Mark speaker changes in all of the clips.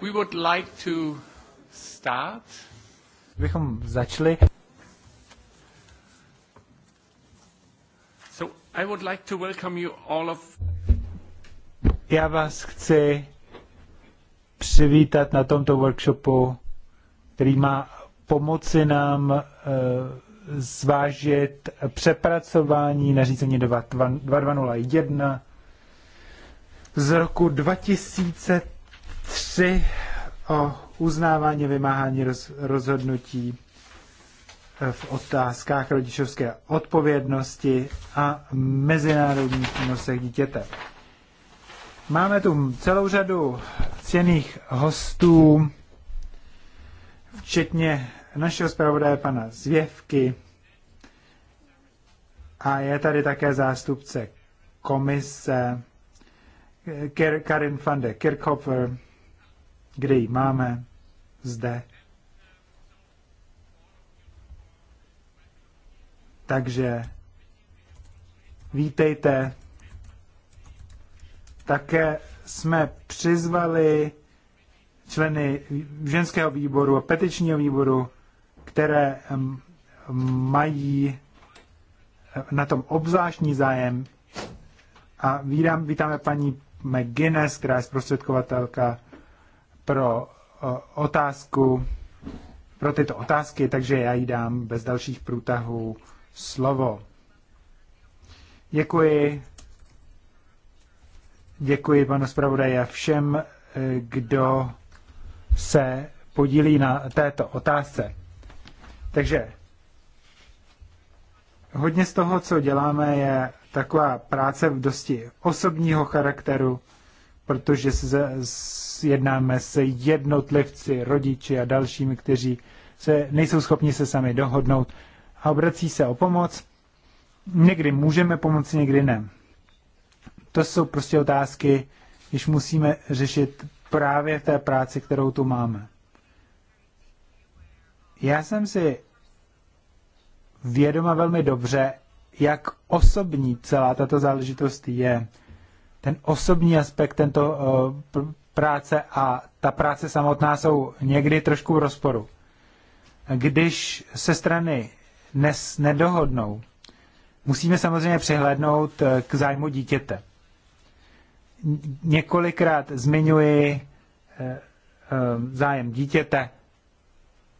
Speaker 1: We would like to start. Bychom začali.
Speaker 2: So I would like to welcome you all of...
Speaker 1: Já vás chci přivítat na tomto workshopu, který má pomoci nám uh, zvážit přepracování nařízení 2201 z roku 2003 o uznávání vymáhání roz, rozhodnutí eh, v otázkách rodičovské odpovědnosti a mezinárodních přínosech dítěte. Máme tu celou řadu cených hostů, včetně našeho zpravodaje pana Zvěvky a je tady také zástupce komise Karin van de Kirchhofer, kde ji máme zde. Takže vítejte. Také jsme přizvali členy ženského výboru a petičního výboru, které mají na tom obzvláštní zájem. A vítám, vítáme paní McGuinness, která je zprostředkovatelka pro otázku, pro tyto otázky, takže já jí dám bez dalších průtahů slovo. Děkuji. Děkuji panu zpravodaji a všem, eh, kdo se podílí na této otázce. Takže hodně z toho, co děláme, je taková práce v dosti osobního charakteru, protože se jednáme se jednotlivci, rodiči a dalšími, kteří se nejsou schopni se sami dohodnout a obrací se o pomoc. Někdy můžeme pomoci, někdy ne. To jsou prostě otázky, když musíme řešit právě v té práci, kterou tu máme. Já jsem si vědoma velmi dobře, jak osobní celá tato záležitost je. Ten osobní aspekt tento eh, práce a ta práce samotná jsou někdy trošku v rozporu. Když se strany dnes nedohodnou, musíme samozřejmě přihlédnout eh, k zájmu dítěte. Několikrát zmiňuji eh, zájem dítěte,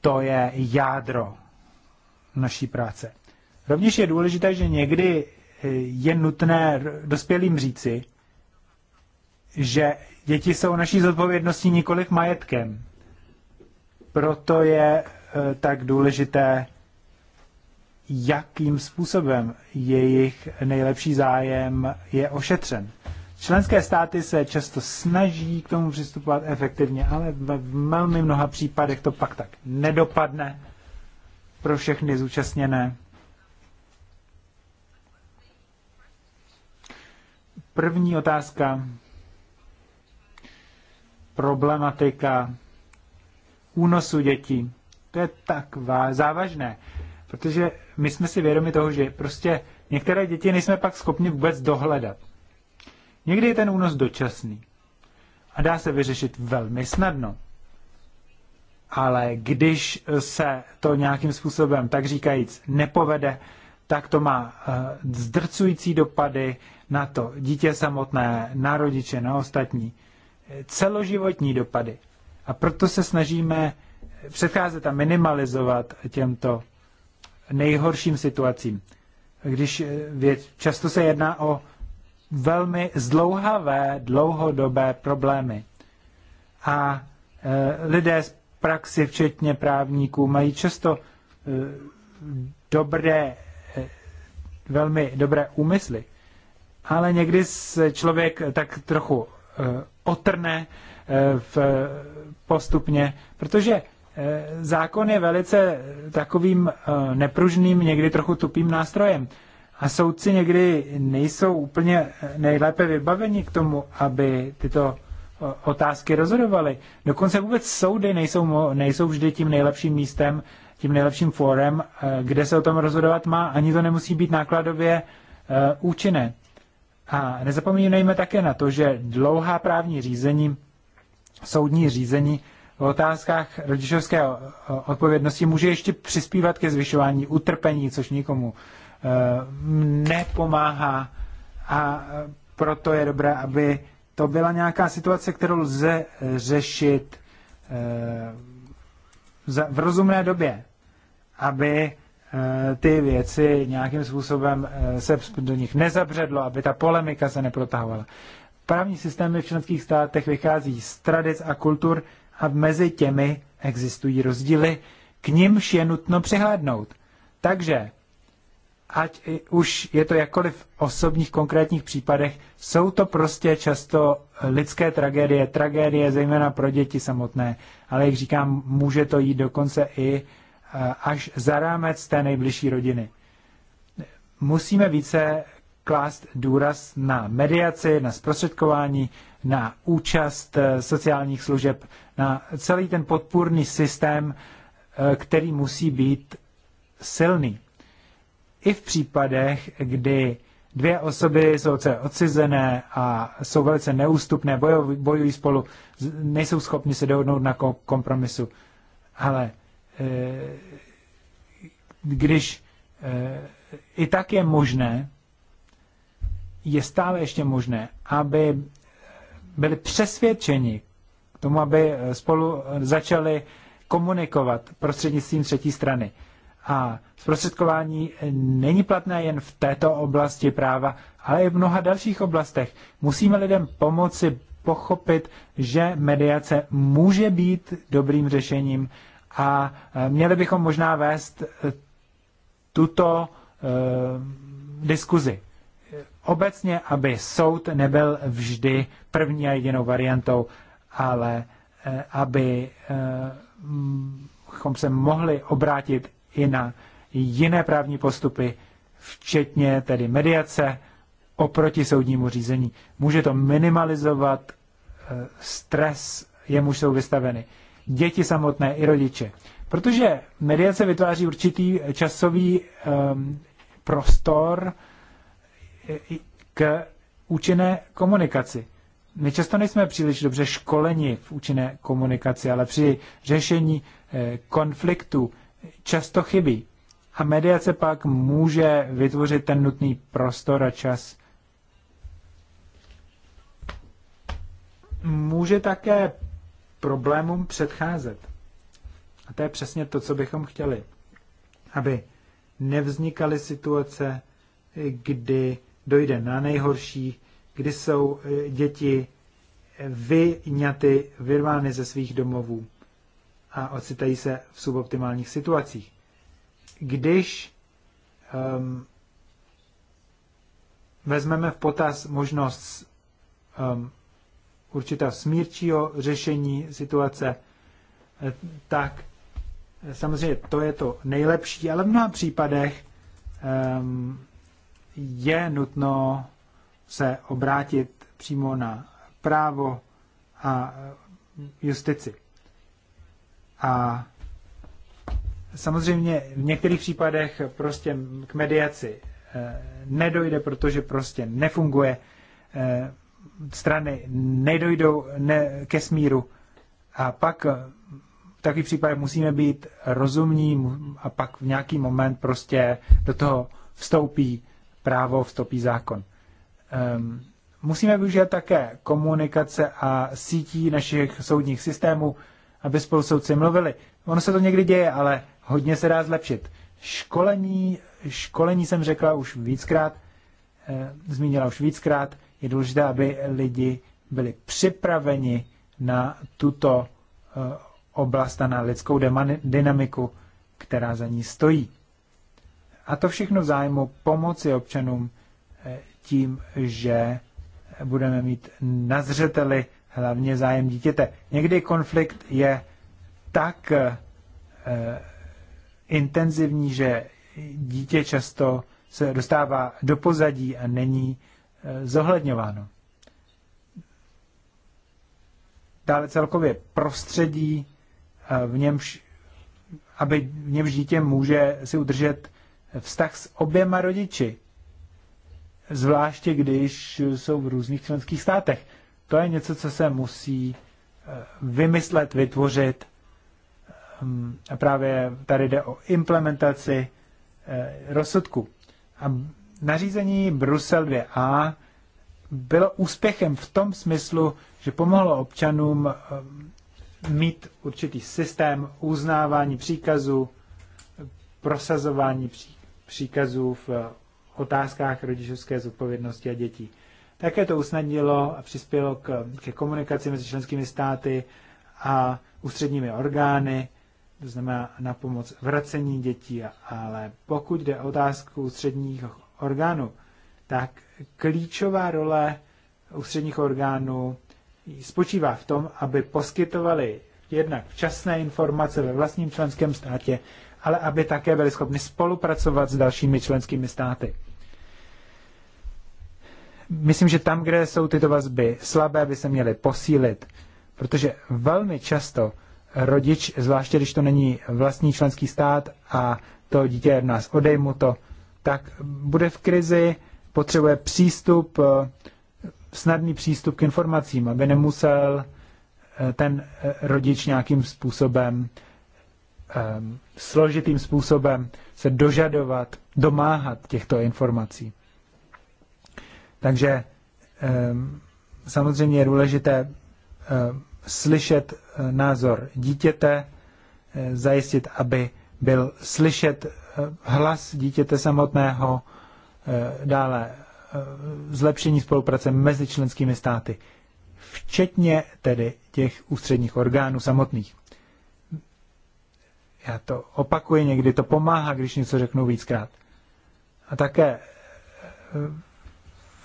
Speaker 1: to je jádro naší práce. Rovněž je důležité, že někdy eh, je nutné dospělým říci, že děti jsou naší zodpovědností nikoliv majetkem. Proto je eh, tak důležité, jakým způsobem jejich nejlepší zájem je ošetřen. Členské státy se často snaží k tomu přistupovat efektivně, ale v velmi mnoha případech to pak tak nedopadne pro všechny zúčastněné. První otázka. Problematika únosu dětí. To je tak závažné, protože my jsme si vědomi toho, že prostě některé děti nejsme pak schopni vůbec dohledat. Někdy je ten únos dočasný a dá se vyřešit velmi snadno. Ale když se to nějakým způsobem, tak říkajíc, nepovede, tak to má eh, zdrcující dopady na to dítě samotné, na rodiče, na ostatní. Eh, celoživotní dopady. A proto se snažíme eh, předcházet a minimalizovat těmto nejhorším situacím. Když věc, často se jedná o velmi zdlouhavé, dlouhodobé problémy. A e, lidé z praxi, včetně právníků, mají často e, dobré velmi dobré úmysly, ale někdy se člověk tak trochu uh, otrne uh, v, postupně, protože uh, zákon je velice takovým uh, nepružným, někdy trochu tupým nástrojem. A soudci někdy nejsou úplně nejlépe vybaveni k tomu, aby tyto otázky rozhodovali. Dokonce vůbec soudy nejsou, nejsou vždy tím nejlepším místem, tím nejlepším fórem, eh, kde se o tom rozhodovat má, ani to nemusí být nákladově eh, účinné. A nezapomínejme také na to, že dlouhá právní řízení, soudní řízení v otázkách rodičovské eh, odpovědnosti může ještě přispívat ke zvyšování utrpení, což nikomu nepomáhá a proto je dobré, aby to byla nějaká situace, kterou lze řešit v rozumné době aby eh, ty věci nějakým způsobem eh, se do nich nezabředlo, aby ta polemika se neprotahovala. Právní systémy v členských státech vychází z tradic a kultur a mezi těmi existují rozdíly, k nimž je nutno přihlédnout. Takže, ať už je to jakkoliv v osobních konkrétních případech, jsou to prostě často lidské tragédie, tragédie zejména pro děti samotné, ale jak říkám, může to jít dokonce i Eh, až za rámec té nejbližší rodiny. Musíme více klást důraz na mediaci, na zprostředkování, na účast eh, sociálních služeb, na celý ten podpůrný systém, eh, který musí být silný. I v případech, kdy dvě osoby jsou se odcizené a jsou velice neústupné, bojují spolu, nejsou schopni se dohodnout na kompromisu. Ale Eh, když eh, i tak je možné, je stále ještě možné, aby byli přesvědčeni k tomu, aby eh, spolu začali komunikovat prostřednictvím třetí strany. A zprostředkování není platné jen v této oblasti práva, ale i v mnoha dalších oblastech. Musíme lidem pomoci pochopit, že mediace může být dobrým řešením a e, měli bychom možná vést e, tuto e, diskuzi. Obecně, aby soud nebyl vždy první a jedinou variantou, ale aby abychom se mohli obrátit i na jiné právní postupy, včetně tedy mediace oproti soudnímu řízení. Může to minimalizovat stres, jemuž jsou vystaveny děti samotné i rodiče. Protože mediace vytváří určitý časový um, prostor e, k účinné komunikaci. My často nejsme příliš dobře školeni v účinné komunikaci, ale při řešení e, konfliktu často chybí. A mediace pak může vytvořit ten nutný prostor a čas. Může také problémům předcházet. A to je přesně to, co bychom chtěli. Aby nevznikaly situace, kdy dojde na nejhorší, kdy jsou eh, děti vyňaty, vyrvány ze svých domovů a ocitají se v suboptimálních situacích. Když um, vezmeme v potaz možnost um, určitá smírčího řešení situace, eh, tak eh, samozřejmě to je to nejlepší, ale v mnoha případech ehm, je nutno se obrátit přímo na právo a eh, justici. A samozřejmě v některých případech prostě k mediaci nedojde, protože prostě nefunguje strany nedojdou ne, ke smíru. A pak eh, v takových případech musíme být rozumní a pak v nějaký moment prostě do toho vstoupí právo, vstoupí zákon. Um, musíme využít také komunikace a sítí našich soudních systémů, aby spolu soudci mluvili. Ono se to někdy děje, ale hodně se dá zlepšit. Školení, školení jsem řekla už víckrát, Eh, zmínila už víckrát, je důležité, aby lidi byli připraveni na tuto eh, oblast a na lidskou dynamiku, která za ní stojí. A to všechno v zájmu pomoci občanům eh, tím, že budeme mít na zřeteli hlavně zájem dítěte. Někdy konflikt je tak e, intenzivní, že dítě často se dostává do pozadí a není eh, zohledňováno. Dále celkově prostředí, eh, v němž, aby v němž dítě může si udržet vztah s oběma rodiči, zvláště když jsou v různých členských státech. To je něco, co se musí eh, vymyslet, vytvořit. Ehm, a právě tady jde o implementaci rozsudku. A nařízení Brusel 2a bylo úspěchem v tom smyslu, že pomohlo občanům eh, mít určitý systém uznávání příkazů, prosazování příkazů v otázkách rodičovské zodpovědnosti a dětí. Také to usnadnilo a přispělo k, ke komunikaci mezi členskými státy a ústředními orgány to znamená na pomoc vracení dětí, ale pokud jde o otázku ústředních orgánů, tak klíčová role ústředních orgánů spočívá v tom, aby poskytovali jednak včasné informace ve vlastním členském státě, ale aby také byli schopni spolupracovat s dalšími členskými státy. Myslím, že tam, kde jsou tyto vazby slabé, by se měly posílit, protože velmi často rodič, zvláště když to není vlastní členský stát a to dítě je v nás, odejmu to, tak bude v krizi, potřebuje přístup, eh, snadný přístup k informacím, aby nemusel eh, ten eh, rodič nějakým způsobem, složitým způsobem se dožadovat, domáhat těchto informací. Takže samozřejmě je důležité slyšet eh, názor dítěte, eh, zajistit, aby byl slyšet eh, hlas dítěte samotného, dále zlepšení spolupráce mezi členskými státy, včetně tedy těch ústředních orgánů samotných. Já to opakuji, někdy to pomáhá, když něco řeknu víckrát. A také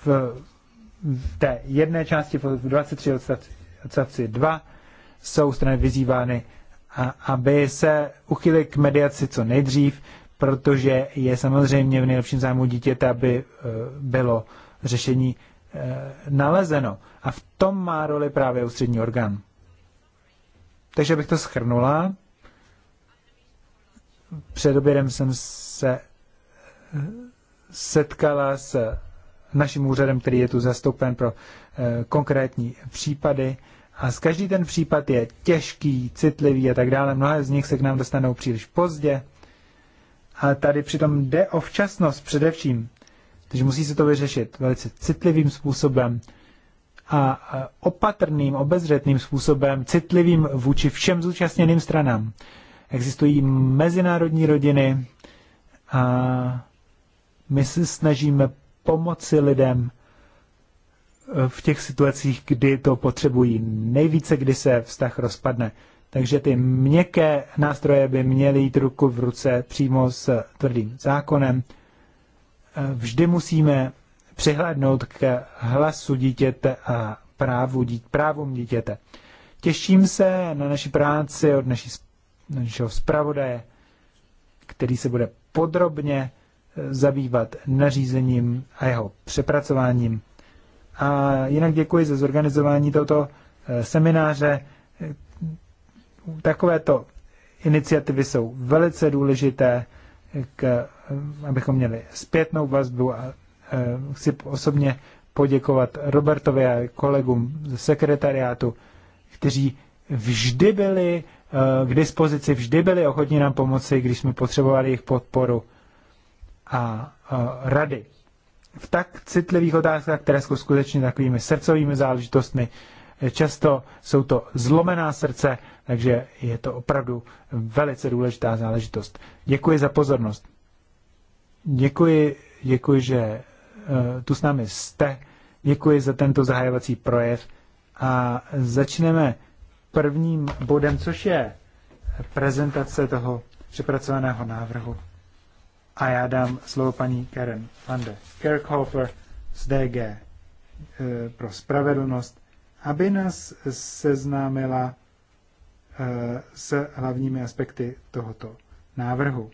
Speaker 1: v té jedné části v 23 odstavci odstavci 2 jsou strany vyzývány, aby se uchyly k mediaci co nejdřív, protože je samozřejmě v nejlepším zájmu dítěte, aby e, bylo řešení e, nalezeno. A v tom má roli právě ústřední orgán. Takže bych to schrnula. Před obědem jsem se e, setkala s naším úřadem, který je tu zastoupen pro eh, konkrétní případy. A z každý ten případ je těžký, citlivý a tak dále. Mnohé z nich se k nám dostanou příliš pozdě. A tady přitom jde o včasnost především. Takže musí se to vyřešit velice citlivým způsobem a opatrným, obezřetným způsobem, citlivým vůči všem zúčastněným stranám. Existují mezinárodní rodiny a my se snažíme pomoci lidem eh, v těch situacích, kdy to potřebují nejvíce, kdy se vztah rozpadne. Takže ty měkké nástroje by měly jít ruku v ruce přímo s tvrdým zákonem. Eh, vždy musíme přihlédnout k hlasu dítěte a právu, dít, právům dítěte. Těším se na naši práci od naší, našeho zpravodaje, který se bude podrobně zabývat nařízením a jeho přepracováním. A jinak děkuji za zorganizování tohoto eh, semináře. Takovéto iniciativy jsou velice důležité, k, abychom měli zpětnou vazbu a eh, chci osobně poděkovat Robertovi a kolegům ze sekretariátu, kteří vždy byli eh, k dispozici, vždy byli ochotní nám pomoci, když jsme potřebovali jejich podporu a rady v tak citlivých otázkách, které jsou skutečně takovými srdcovými záležitostmi. Často jsou to zlomená srdce, takže je to opravdu velice důležitá záležitost. Děkuji za pozornost. Děkuji, děkuji, že e, tu s námi jste. Děkuji za tento zahajovací projev. A začneme prvním bodem, což je prezentace toho přepracovaného návrhu. A já dám slovo paní Karen van de Kerkhofer z DG e, eh, pro spravedlnost, aby nás seznámila e, s hlavními aspekty tohoto návrhu.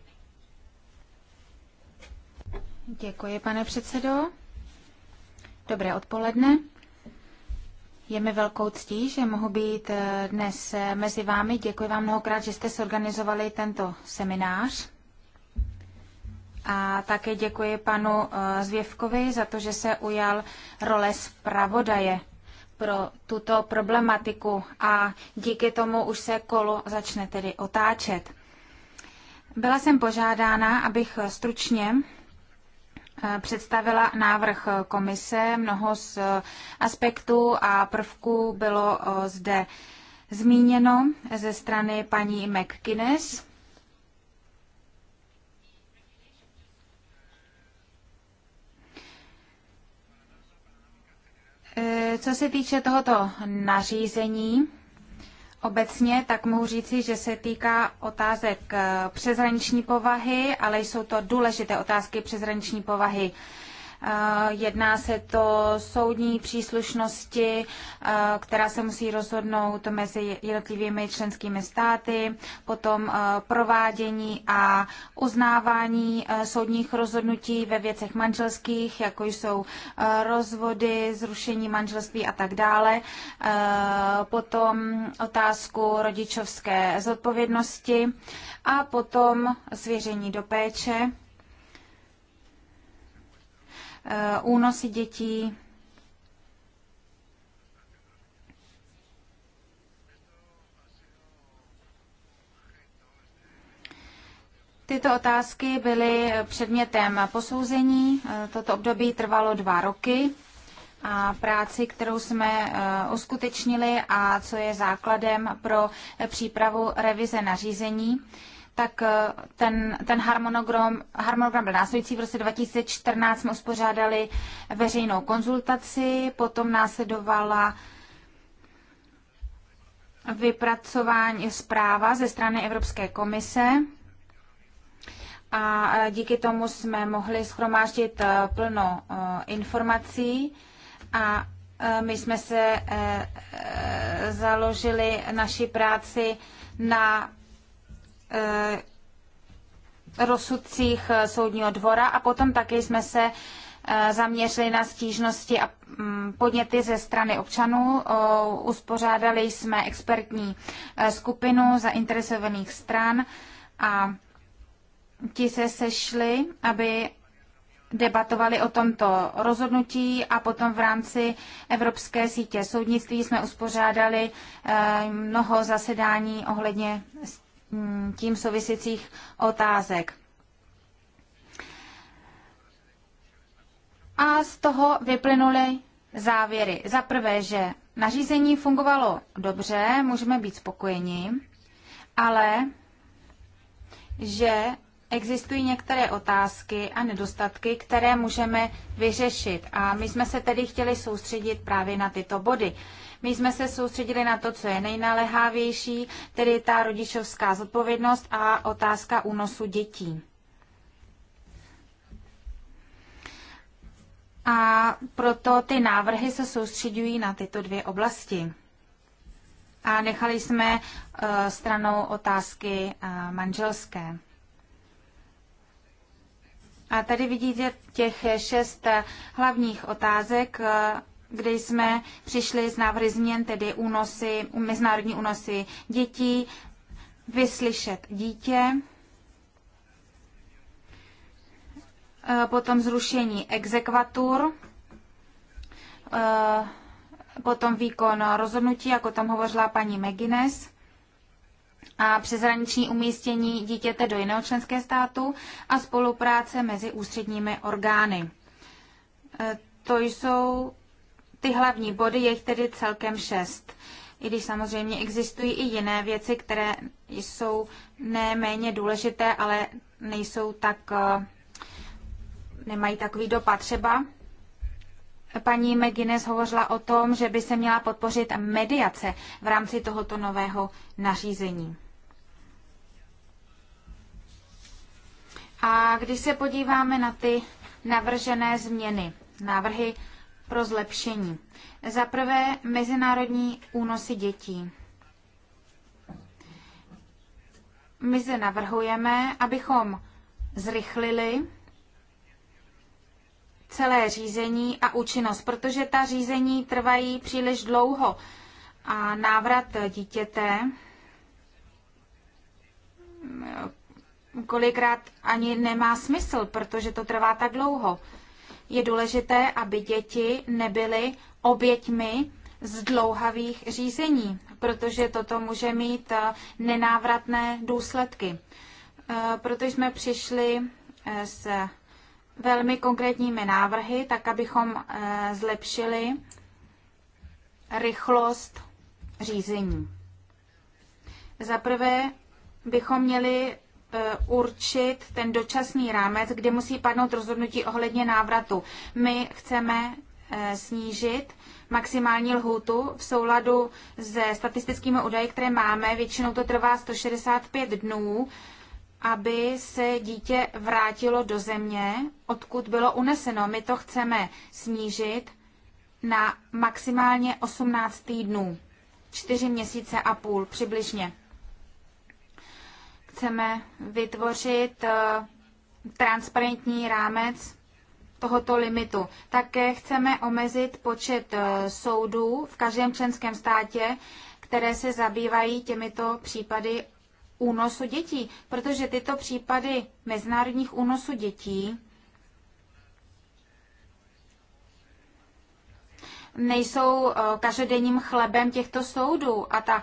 Speaker 3: Děkuji, pane předsedo. Dobré odpoledne. Je mi velkou ctí, že mohu být eh, dnes mezi vámi. Děkuji vám mnohokrát, že jste organizovali tento seminář. A také děkuji panu eh, Zvěvkovi za to, že se ujal role zpravodaje pro tuto problematiku a díky tomu už se kolo začne tedy otáčet. Byla jsem požádána, abych stručně eh, představila návrh komise. Mnoho z aspektů a prvků bylo eh, zde zmíněno ze strany paní McGuinness. E, co se týče tohoto nařízení, Obecně tak mohu říci, že se týká otázek e, přeshraniční povahy, ale jsou to důležité otázky přeshraniční povahy. Eh, jedná se to soudní příslušnosti, eh, která se musí rozhodnout mezi jednotlivými členskými státy, potom eh, provádění a uznávání soudních rozhodnutí ve věcech manželských, jako jsou rozvody, zrušení manželství a tak dále, potom otázku rodičovské zodpovědnosti a potom svěření do péče Eh, únosy dětí. Tyto otázky byly předmětem posouzení. Eh, toto období trvalo dva roky a práci, kterou jsme eh, uskutečnili a co je základem pro přípravu revize nařízení tak eh, ten, ten harmonogram, harmonogram byl následující. V roce 2014 jsme uspořádali veřejnou konzultaci, potom následovala vypracování zpráva ze strany Evropské komise a eh, díky tomu jsme mohli schromáždit eh, plno informací a my jsme se založili naši práci na Eh, rozsudcích eh, soudního dvora a potom také jsme se eh, zaměřili na stížnosti a mm, podněty ze strany občanů. Uspořádali jsme expertní skupinu zainteresovaných stran a ti se sešli, aby debatovali o tomto rozhodnutí a potom v rámci Evropské sítě soudnictví jsme uspořádali mnoho zasedání ohledně Mm, tím souvisících otázek. A z toho vyplynuly závěry. Za prvé, že nařízení fungovalo dobře, můžeme být spokojeni, ale že existují některé otázky a nedostatky, které můžeme vyřešit. A my jsme se tedy chtěli soustředit právě na tyto body. My jsme se soustředili na to, co je nejnaléhávější, tedy ta rodičovská zodpovědnost a otázka únosu dětí. A proto ty návrhy se soustředují na tyto dvě oblasti. A nechali jsme eh, stranou otázky eh, manželské. A tady vidíte těch šest eh, hlavních otázek, kde jsme přišli s návrhy změn, tedy únosy, mezinárodní únosy dětí, vyslyšet dítě, e, potom zrušení exekvatur, e, potom výkon rozhodnutí, jako tam hovořila paní Megines, a přeshraniční umístění dítěte do jiného členského státu a spolupráce mezi ústředními orgány. E, to jsou ty hlavní body, je jich tedy celkem šest. I když samozřejmě existují i jiné věci, které jsou neméně důležité, ale nejsou tak, eh, nemají takový dopad. Třeba paní McGuinness hovořila o tom, že by se měla podpořit mediace v rámci tohoto nového nařízení. A když se podíváme na ty navržené změny, návrhy pro zlepšení. Za prvé mezinárodní únosy dětí. My zde navrhujeme, abychom zrychlili celé řízení a účinnost, protože ta řízení trvají příliš dlouho a návrat dítěte kolikrát ani nemá smysl, protože to trvá tak dlouho. Je důležité, aby děti nebyly oběťmi dlouhavých řízení, protože toto může mít eh, nenávratné důsledky. Eh, proto jsme přišli eh, s velmi konkrétními návrhy, tak abychom zlepšili rychlost řízení. Za prvé bychom měli Eh, určit ten dočasný rámec, kde musí padnout rozhodnutí ohledně návratu. My chceme eh, snížit maximální lhůtu v souladu se statistickými údaji, které máme. Většinou to trvá 165 dnů, aby se dítě vrátilo do země, odkud bylo uneseno. My to chceme snížit na maximálně 18 týdnů, 4 měsíce a půl přibližně. Chceme vytvořit eh, transparentní rámec tohoto limitu. Také chceme omezit počet eh, soudů v každém členském státě, které se zabývají těmito případy únosu dětí, protože tyto případy mezinárodních únosů dětí nejsou eh, každodenním chlebem těchto soudů a ta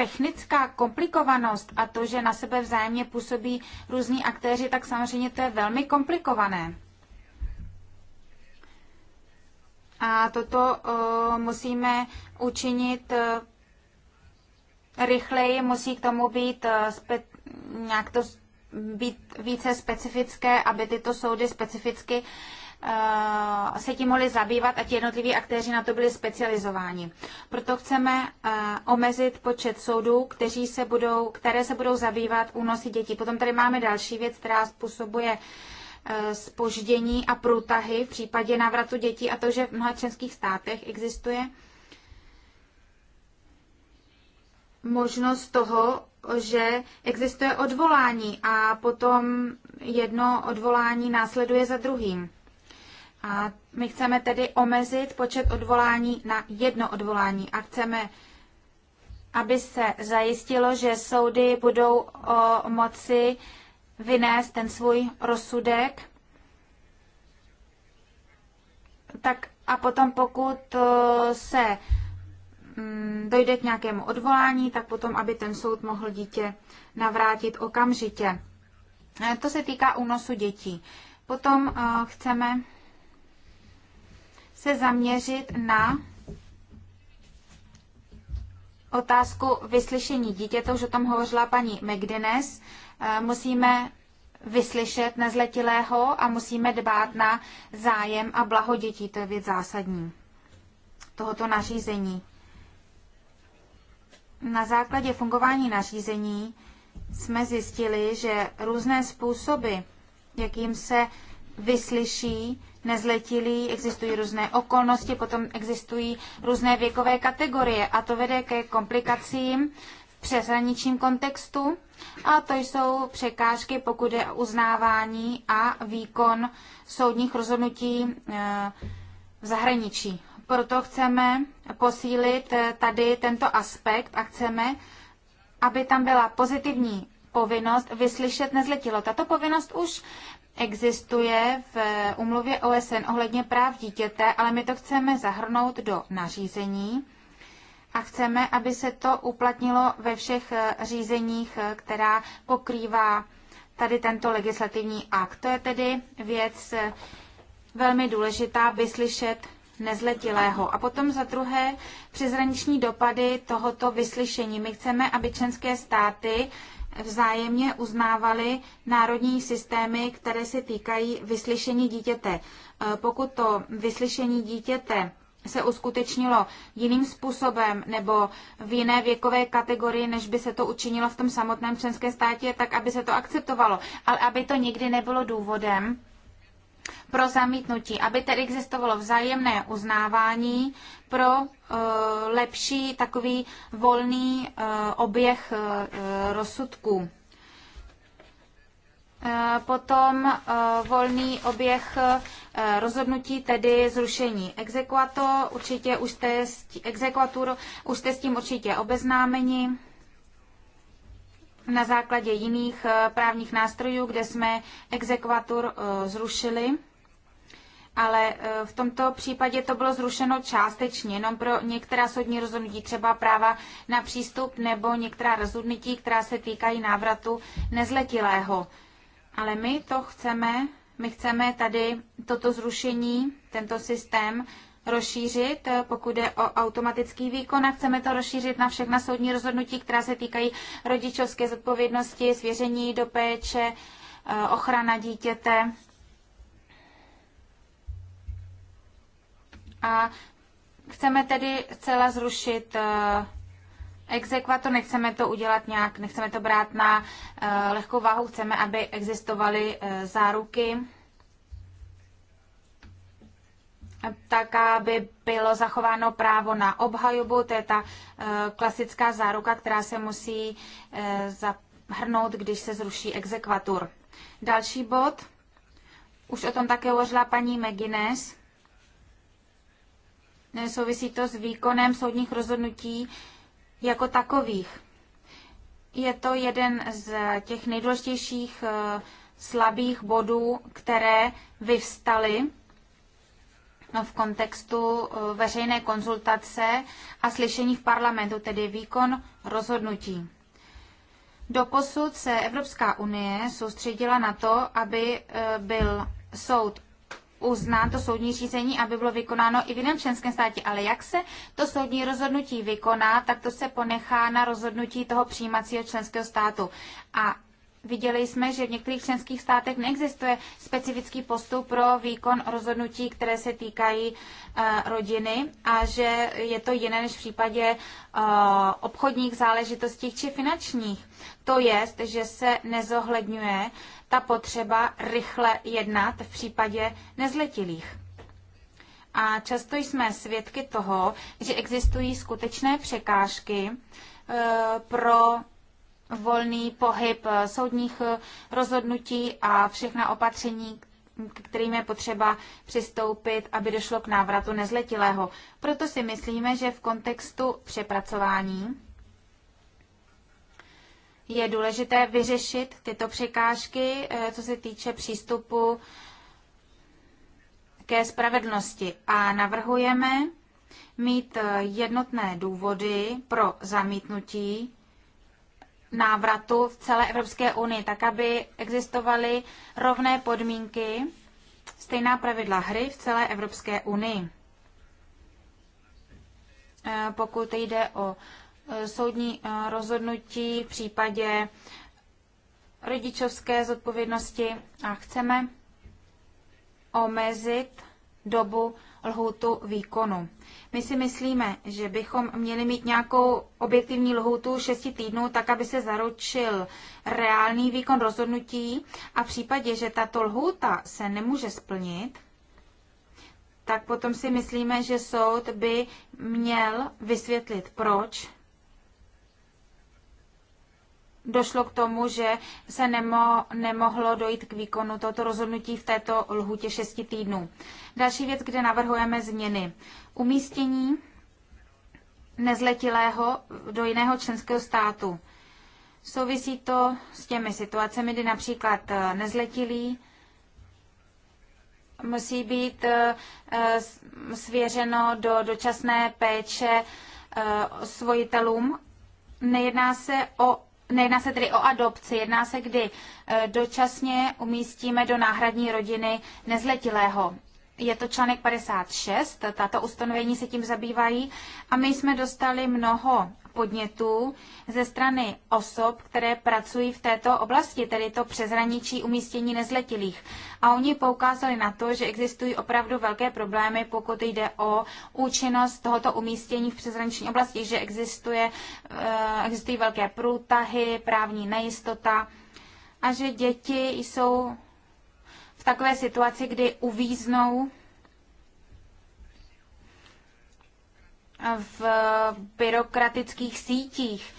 Speaker 3: technická komplikovanost a to, že na sebe vzájemně působí různí aktéři, tak samozřejmě to je velmi komplikované. A toto uh, musíme učinit uh, rychleji, musí k tomu být uh, spe, nějak to být více specifické, aby tyto soudy specificky Eh, se tím mohli zabývat a ti jednotliví aktéři na to byli specializováni. Proto chceme eh, omezit počet soudů, kteří se budou, které se budou zabývat únosy dětí. Potom tady máme další věc, která způsobuje spoždění eh, a průtahy v případě návratu dětí a to, že v mnoha členských státech existuje možnost toho, že existuje odvolání a potom jedno odvolání následuje za druhým. A my chceme tedy omezit počet odvolání na jedno odvolání a chceme, aby se zajistilo, že soudy budou o moci vynést ten svůj rozsudek. Tak a potom pokud se mm, dojde k nějakému odvolání, tak potom, aby ten soud mohl dítě navrátit okamžitě. E, to se týká únosu dětí. Potom chceme se zaměřit na otázku vyslyšení dítěte, už o tom hovořila paní McDines. Eh, musíme vyslyšet nezletilého a musíme dbát na zájem a blaho dětí. To je věc zásadní tohoto nařízení. Na základě fungování nařízení jsme zjistili, že různé způsoby, jakým se vyslyší nezletilí, existují různé okolnosti, potom existují různé věkové kategorie a to vede ke komplikacím v přeshraničním kontextu a to jsou překážky, pokud je uznávání a výkon soudních rozhodnutí eh, v zahraničí. Proto chceme posílit eh, tady tento aspekt a chceme, aby tam byla pozitivní povinnost vyslyšet nezletilo. Tato povinnost už existuje v umluvě eh, OSN ohledně práv dítěte, ale my to chceme zahrnout do nařízení a chceme, aby se to uplatnilo ve všech eh, řízeních, eh, která pokrývá tady tento legislativní akt. To je tedy věc velmi důležitá vyslyšet nezletilého. A potom za druhé přizraniční dopady tohoto vyslyšení. My chceme, aby členské státy vzájemně uznávaly národní systémy, které se týkají vyslyšení dítěte. E, pokud to vyslyšení dítěte se uskutečnilo jiným způsobem nebo v jiné věkové kategorii, než by se to učinilo v tom samotném členském státě, tak aby se to akceptovalo, ale aby to nikdy nebylo důvodem pro zamítnutí, aby tedy existovalo vzájemné uznávání pro e, lepší takový volný e, oběh e, rozsudků. Potom volný oběh rozhodnutí, tedy zrušení exekuato, určitě už jste, exekuatur, už jste s tím určitě obeznámeni na základě jiných eh, právních nástrojů, kde jsme exekvatur eh, zrušili, ale eh, v tomto případě to bylo zrušeno částečně, jenom pro některá soudní rozhodnutí, třeba práva na přístup nebo některá rozhodnutí, která se týkají návratu nezletilého. Ale my to chceme, my chceme tady toto zrušení, tento systém rozšířit, eh, pokud je o automatický výkon a chceme to rozšířit na všechna soudní rozhodnutí, která se týkají rodičovské zodpovědnosti, svěření do péče, eh, ochrana dítěte. A chceme tedy celá zrušit eh, exekvator, nechceme to udělat nějak, nechceme to brát na lehkou váhu, chceme, aby existovaly záruky tak aby bylo zachováno právo na obhajobu, to je ta eh, klasická záruka, která se musí eh, zahrnout, když se zruší exekvatur. Další bod, už o tom také hovořila paní Megines, souvisí to s výkonem soudních rozhodnutí jako takových. Je to jeden z těch nejdůležitějších eh, slabých bodů, které vyvstaly v kontextu eh, veřejné konzultace a slyšení v parlamentu, tedy výkon rozhodnutí. Doposud se Evropská unie soustředila na to, aby eh, byl soud uznán to soudní řízení, aby bylo vykonáno i v jiném členském státě. Ale jak se to soudní rozhodnutí vykoná, tak to se ponechá na rozhodnutí toho přijímacího členského státu. A Viděli jsme, že v některých členských státech neexistuje specifický postup pro výkon rozhodnutí, které se týkají eh, rodiny a že je to jiné než v případě eh, obchodních záležitostí či finančních. To je, že se nezohledňuje ta potřeba rychle jednat v případě nezletilých. A často jsme svědky toho, že existují skutečné překážky eh, pro volný pohyb eh, soudních eh, rozhodnutí a všechna opatření, kterým je potřeba přistoupit, aby došlo k návratu nezletilého. Proto si myslíme, že v kontextu přepracování je důležité vyřešit tyto překážky, eh, co se týče přístupu ke spravedlnosti. A navrhujeme mít jednotné důvody pro zamítnutí návratu v celé Evropské unii, tak aby existovaly rovné podmínky, stejná pravidla hry v celé Evropské unii. Eh, pokud jde o eh, soudní eh, rozhodnutí v případě rodičovské zodpovědnosti a chceme omezit dobu lhoutu výkonu. My si myslíme, že bychom měli mít nějakou objektivní lhoutu 6 týdnů, tak aby se zaručil reálný výkon rozhodnutí a v případě, že tato lhouta se nemůže splnit, tak potom si myslíme, že soud by měl vysvětlit, proč došlo k tomu, že se nemo, nemohlo dojít k výkonu tohoto rozhodnutí v této lhůtě 6 týdnů. Další věc, kde navrhujeme změny. Umístění nezletilého do jiného členského státu. Souvisí to s těmi situacemi, kdy například eh, nezletilí musí být eh, svěřeno do dočasné péče eh, svojitelům. Nejedná se o Nejedná se tedy o adopci, jedná se, kdy e, dočasně umístíme do náhradní rodiny nezletilého. Je to článek 56, tato ustanovení se tím zabývají a my jsme dostali mnoho podnětů ze strany osob, které pracují v této oblasti, tedy to přeshraničí umístění nezletilých. A oni poukázali na to, že existují opravdu velké problémy, pokud jde o účinnost tohoto umístění v přeshraniční oblasti, že existuje, eh, existují velké průtahy, právní nejistota a že děti jsou v takové situaci, kdy uvíznou v byrokratických sítích.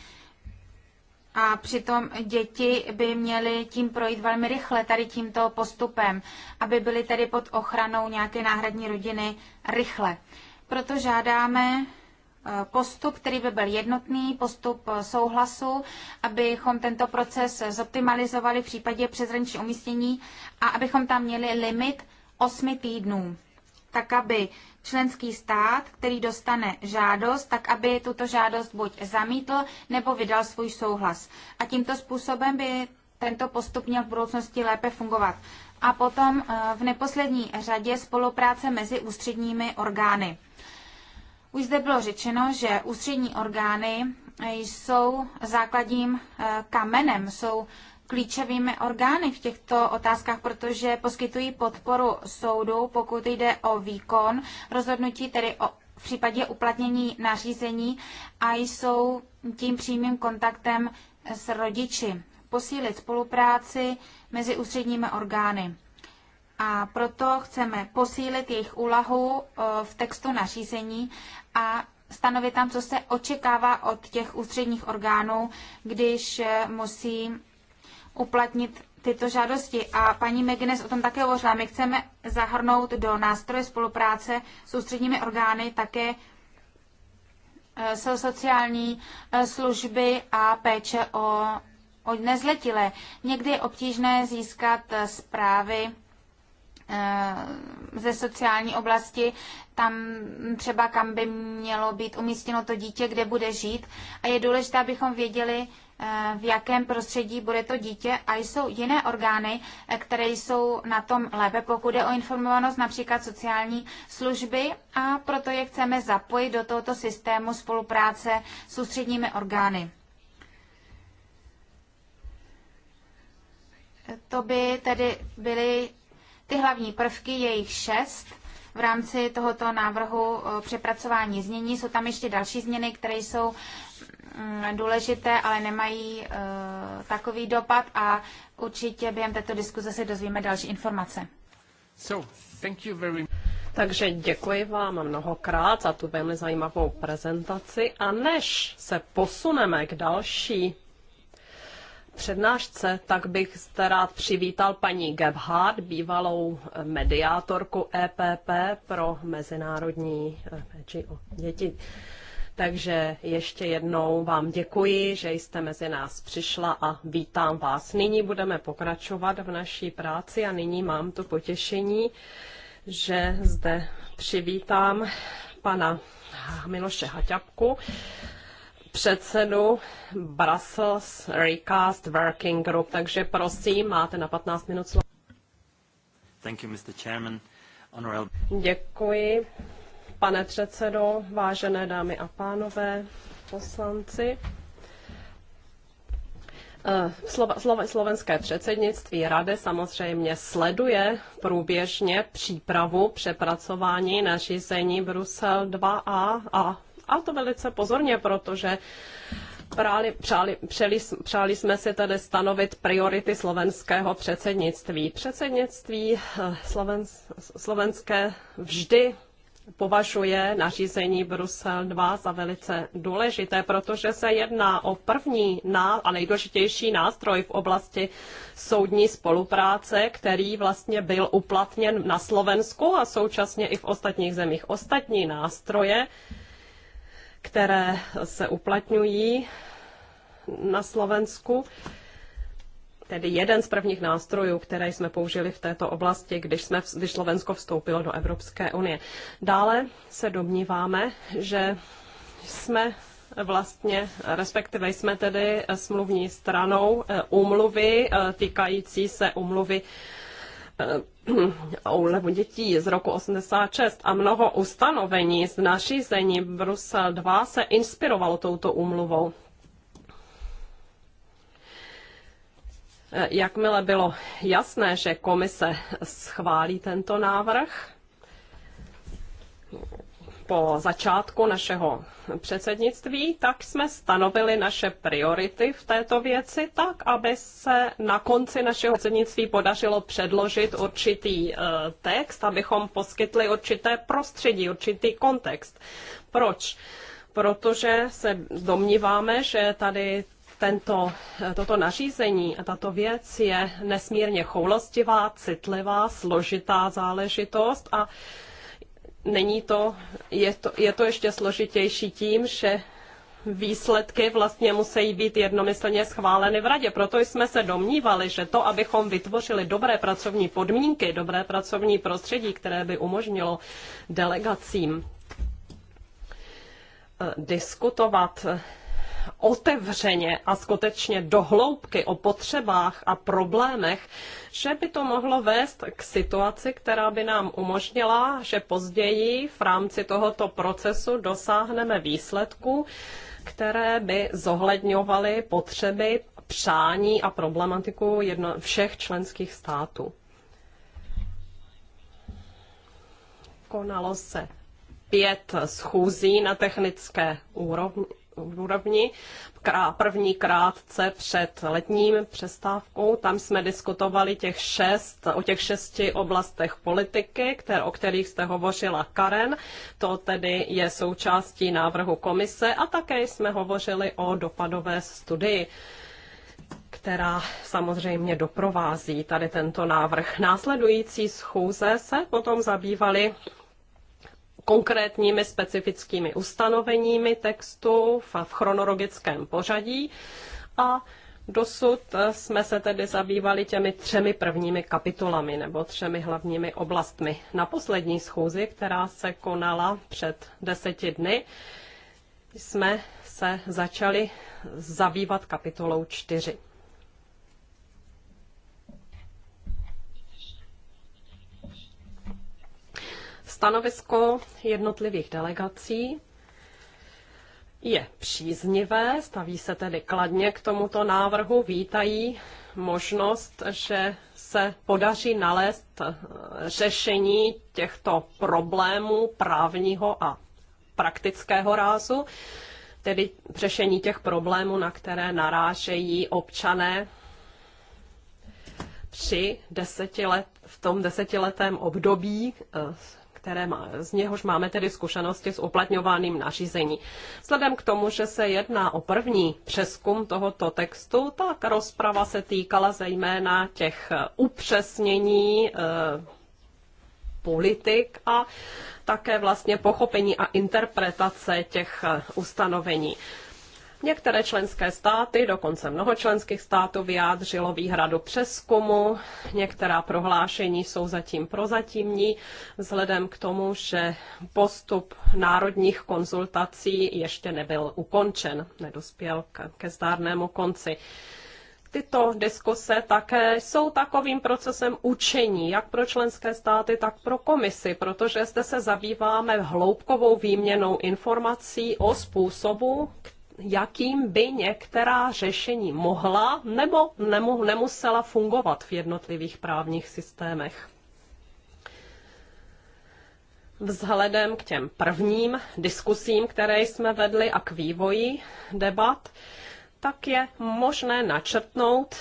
Speaker 3: A přitom děti by měly tím projít velmi rychle tady tímto postupem, aby byly tedy pod ochranou nějaké náhradní rodiny rychle. Proto žádáme eh, postup, který by byl jednotný, postup souhlasu, abychom tento proces zoptimalizovali v případě přezranční umístění a abychom tam měli limit osmi týdnů, tak aby členský stát, který dostane žádost, tak aby tuto žádost buď zamítl nebo vydal svůj souhlas. A tímto způsobem by tento postup měl v budoucnosti lépe fungovat. A potom eh, v neposlední řadě spolupráce mezi ústředními orgány. Už zde bylo řečeno, že ústřední orgány eh, jsou základním eh, kamenem, jsou klíčovými orgány v těchto otázkách, protože poskytují podporu soudu, pokud jde o výkon rozhodnutí, tedy o v případě uplatnění nařízení a jsou tím přímým kontaktem s rodiči. Posílit spolupráci mezi ústředními orgány. A proto chceme posílit jejich úlahu e, v textu nařízení a stanovit tam, co se očekává od těch ústředních orgánů, když e, musí uplatnit tyto žádosti. A paní McGuinness o tom také hovořila. My chceme zahrnout do nástroje spolupráce s ústředními orgány také eh, sociální eh, služby a péče o, o nezletilé. Někdy je obtížné získat eh, zprávy ze sociální oblasti, tam třeba kam by mělo být umístěno to dítě, kde bude žít. A je důležité, abychom věděli, Eh, v jakém prostředí bude to dítě a jsou jiné orgány, eh, které jsou na tom lépe, pokud je o informovanost, například sociální služby a proto je chceme zapojit do tohoto systému spolupráce s ústředními orgány. To by tedy byly ty hlavní prvky, jejich šest v rámci tohoto návrhu eh, přepracování znění. Jsou tam ještě další změny, které jsou Mm, důležité, ale nemají eh, takový dopad a určitě během této diskuze se dozvíme další informace.
Speaker 4: So, thank you very... Takže děkuji vám mnohokrát za tu velmi zajímavou prezentaci a než se posuneme k další přednášce, tak bych zde rád přivítal paní Gebhardt, bývalou mediátorku EPP pro mezinárodní eh, děti. Takže ještě jednou vám děkuji, že jste mezi nás přišla a vítám vás. Nyní budeme pokračovat v naší práci a nyní mám to potěšení, že zde přivítám pana Miloše Haťapku, předsedu Brussels Recast Working Group. Takže prosím, máte na 15 minut slovo. Děkuji, Pane předsedo, vážené dámy a pánové, poslanci, eh, Slovenské předsednictví rady samozřejmě sleduje průběžně přípravu přepracování nařízení Brusel 2a a, a to velice pozorně, protože Práli, přáli, přeli, přáli jsme si tedy stanovit priority slovenského předsednictví. Předsednictví eh, slovenské vždy považuje nařízení Brusel 2 za velice důležité, protože se jedná o první a nejdůležitější nástroj v oblasti soudní spolupráce, který vlastně byl uplatněn na Slovensku a současně i v ostatních zemích. Ostatní nástroje, které se uplatňují na Slovensku, tedy jeden z prvních nástrojů, které jsme použili v této oblasti, když, jsme, když Slovensko vstoupilo do Evropské unie. Dále se domníváme, že jsme vlastně, respektive jsme tedy eh, smluvní stranou eh, úmluvy eh, týkající se úmluvy o úlevu dětí z roku 86 a mnoho ustanovení z naší země Brusel 2 se inspirovalo touto úmluvou. Jakmile bylo jasné, že komise schválí tento návrh, po začátku našeho předsednictví, tak jsme stanovili naše priority v této věci tak, aby se na konci našeho předsednictví podařilo předložit určitý eh, text, abychom poskytli určité prostředí, určitý kontext. Proč? Protože se domníváme, že tady tento, toto nařízení a tato věc je nesmírně choulostivá, citlivá, složitá záležitost a není to, je to, je to ještě složitější tím, že výsledky vlastně musí být jednomyslně schváleny v radě. Proto jsme se domnívali, že to, abychom vytvořili dobré pracovní podmínky, dobré pracovní prostředí, které by umožnilo delegacím eh, diskutovat eh, otevřeně a skutečně dohloubky o potřebách a problémech, že by to mohlo vést k situaci, která by nám umožnila, že později v rámci tohoto procesu dosáhneme výsledků, které by zohledňovaly potřeby, přání a problematiku jedno, všech členských států. Konalo se pět schůzí na technické úrovni, úrovni. První krátce před letním přestávkou, tam jsme diskutovali těch šest, o těch šesti oblastech politiky, které, o kterých jste hovořila Karen. To tedy je součástí návrhu komise a také jsme hovořili o dopadové studii která samozřejmě doprovází tady tento návrh. Následující schůze se potom zabývaly konkrétními specifickými ustanoveními textu v chronologickém pořadí a Dosud jsme se tedy zabývali těmi třemi prvními kapitolami nebo třemi hlavními oblastmi. Na poslední schůzi, která se konala před deseti dny, jsme se začali zabývat kapitolou čtyři. Stanovisko jednotlivých delegací je příznivé, staví se tedy kladně k tomuto návrhu, vítají možnost, že se podaří nalézt eh, řešení těchto problémů právního a praktického rázu, tedy řešení těch problémů, na které narážejí občané při desetilet, v tom desetiletém období eh, které má, z něhož máme tedy zkušenosti s uplatňováním nařízení. Vzhledem k tomu, že se jedná o první přeskum tohoto textu, tak rozprava se týkala zejména těch eh, upřesnění eh, politik a také vlastně pochopení a interpretace těch eh, ustanovení. Některé členské státy, dokonce mnoho členských států, vyjádřilo výhradu přeskumu. Některá prohlášení jsou zatím prozatímní, vzhledem k tomu, že postup národních konzultací ještě nebyl ukončen, nedospěl ke zdárnému konci. Tyto diskuse také jsou takovým procesem učení, jak pro členské státy, tak pro komisy, protože zde se zabýváme hloubkovou výměnou informací o způsobu, který jakým by některá řešení mohla nebo nemusela fungovat v jednotlivých právních systémech. Vzhledem k těm prvním diskusím, které jsme vedli a k vývoji debat, tak je možné načrtnout,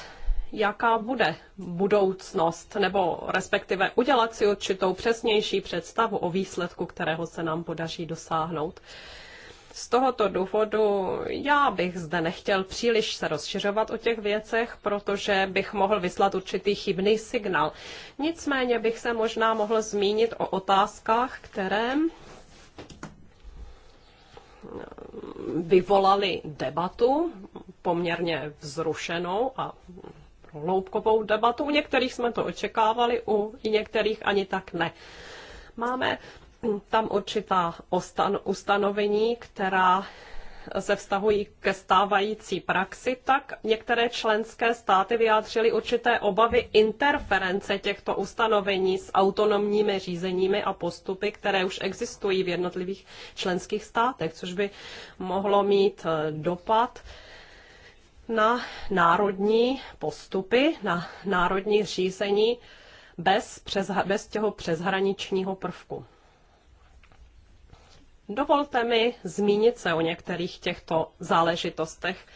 Speaker 4: jaká bude budoucnost, nebo respektive udělat si určitou přesnější představu o výsledku, kterého se nám podaří dosáhnout. Z tohoto důvodu já bych zde nechtěl příliš se rozšiřovat o těch věcech, protože bych mohl vyslat určitý chybný signál. Nicméně bych se možná mohl zmínit o otázkách, které vyvolali debatu, poměrně vzrušenou a hloubkovou debatu. U některých jsme to očekávali, u některých ani tak ne. Máme tam určitá ustanovení, která se vztahují ke stávající praxi, tak některé členské státy vyjádřily určité obavy interference těchto ustanovení s autonomními řízeními a postupy, které už existují v jednotlivých členských státech, což by mohlo mít e, dopad na národní postupy, na národní řízení bez, přes, bez těho přeshraničního prvku. Dovolte mi zmínit se o některých těchto záležitostech,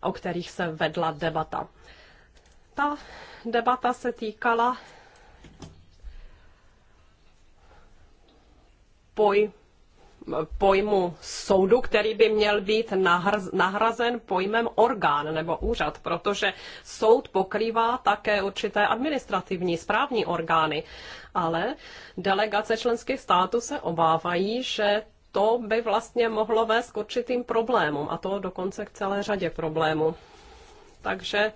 Speaker 4: o kterých se vedla debata. Ta debata se týkala poj, pojmu soudu, který by měl být nahrazen pojmem orgán nebo úřad, protože soud pokrývá také určité administrativní správní orgány, ale delegace členských států se obávají, že to by vlastně mohlo vést k určitým problémům a to dokonce k celé řadě problémů. Takže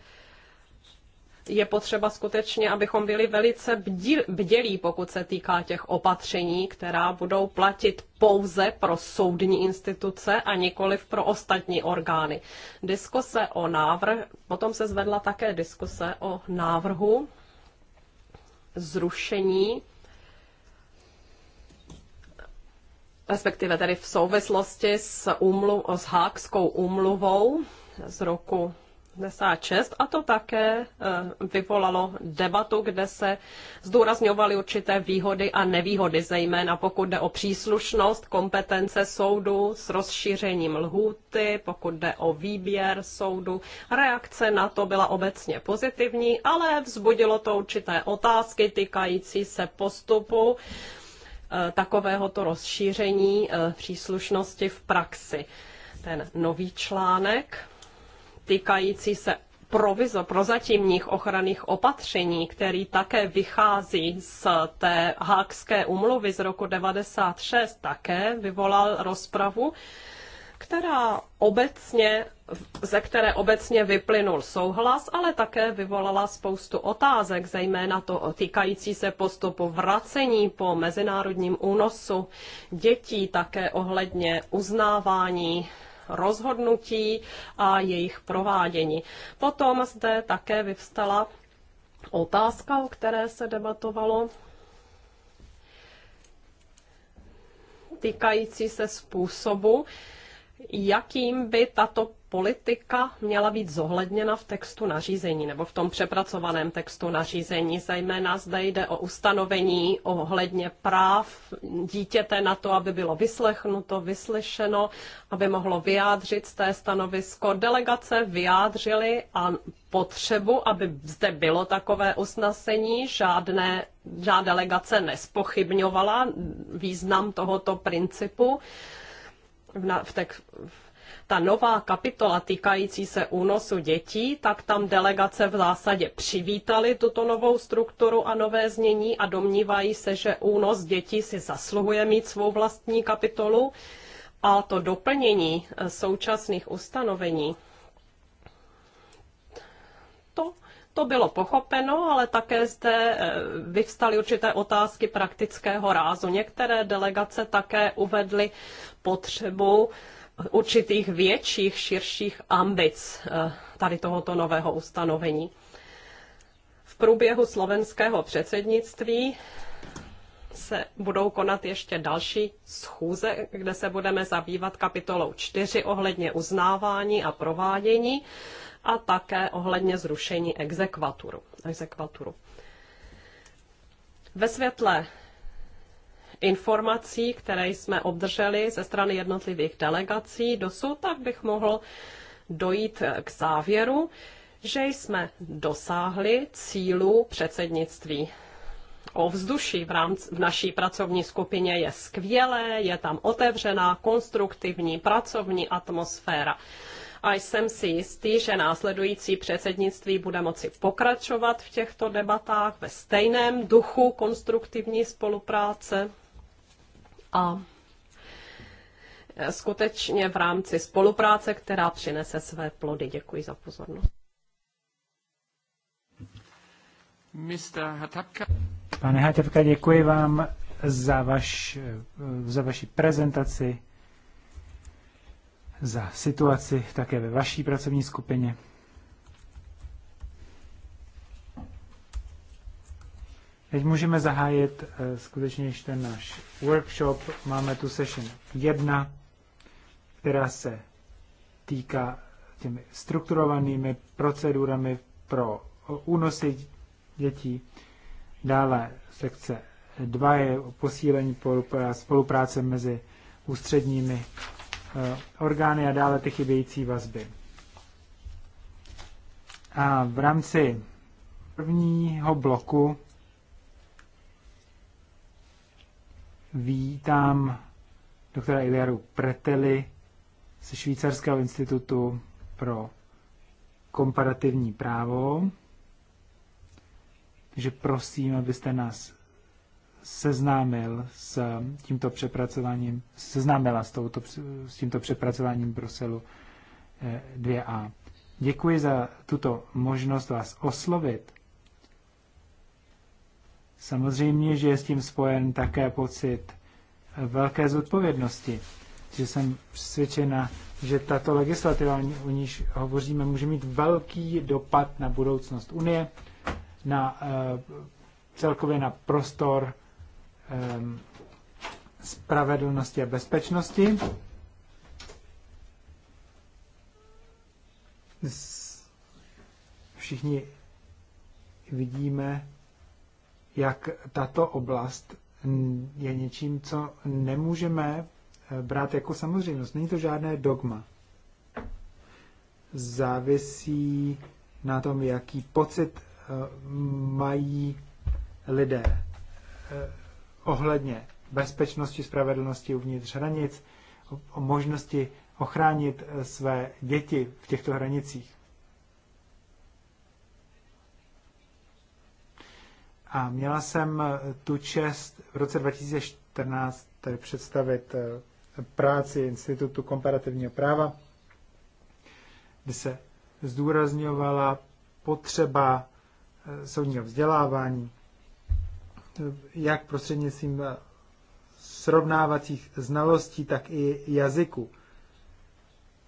Speaker 4: je potřeba skutečně, abychom byli velice bdělí, pokud se týká těch opatření, která budou platit pouze pro soudní instituce a nikoliv pro ostatní orgány. Diskuse o návrh, potom se zvedla také diskuse o návrhu zrušení respektive tedy v souvislosti s, umlu, s hákskou úmluvou z roku 76 a to také eh, vyvolalo debatu, kde se zdůrazňovaly určité výhody a nevýhody, zejména pokud jde o příslušnost kompetence soudu s rozšířením lhůty, pokud jde o výběr soudu. Reakce na to byla obecně pozitivní, ale vzbudilo to určité otázky týkající se postupu eh, takovéhoto rozšíření eh, příslušnosti v praxi. Ten nový článek týkající se provizo, prozatímních ochranných opatření, který také vychází z té hákské umluvy z roku 96, také vyvolal rozpravu, která obecně, ze které obecně vyplynul souhlas, ale také vyvolala spoustu otázek, zejména to týkající se postupu vracení po mezinárodním únosu dětí, také ohledně uznávání rozhodnutí a jejich provádění. Potom zde také vyvstala otázka, o které se debatovalo, týkající se způsobu, jakým by tato politika měla být zohledněna v textu nařízení nebo v tom přepracovaném textu nařízení. Zejména zde jde o ustanovení ohledně práv dítěte na to, aby bylo vyslechnuto, vyslyšeno, aby mohlo vyjádřit té stanovisko. Delegace vyjádřili a potřebu, aby zde bylo takové usnesení, žádné, žádná delegace nespochybňovala význam tohoto principu v, na, v, tek, ta nová kapitola týkající se únosu dětí, tak tam delegace v zásadě přivítali tuto novou strukturu a nové znění a domnívají se, že únos dětí si zasluhuje mít svou vlastní kapitolu. A to doplnění eh, současných ustanovení, to, to bylo pochopeno, ale také zde eh, vyvstaly určité otázky praktického rázu. Některé delegace také uvedly potřebu určitých větších, širších ambic eh, tady tohoto nového ustanovení. V průběhu slovenského předsednictví se budou konat ještě další schůze, kde se budeme zabývat kapitolou 4 ohledně uznávání a provádění a také ohledně zrušení exekvaturu. exekvaturu. Ve světle informací, které jsme obdrželi ze strany jednotlivých delegací dosud, tak bych mohl dojít eh, k závěru, že jsme dosáhli cílu předsednictví. Ovzduší v, rámci, v naší pracovní skupině je skvělé, je tam otevřená, konstruktivní pracovní atmosféra a jsem si jistý, že následující předsednictví bude moci pokračovat v těchto debatách ve stejném duchu konstruktivní spolupráce a skutečně v rámci spolupráce, která přinese své plody. Děkuji za pozornost.
Speaker 1: Pane Hatapka, děkuji vám za, vaš, za vaši prezentaci, za situaci také ve vaší pracovní skupině. Teď můžeme zahájit eh, skutečně ten náš workshop. Máme tu session 1, která se týká těmi strukturovanými procedurami pro eh, únosy dětí. Dále sekce 2 je posílení spolupráce mezi ústředními eh, orgány a dále ty chybějící vazby. A v rámci prvního bloku Vítám doktora Iliaru Preteli ze Švýcarského institutu pro komparativní právo. Takže prosím, abyste nás seznámil s tímto přepracováním, seznámila s, touto, s tímto přepracováním Bruselu 2a. Eh, Děkuji za tuto možnost vás oslovit Samozřejmě, že je s tím spojen také pocit velké zodpovědnosti, že jsem přesvědčena, že tato legislativa, o níž hovoříme, může mít velký dopad na budoucnost Unie, na eh, celkově na prostor ehm, spravedlnosti a bezpečnosti. Všichni vidíme, jak tato oblast je něčím, co nemůžeme eh, brát jako samozřejmost. Není to žádné dogma. Závisí na tom, jaký pocit eh, mají lidé eh,
Speaker 4: ohledně
Speaker 1: bezpečnosti, spravedlnosti uvnitř hranic, o možnosti ochránit své děti v těchto hranicích. A měla jsem eh, tu čest v roce 2014 tady představit eh, práci Institutu komparativního práva, kdy se zdůrazňovala potřeba eh, soudního vzdělávání, jak prostřednictvím srovnávacích znalostí, tak i jazyku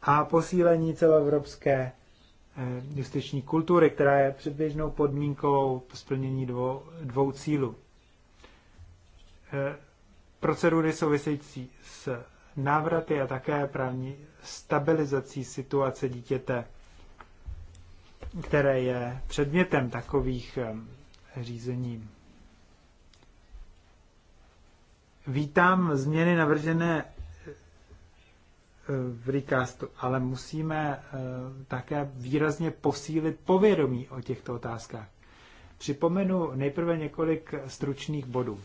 Speaker 1: a posílení celoevropské Eh, justiční kultury, která je předběžnou podmínkou splnění dvou, dvou cílů. Eh, procedury související s návraty a také právní stabilizací situace dítěte, které je předmětem takových eh, řízení. Vítám změny navržené v recastu, ale musíme eh, také výrazně posílit povědomí o těchto otázkách. Připomenu nejprve několik stručných bodů.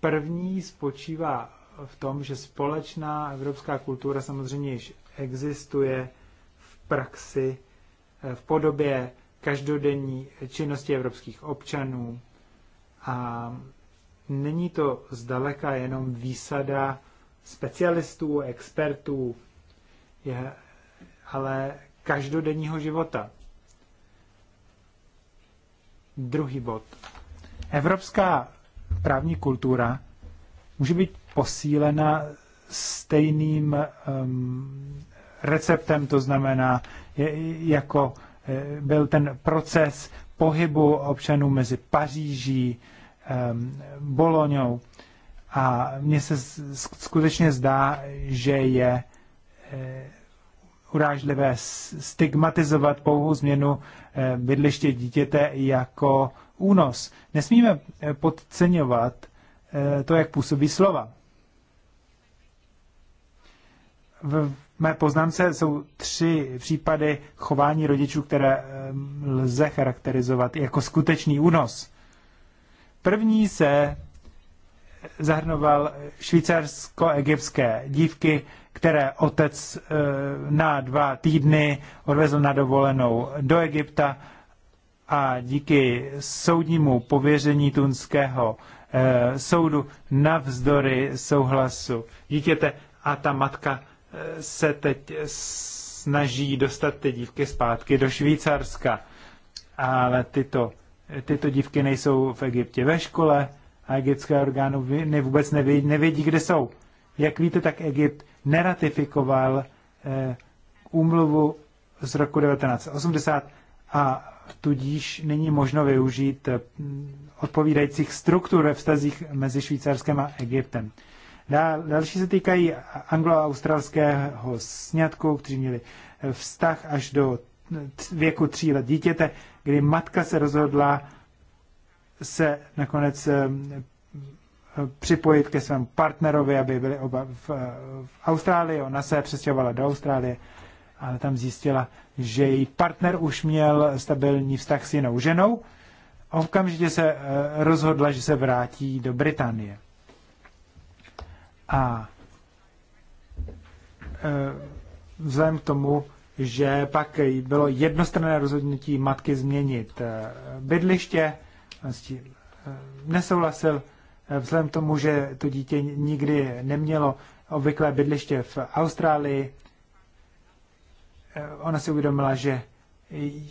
Speaker 1: První spočívá v tom, že společná evropská kultura samozřejmě již existuje v praxi, eh, v podobě každodenní činnosti evropských občanů a není to zdaleka jenom výsada specialistů, expertů, je, ale každodenního života. Druhý bod. Evropská právní kultura může být posílena stejným um, receptem, to znamená, je, jako je, eh, byl ten proces pohybu občanů mezi Paříží, um, Boloňou. A mně se skutečně zdá, že je eh, urážlivé stigmatizovat pouhou změnu eh, bydliště dítěte jako únos. Nesmíme eh, podceňovat to, jak působí slova. V mé poznámce jsou tři případy chování rodičů, které lze charakterizovat jako skutečný únos. První se zahrnoval švýcarsko-egyptské dívky, které otec eh, na dva týdny odvezl na dovolenou do Egypta a díky soudnímu pověření tunského eh, soudu navzdory souhlasu dítěte a ta matka eh, se teď snaží dostat ty dívky zpátky do Švýcarska. Ale tyto, tyto dívky nejsou v Egyptě ve škole, a egyptské orgány ne, vůbec nevědí, nevědí, kde jsou. Jak víte, tak Egypt neratifikoval eh, úmluvu z roku 1980 a tudíž není možno využít eh, odpovídajících struktur ve vztazích mezi Švýcarskem a Egyptem. další se týkají anglo-australského sňatku, kteří měli eh, vztah až do věku tří let dítěte, kdy matka se rozhodla se nakonec připojit ke svému partnerovi, aby byli oba v, v Austrálii. Ona se přestěhovala do Austrálie, ale tam zjistila, že její partner už měl stabilní vztah s jinou ženou. okamžitě se eh, rozhodla, že se vrátí do Británie. A eh, vzhledem k tomu, že pak bylo jednostranné rozhodnutí matky změnit eh, bydliště, s nesouhlasil, eh, vzhledem tomu, že to dítě nikdy nemělo obvyklé bydliště v Austrálii. Eh, ona si uvědomila, že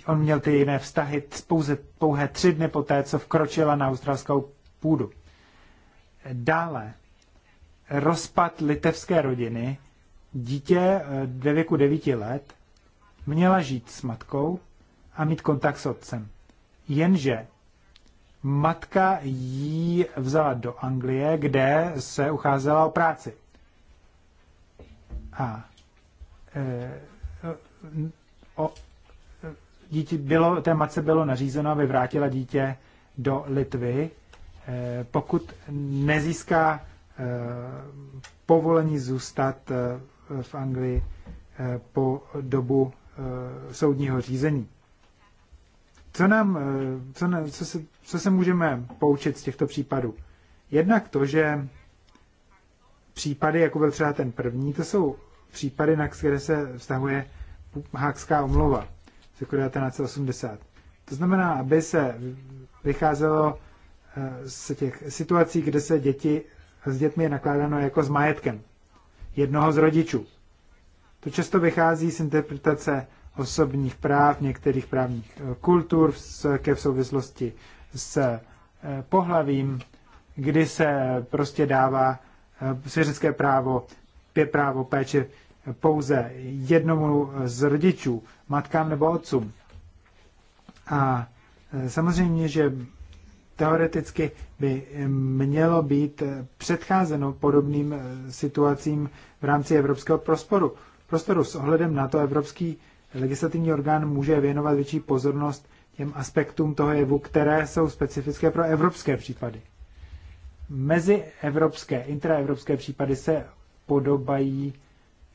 Speaker 1: on měl ty jiné vztahy pouze pouhé tři dny poté, co vkročila na australskou půdu. Dále rozpad litevské rodiny. Dítě eh, ve věku 9 let měla žít s matkou a mít kontakt s otcem. Jenže Matka jí vzala do Anglie, kde se ucházela o práci. A e, o, dítě bylo, té matce bylo nařízeno, aby vrátila dítě do Litvy, e, pokud nezíská e, povolení zůstat e, v Anglii po dobu soudního řízení co, nám, eh, co, ne, co, se, co se můžeme poučit z těchto případů? Jednak to, že případy, jako byl třeba ten první, to jsou případy, na které se vztahuje Hákská umlova z roku 1980. To znamená, aby se vycházelo eh, z těch situací, kde se děti s dětmi je nakládáno jako s majetkem jednoho z rodičů. To často vychází z interpretace osobních práv, některých právních eh, kultur ke v souvislosti s eh, pohlavím, kdy se prostě dává eh, svěřické právo, pě právo péče pouze jednomu z rodičů, matkám nebo otcům. A samozřejmě, že teoreticky by mělo být předcházeno podobným situacím v rámci evropského prostoru. Prostoru s ohledem na to Evropský legislativní orgán může věnovat větší pozornost těm aspektům toho jevu, které jsou specifické pro evropské případy. Mezi evropské, intraevropské případy se podobají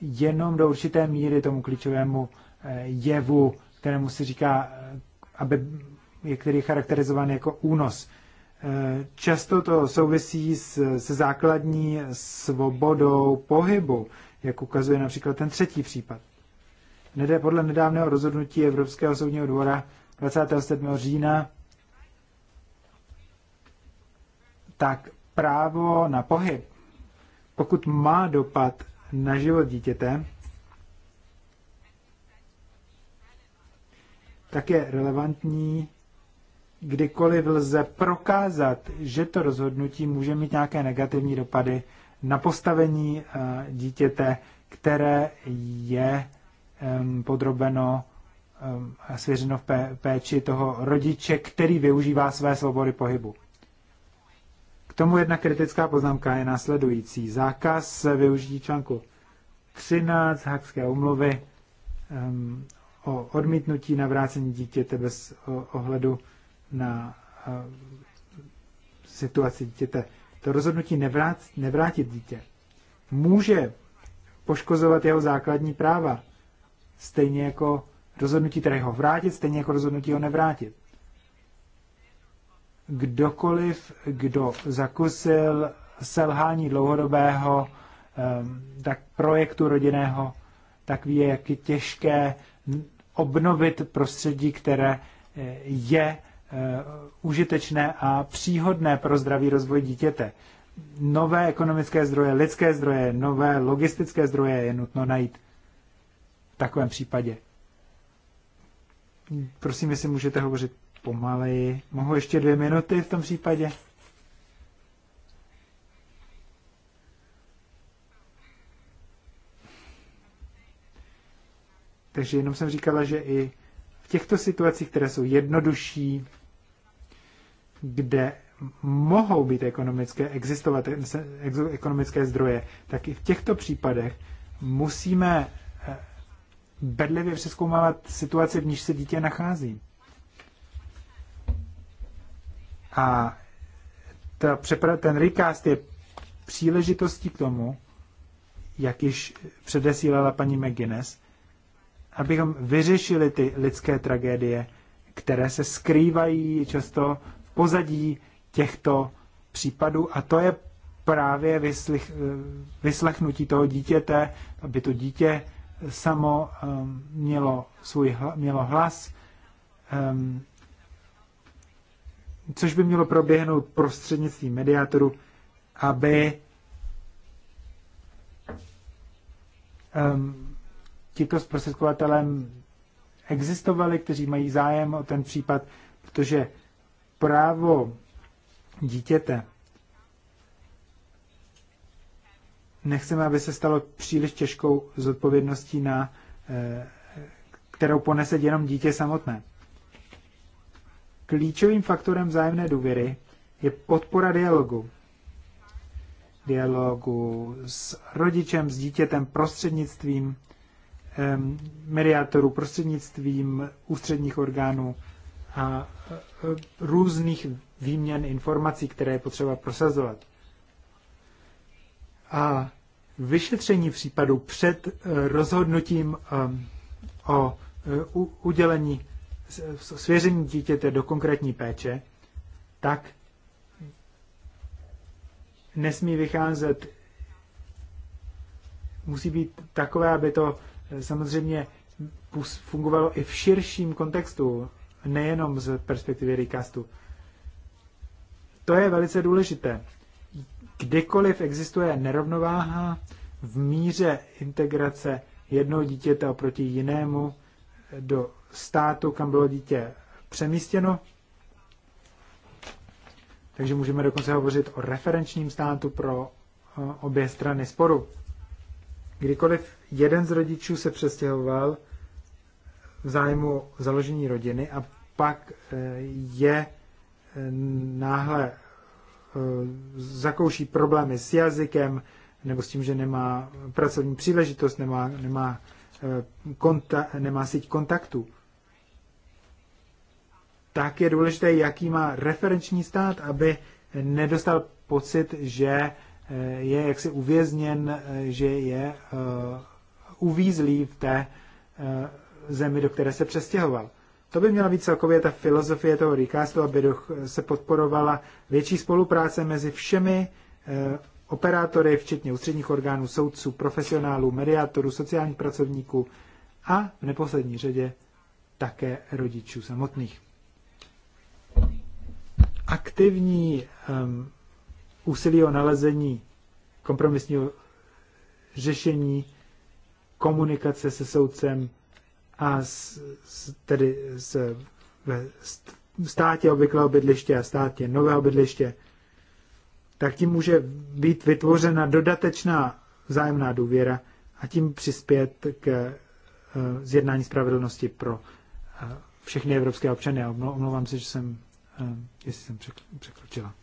Speaker 1: jenom do určité míry tomu klíčovému eh, jevu, kterému se říká, eh, aby, je který je charakterizován jako únos. Eh, často to souvisí s, se základní svobodou pohybu, jak ukazuje například ten třetí případ. Podle nedávného rozhodnutí Evropského soudního dvora 27. října, tak právo na pohyb, pokud má dopad na život dítěte, tak je relevantní, kdykoliv lze prokázat, že to rozhodnutí může mít nějaké negativní dopady na postavení eh, dítěte, které je podrobeno a svěřeno v péči toho rodiče, který využívá své svobody pohybu. K tomu jedna kritická poznámka je následující. Zákaz využití článku 13 Hakské umluvy um, o odmítnutí navrácení dítěte bez ohledu na e, situaci dítěte. To rozhodnutí nevrát, nevrátit dítě může poškozovat jeho základní práva, stejně jako rozhodnutí, tedy ho vrátit, stejně jako rozhodnutí ho nevrátit. Kdokoliv, kdo zakusil selhání dlouhodobého tak projektu rodinného, tak ví, jak je těžké obnovit prostředí, které eh, je eh, užitečné a příhodné pro zdravý rozvoj dítěte. Nové ekonomické zdroje, lidské zdroje, nové logistické zdroje je nutno najít takovém případě. Prosím, jestli můžete hovořit pomaleji. Mohu ještě dvě minuty v tom případě? Takže jenom jsem říkala, že i v těchto situacích, které jsou jednodušší, kde mohou být ekonomické, existovat ekonomické zdroje, tak i v těchto případech musíme bedlivě přeskoumávat situaci, v níž se dítě nachází. A ta ten recast je příležitostí k tomu, jak již předesílala paní McGuinness, abychom vyřešili ty lidské tragédie, které se skrývají často v pozadí těchto případů. A to je právě vyslech, vyslechnutí toho dítěte, aby to dítě samo um, mělo, svůj, mělo hlas, um, což by mělo proběhnout prostřednictvím mediátoru, aby um, tito zprostředkovatelé existovali, kteří mají zájem o ten případ, protože právo dítěte nechceme, aby se stalo příliš těžkou zodpovědností, na, eh, kterou ponese jenom dítě samotné. Klíčovým faktorem vzájemné důvěry je podpora dialogu. Dialogu s rodičem, s dítětem, prostřednictvím mediátorů, prostřednictvím ústředních orgánů a e, různých výměn informací, které je potřeba prosazovat. A vyšetření případu před eh, rozhodnutím ehm, o eh, udělení svěření dítěte do konkrétní péče, tak nesmí vycházet, musí být takové, aby to eh, samozřejmě fungovalo i v širším kontextu, nejenom z perspektivy recastu. To je velice důležité. Kdykoliv existuje nerovnováha v míře integrace jednoho dítěte oproti jinému do státu, kam bylo dítě přemístěno, takže můžeme dokonce hovořit o referenčním státu pro eh, obě strany sporu. Kdykoliv jeden z rodičů se přestěhoval v zájmu založení rodiny a pak eh, je eh, náhle Eh, zakouší problémy s jazykem nebo s tím, že nemá pracovní příležitost, nemá, nemá, eh, konta, nemá síť kontaktů, tak je důležité, jaký má referenční stát, aby nedostal pocit, že eh, je jaksi uvězněn, že je uvízlý v té zemi, do které se přestěhoval. To by měla být celkově ta filozofie toho recastu, aby eh, se podporovala větší spolupráce mezi všemi eh, operátory, včetně ústředních orgánů, soudců, profesionálů, mediátorů, sociálních pracovníků a v neposlední řadě také rodičů samotných. Aktivní um, úsilí o nalezení kompromisního řešení komunikace se soudcem a z, tedy z, ve státě obvyklého bydliště a státě nového bydliště, tak tím může být vytvořena dodatečná vzájemná důvěra a tím přispět k eh, zjednání spravedlnosti pro eh, všechny evropské občany. A omlouvám se, že jsem, eh, jestli jsem
Speaker 2: překročila.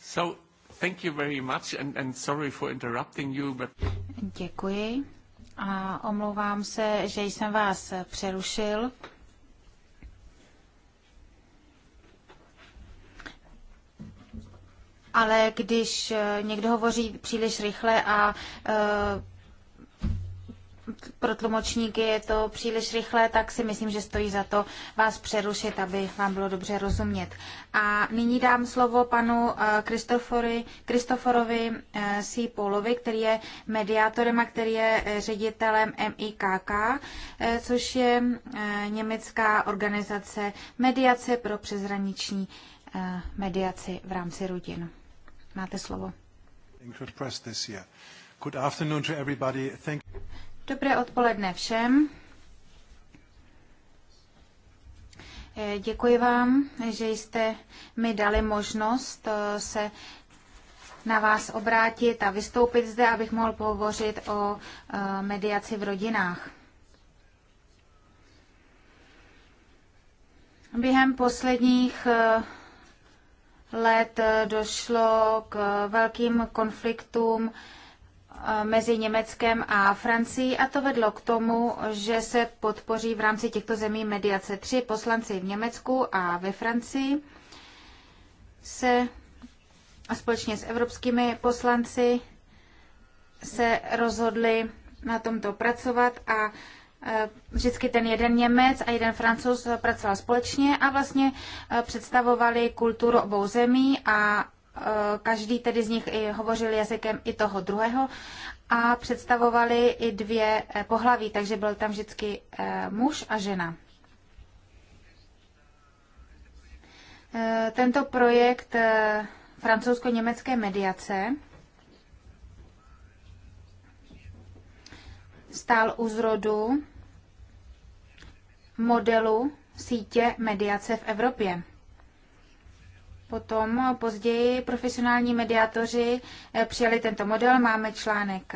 Speaker 2: So, thank you very much and, and sorry for interrupting you, but...
Speaker 3: Děkuji. A omlouvám se, že jsem vás přerušil. Ale když eh, někdo hovoří příliš rychle a eh, pro tlumočníky je to příliš rychlé, tak si myslím, že stojí za to vás přerušit, aby vám bylo dobře rozumět. A nyní dám slovo panu eh, Kristoforovi eh, C. Polovi, který je mediátorem a který je eh, ředitelem MIKK, což je německá organizace mediace pro přezraniční mediaci v rámci rodin. Máte slovo.
Speaker 1: Good afternoon to everybody. Thank you.
Speaker 3: Dobré odpoledne všem. Eh, děkuji vám, že jste mi dali možnost eh, se na vás obrátit a vystoupit zde, abych mohl pohovořit o eh, mediaci v rodinách. Během posledních let došlo k velkým konfliktům Eh, mezi Německem a Francií a to vedlo k tomu, že se podpoří v rámci těchto zemí mediace. Tři poslanci v Německu a ve Francii se společně s evropskými poslanci se rozhodli na tomto pracovat a eh, vždycky ten jeden Němec a jeden Francouz pracoval společně a vlastně eh, představovali kulturu obou zemí a Eh, každý tedy z nich i hovořil jazykem i toho druhého a představovali i dvě eh, pohlaví, takže byl tam vždycky eh, muž a žena. Tento projekt francouzsko-německé mediace stál u zrodu modelu sítě mediace v Evropě. Potom později profesionální mediátoři eh, přijali tento model. Máme článek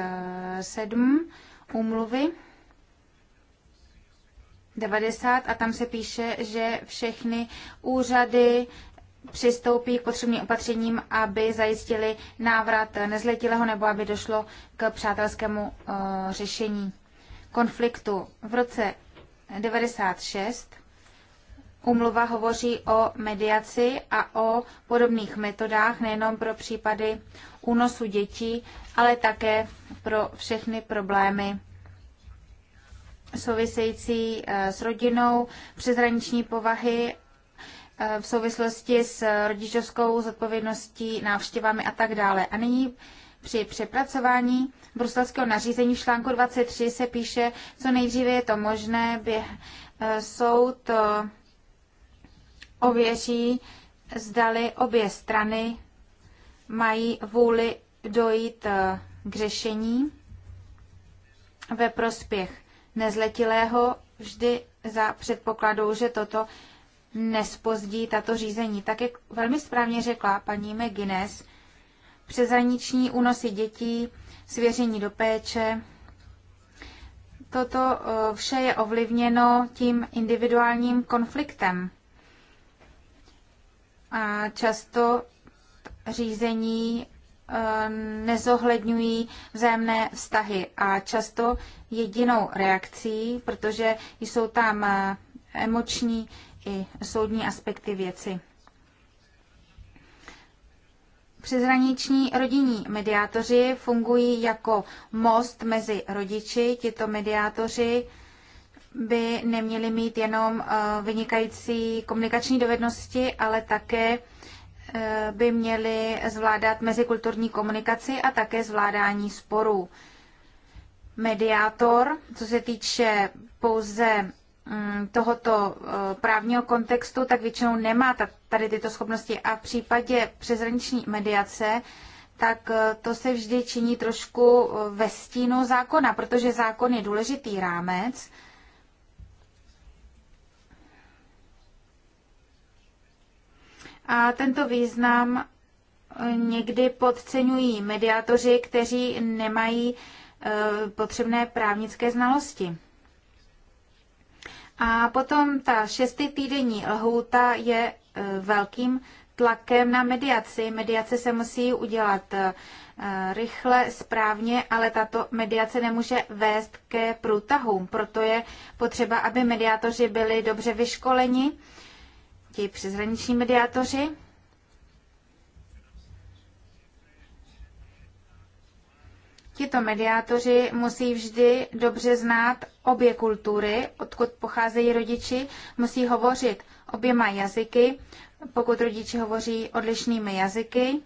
Speaker 3: 7 eh, úmluvy 90 a tam se píše, že všechny úřady přistoupí k potřebným opatřením, aby zajistili návrat nezletilého nebo aby došlo k přátelskému eh, řešení konfliktu. V roce 96 Umluva hovoří o mediaci a o podobných metodách nejenom pro případy únosu dětí, ale také pro všechny problémy související eh, s rodinou, přeshraniční povahy eh, v souvislosti s rodičovskou zodpovědností, návštěvami a tak dále. A nyní při přepracování bruselského nařízení v článku 23 se píše, co nejdříve je to možné, běh, eh, soud ověří, zdali obě strany mají vůli dojít eh, k řešení ve prospěch nezletilého vždy za předpokladu, že toto nespozdí tato řízení. Tak jak velmi správně řekla paní McGuinness, přezraniční únosy dětí, svěření do péče, toto eh, vše je ovlivněno tím individuálním konfliktem a často řízení eh, nezohledňují vzájemné vztahy a často jedinou reakcí, protože jsou tam eh, emoční i soudní aspekty věci. Přeshraniční rodinní mediátoři fungují jako most mezi rodiči. Tito mediátoři by neměli mít jenom eh, vynikající komunikační dovednosti, ale také eh, by měli zvládat mezikulturní komunikaci a také zvládání sporů. Mediátor, co se týče pouze mm, tohoto eh, právního kontextu, tak většinou nemá tady tyto schopnosti. A v případě přezraniční mediace, tak to se vždy činí trošku ve stínu zákona, protože zákon je důležitý rámec, A tento význam eh, někdy podceňují mediátoři, kteří nemají eh, potřebné právnické znalosti. A potom ta šestitýdenní lhůta je eh, velkým tlakem na mediaci. Mediace se musí udělat rychle, správně, ale tato mediace nemůže vést ke průtahům. Proto je potřeba, aby mediátoři byli dobře vyškoleni ti přeshraniční mediátoři. Tito mediátoři musí vždy dobře znát obě kultury, odkud pocházejí rodiči, musí hovořit oběma jazyky, pokud rodiči hovoří odlišnými jazyky.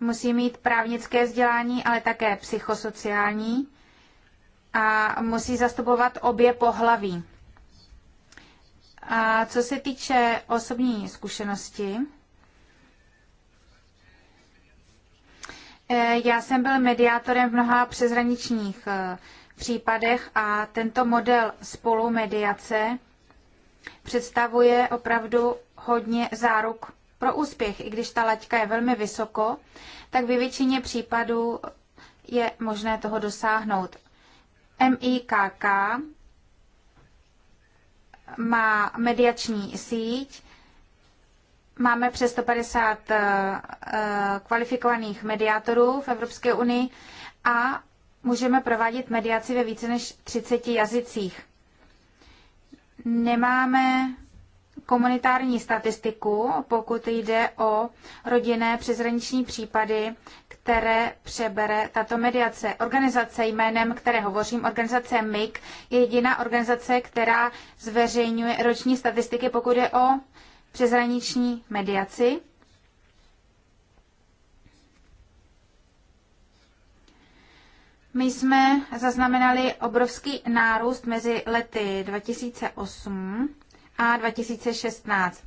Speaker 3: Musí mít právnické vzdělání, ale také psychosociální a musí zastupovat obě pohlaví. A co se týče osobní zkušenosti, eh, já jsem byl mediátorem v mnoha přezraničních eh, případech a tento model spolumediace představuje opravdu hodně záruk pro úspěch. I když ta laťka je velmi vysoko, tak ve většině případů je možné toho dosáhnout. MIKK má mediační síť, máme přes 150 eh, kvalifikovaných mediátorů v Evropské unii a můžeme provádět mediaci ve více než 30 jazycích. Nemáme komunitární statistiku, pokud jde o rodinné přeshraniční případy, které přebere tato mediace. Organizace jménem, které hovořím, organizace MIG, je jediná organizace, která zveřejňuje roční statistiky, pokud jde o přeshraniční mediaci. My jsme zaznamenali obrovský nárůst mezi lety 2008 a 2016.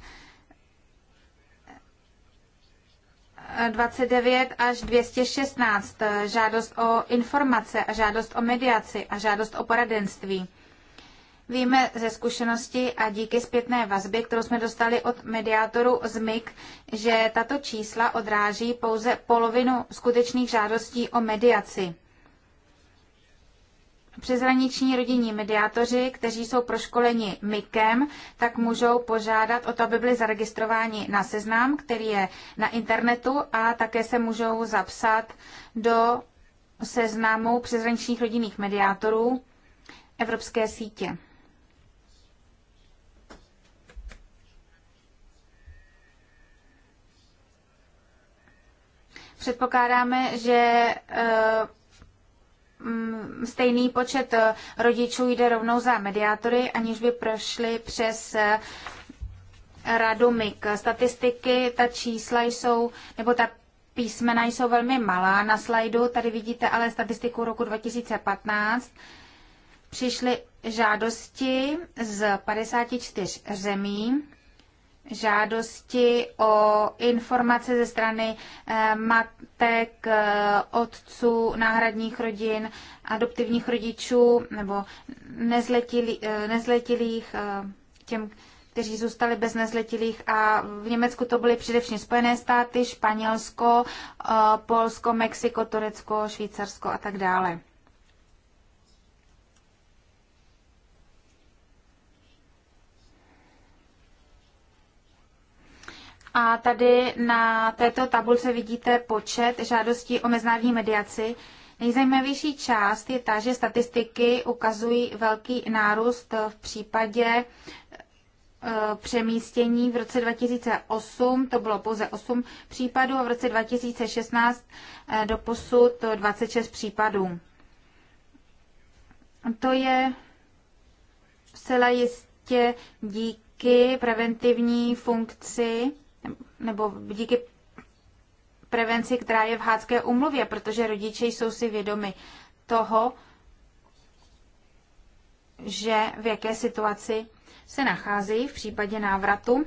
Speaker 3: 29 až 216, žádost o informace a žádost o mediaci a žádost o poradenství. Víme ze zkušenosti a díky zpětné vazbě, kterou jsme dostali od mediátoru z MIG, že tato čísla odráží pouze polovinu skutečných žádostí o mediaci. Přeshraniční rodinní mediátoři, kteří jsou proškoleni MIKem, tak můžou požádat o to, aby byli zaregistrováni na seznam, který je na internetu a také se můžou zapsat do seznamu přeshraničních rodinných mediátorů Evropské sítě. Předpokládáme, že eh, Mm, stejný počet eh, rodičů jde rovnou za mediátory, aniž by prošli přes eh, radu MIK. Statistiky, ta čísla jsou, nebo ta písmena jsou velmi malá na slajdu. Tady vidíte ale statistiku roku 2015. Přišly žádosti z 54 zemí žádosti o informace ze strany eh, matek, eh, otců, náhradních rodin, adoptivních rodičů nebo eh, nezletilých, nezletilých těm, kteří zůstali bez nezletilých a v Německu to byly především Spojené státy, Španělsko, Polsko, Mexiko, Turecko, Švýcarsko a tak dále. A tady na této tabulce vidíte počet žádostí o mezinárodní mediaci. Nejzajímavější část je ta, že statistiky ukazují velký nárůst v případě e, přemístění. V roce 2008 to bylo pouze 8 případů a v roce 2016 do posud 26 případů. To je zcela jistě díky preventivní funkci nebo díky prevenci, která je v hádské umluvě, protože rodiče jsou si vědomi toho, že v jaké situaci se nachází v případě návratu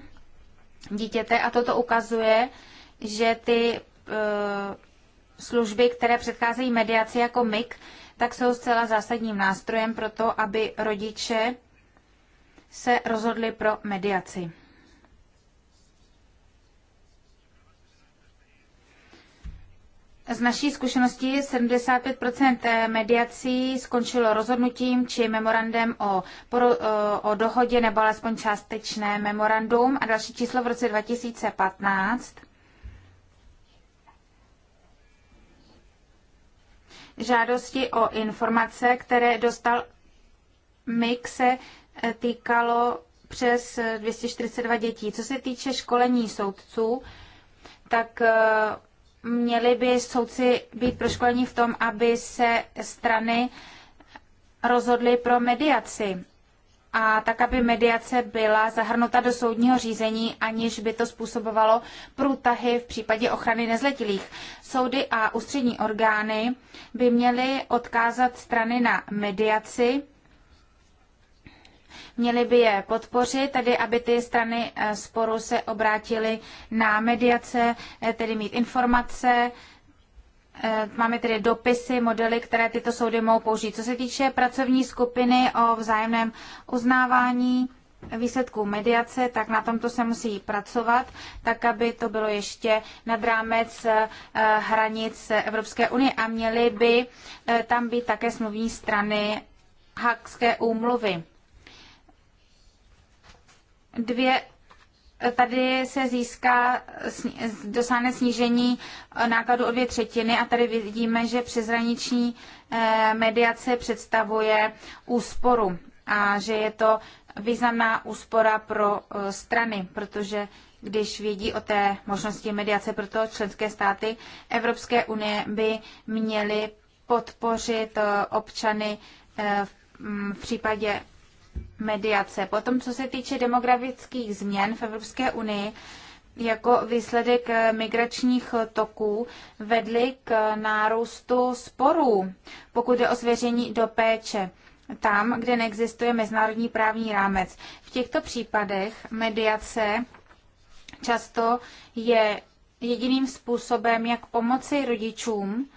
Speaker 3: dítěte a toto ukazuje, že ty e, služby, které předcházejí mediaci jako MIG, tak jsou zcela zásadním nástrojem pro to, aby rodiče se rozhodli pro mediaci. Z naší zkušenosti 75 eh, mediací skončilo rozhodnutím či memorandem o, eh, o dohodě nebo alespoň částečné memorandum a další číslo v roce 2015. Žádosti o informace, které dostal MIG, se eh, týkalo přes 242 dětí. Co se týče školení soudců, tak měli by soudci být proškoleni v tom, aby se strany rozhodly pro mediaci a tak, aby mediace byla zahrnuta do soudního řízení, aniž by to způsobovalo průtahy v případě ochrany nezletilých. Soudy a ústřední orgány by měly odkázat strany na mediaci Měli by je podpořit, tedy aby ty strany eh, sporu se obrátily na mediace, eh, tedy mít informace, eh, Máme tedy dopisy, modely, které tyto soudy mohou použít. Co se týče pracovní skupiny o vzájemném uznávání výsledků mediace, tak na tomto se musí pracovat, tak aby to bylo ještě nad rámec hranic Evropské unie a měly by tam být také smluvní strany Hakské úmluvy dvě Tady se získá, dosáhne snížení eh, nákladu o dvě třetiny a tady vidíme, že přezraniční eh, mediace představuje úsporu a že je to významná úspora pro eh, strany, protože když vědí o té možnosti mediace, proto členské státy Evropské unie by měly podpořit občany mm, v případě mediace. Potom, co se týče demografických změn v Evropské unii, jako výsledek eh, migračních toků vedly k eh, nárůstu sporů, pokud je o svěření do péče tam, kde neexistuje mezinárodní právní rámec. V těchto případech mediace často je jediným způsobem, jak pomoci rodičům,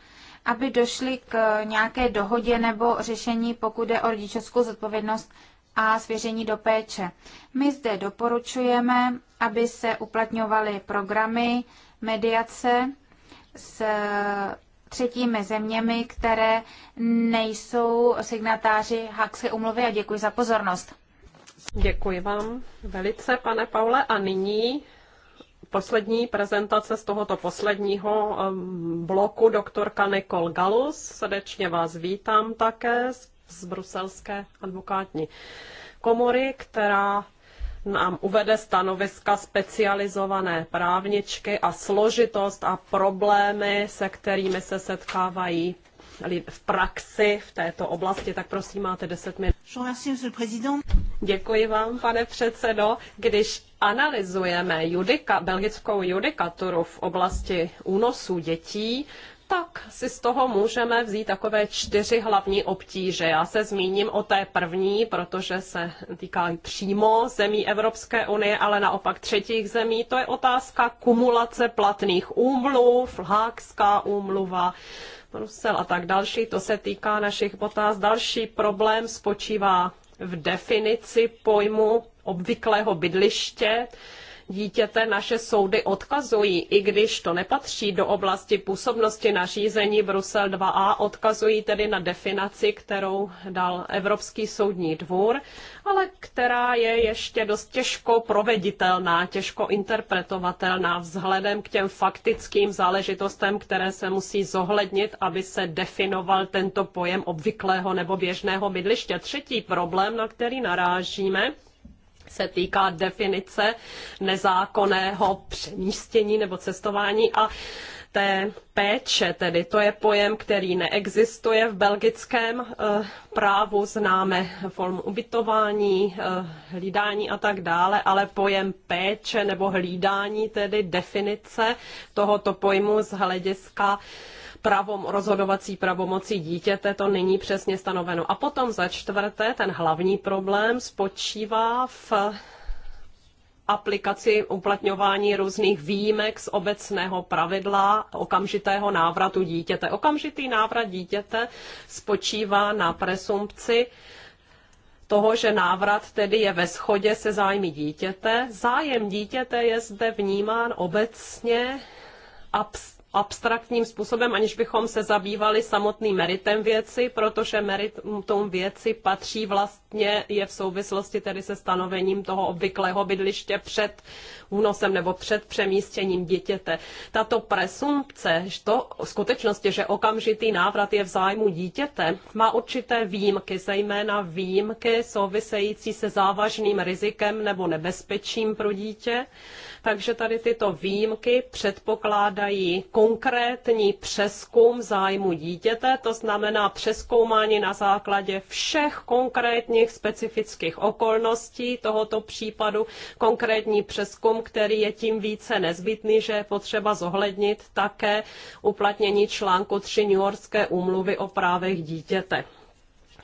Speaker 3: aby došli k eh, nějaké dohodě nebo řešení, pokud je o rodičovskou zodpovědnost a svěření do péče. My zde doporučujeme, aby se uplatňovaly programy mediace s e, třetími zeměmi, které nejsou signatáři Haxy umluvy a děkuji za pozornost.
Speaker 4: Děkuji vám velice, pane Paule. A nyní poslední prezentace z tohoto posledního e, bloku doktorka Nicole Galus. Srdečně vás vítám také z z bruselské advokátní komory, která nám uvede stanoviska specializované právničky a složitost a problémy, se kterými se setkávají v praxi v této oblasti, tak prosím, máte 10 minut. Děkuji vám, pane předsedo. Když analyzujeme judika, belgickou judikaturu v oblasti únosů dětí, tak si z toho můžeme vzít takové čtyři hlavní obtíže. Já se zmíním o té první, protože se týká přímo zemí Evropské unie, ale naopak třetích zemí. To je otázka kumulace platných úmluv, Hákská úmluva, Brusel a tak další. To se týká našich otáz. Další problém spočívá v definici pojmu obvyklého bydliště dítěte naše soudy odkazují, i když to nepatří do oblasti působnosti nařízení Brusel 2a, odkazují tedy na definaci, kterou dal Evropský soudní dvůr, ale která je ještě dost těžko proveditelná, těžko interpretovatelná vzhledem k těm faktickým záležitostem, které se musí zohlednit, aby se definoval tento pojem obvyklého nebo běžného bydliště. Třetí problém, na který narážíme, se týká definice nezákonného přemístění nebo cestování a té péče, tedy to je pojem, který neexistuje v belgickém eh, právu, známe formu ubytování, eh, hlídání a tak dále, ale pojem péče nebo hlídání, tedy definice tohoto pojmu z hlediska pravom, rozhodovací pravomocí dítěte, to není přesně stanoveno. A potom za čtvrté, ten hlavní problém spočívá v aplikaci uplatňování různých výjimek z obecného pravidla okamžitého návratu dítěte. Okamžitý návrat dítěte spočívá na presumpci toho, že návrat tedy je ve shodě se zájmy dítěte. Zájem dítěte je zde vnímán obecně abs- abstraktním způsobem, aniž bychom se zabývali samotným meritem věci, protože meritum věci patří vlastně, je v souvislosti tedy se stanovením toho obvyklého bydliště před únosem nebo před přemístěním dítěte. Tato presumpce, že to skutečnosti, že okamžitý návrat je v zájmu dítěte, má určité výjimky, zejména výjimky související se závažným rizikem nebo nebezpečím pro dítě, takže tady tyto výjimky předpokládají konkrétní přeskum zájmu dítěte, to znamená přeskoumání na základě všech konkrétních specifických okolností tohoto případu, konkrétní přeskum, který je tím více nezbytný, že je potřeba zohlednit také uplatnění článku 3 New Yorkské úmluvy o právech dítěte.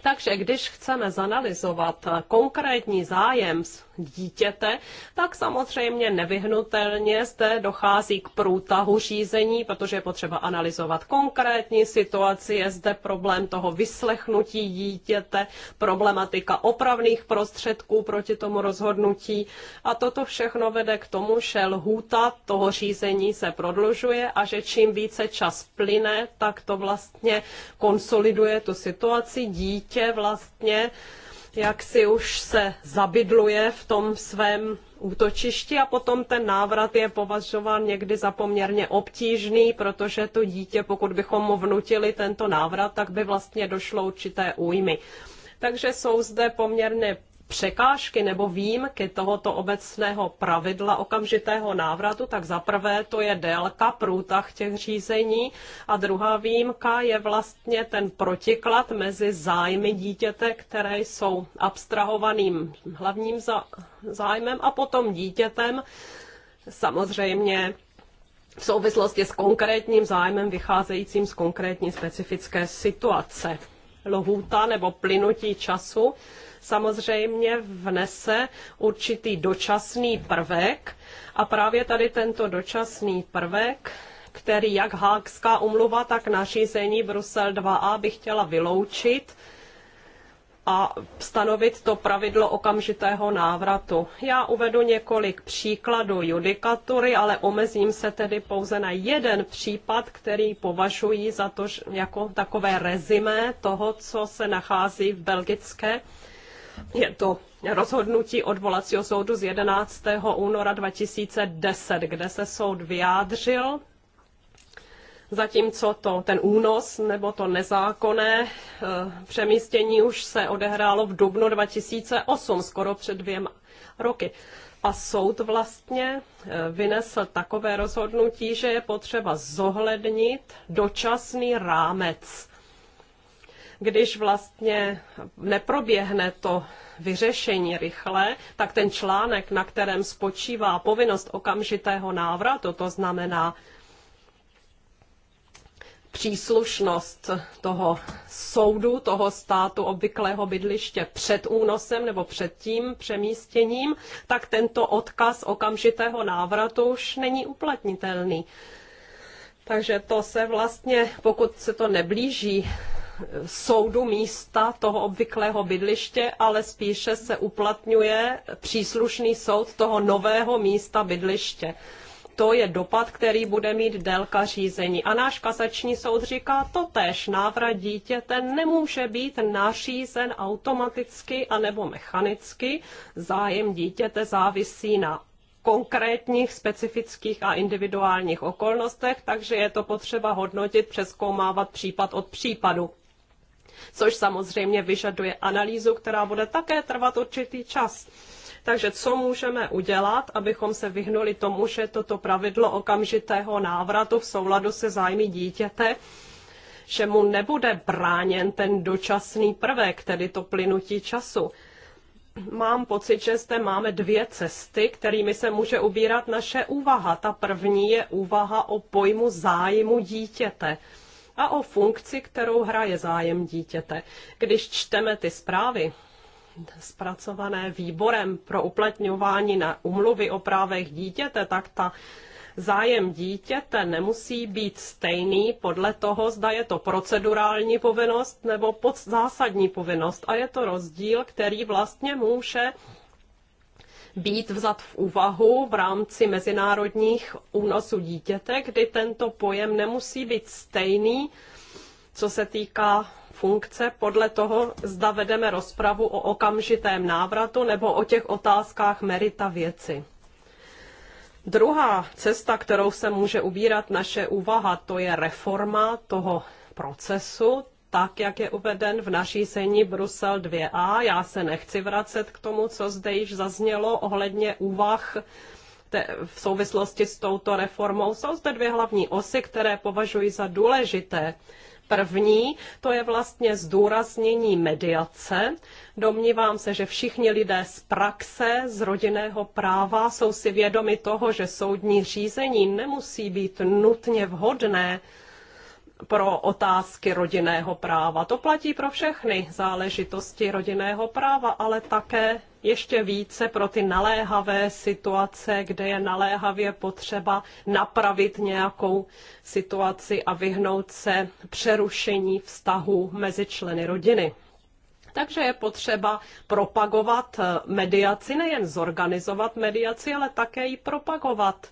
Speaker 4: Takže když chceme zanalizovat konkrétní zájem dítěte, tak samozřejmě nevyhnutelně zde dochází k průtahu řízení, protože je potřeba analyzovat konkrétní situaci, je zde problém toho vyslechnutí dítěte, problematika opravných prostředků proti tomu rozhodnutí a toto všechno vede k tomu, že lhůta toho řízení se prodlužuje a že čím více čas plyne, tak to vlastně konsoliduje tu situaci. Dítě vlastně jak si už se zabydluje v tom svém útočišti a potom ten návrat je považován někdy za poměrně obtížný, protože to dítě, pokud bychom mu vnutili tento návrat, tak by vlastně došlo určité újmy. Takže jsou zde poměrně překážky nebo výjimky tohoto obecného pravidla okamžitého návratu, tak za prvé to je délka průtah těch řízení a druhá výjimka je vlastně ten protiklad mezi zájmy dítěte, které jsou abstrahovaným hlavním zájmem a potom dítětem samozřejmě v souvislosti s konkrétním zájmem vycházejícím z konkrétní specifické situace. Lohůta nebo plynutí času samozřejmě vnese určitý dočasný prvek a právě tady tento dočasný prvek který jak Hákská umluva, tak nařízení Brusel 2a by chtěla vyloučit a stanovit to pravidlo okamžitého návratu. Já uvedu několik příkladů judikatury, ale omezím se tedy pouze na jeden případ, který považuji za to, jako takové rezimé toho, co se nachází v belgické je to rozhodnutí odvolacího soudu z 11. února 2010, kde se soud vyjádřil, zatímco to, ten únos nebo to nezákonné e, přemístění už se odehrálo v dubnu 2008, skoro před dvěma roky. A soud vlastně e, vynesl takové rozhodnutí, že je potřeba zohlednit dočasný rámec když vlastně neproběhne to vyřešení rychle, tak ten článek, na kterém spočívá povinnost okamžitého návratu, to znamená příslušnost toho soudu, toho státu obvyklého bydliště před únosem nebo před tím přemístěním, tak tento odkaz okamžitého návratu už není uplatnitelný. Takže to se vlastně, pokud se to neblíží soudu místa toho obvyklého bydliště, ale spíše se uplatňuje příslušný soud toho nového místa bydliště to je dopad, který bude mít délka řízení. A náš kasační soud říká to též Návrat Ten nemůže být nařízen automaticky anebo mechanicky. Zájem dítěte závisí na konkrétních, specifických a individuálních okolnostech, takže je to potřeba hodnotit, přeskoumávat případ od případu což samozřejmě vyžaduje analýzu, která bude také trvat určitý čas. Takže co můžeme udělat, abychom se vyhnuli tomu, že toto pravidlo okamžitého návratu v souladu se zájmy dítěte, že mu nebude bráněn ten dočasný prvek, tedy to plynutí času. Mám pocit, že zde máme dvě cesty, kterými se může ubírat naše úvaha. Ta první je úvaha o pojmu zájmu dítěte a o funkci, kterou hraje zájem dítěte. Když čteme ty zprávy, zpracované výborem pro uplatňování na umluvy o právech dítěte, tak ta zájem dítěte nemusí být stejný podle toho, zda je to procedurální povinnost nebo pod zásadní povinnost. A je to rozdíl, který vlastně může být vzat v úvahu v rámci mezinárodních únosů dítěte, kdy tento pojem nemusí být stejný, co se týká funkce podle toho, zda vedeme rozpravu o okamžitém návratu nebo o těch otázkách merita věci. Druhá cesta, kterou se může ubírat naše úvaha, to je reforma toho procesu, tak, jak je uveden v nařízení Brusel 2a. Já se nechci vracet k tomu, co zde již zaznělo ohledně úvah v souvislosti s touto reformou. Jsou zde dvě hlavní osy, které považuji za důležité. První, to je vlastně zdůraznění mediace. Domnívám se, že všichni lidé z praxe, z rodinného práva jsou si vědomi toho, že soudní řízení nemusí být nutně vhodné pro otázky rodinného práva. To platí pro všechny záležitosti rodinného práva, ale také ještě více pro ty naléhavé situace, kde je naléhavě potřeba napravit nějakou situaci a vyhnout se přerušení vztahu mezi členy rodiny. Takže je potřeba propagovat mediaci, nejen zorganizovat mediaci, ale také ji propagovat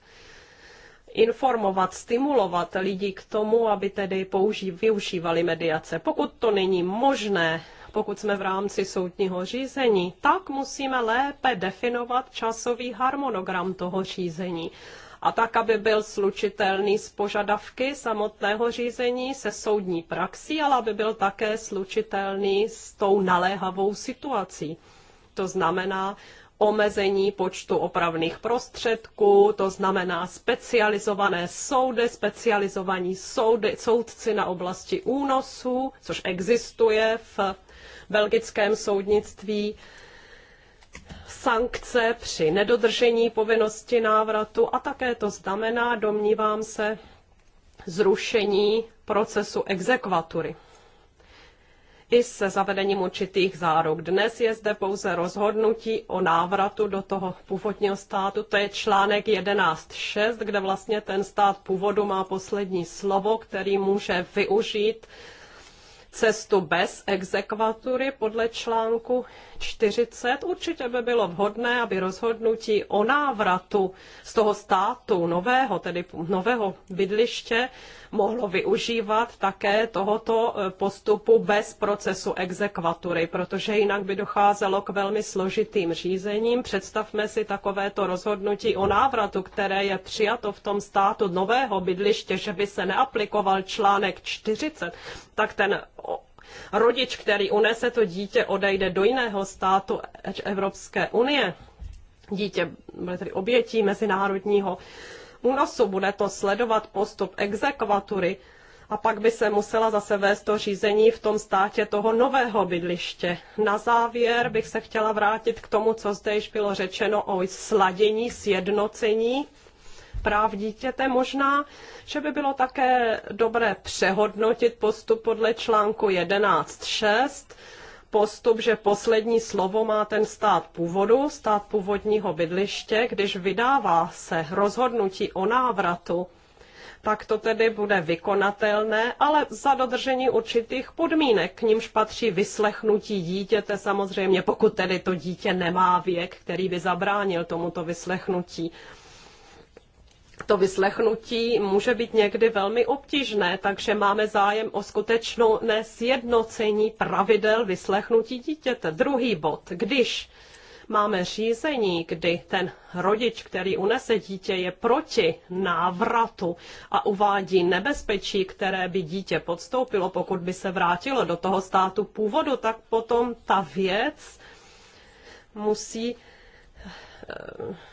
Speaker 4: informovat, stimulovat lidi k tomu, aby tedy použí, využívali mediace. Pokud to není možné, pokud jsme v rámci soudního řízení, tak musíme lépe definovat časový harmonogram toho řízení a tak, aby byl slučitelný s požadavky samotného řízení se soudní praxí, ale aby byl také slučitelný s tou naléhavou situací. To znamená, omezení počtu opravných prostředků, to znamená specializované soudy, specializovaní soudy, soudci na oblasti únosů, což existuje v belgickém soudnictví, sankce při nedodržení povinnosti návratu a také to znamená, domnívám se, zrušení procesu exekvatury i se zavedením určitých záruk. Dnes je zde pouze rozhodnutí o návratu do toho původního státu. To je článek 11.6, kde vlastně ten stát původu má poslední slovo, který může využít cestu bez exekvatury podle článku 40, určitě by bylo vhodné, aby rozhodnutí o návratu z toho státu nového, tedy nového bydliště, mohlo využívat také tohoto e, postupu bez procesu exekvatury, protože jinak by docházelo k velmi složitým řízením. Představme si takovéto rozhodnutí o návratu, které je přijato v tom státu nového bydliště, že by se neaplikoval článek 40, tak ten rodič, který unese to dítě, odejde do jiného státu Evropské unie, dítě bude tedy obětí mezinárodního únosu, bude to sledovat postup exekvatury a pak by se musela zase vést to řízení v tom státě toho nového bydliště. Na závěr bych se chtěla vrátit k tomu, co zde již bylo řečeno o sladění, sjednocení práv dítěte. Možná, že by bylo také dobré přehodnotit postup podle článku 11.6, postup, že poslední slovo má ten stát původu, stát původního bydliště, když vydává se rozhodnutí o návratu, tak to tedy bude vykonatelné, ale za dodržení určitých podmínek, k nímž patří vyslechnutí dítěte samozřejmě, pokud tedy to dítě nemá věk, který by zabránil tomuto vyslechnutí to vyslechnutí může být někdy velmi obtížné, takže máme zájem o skutečnou nesjednocení pravidel vyslechnutí dítěte. Druhý bod, když máme řízení, kdy ten rodič, který unese dítě, je proti návratu a uvádí nebezpečí, které by dítě podstoupilo, pokud by se vrátilo do toho státu původu, tak potom ta věc musí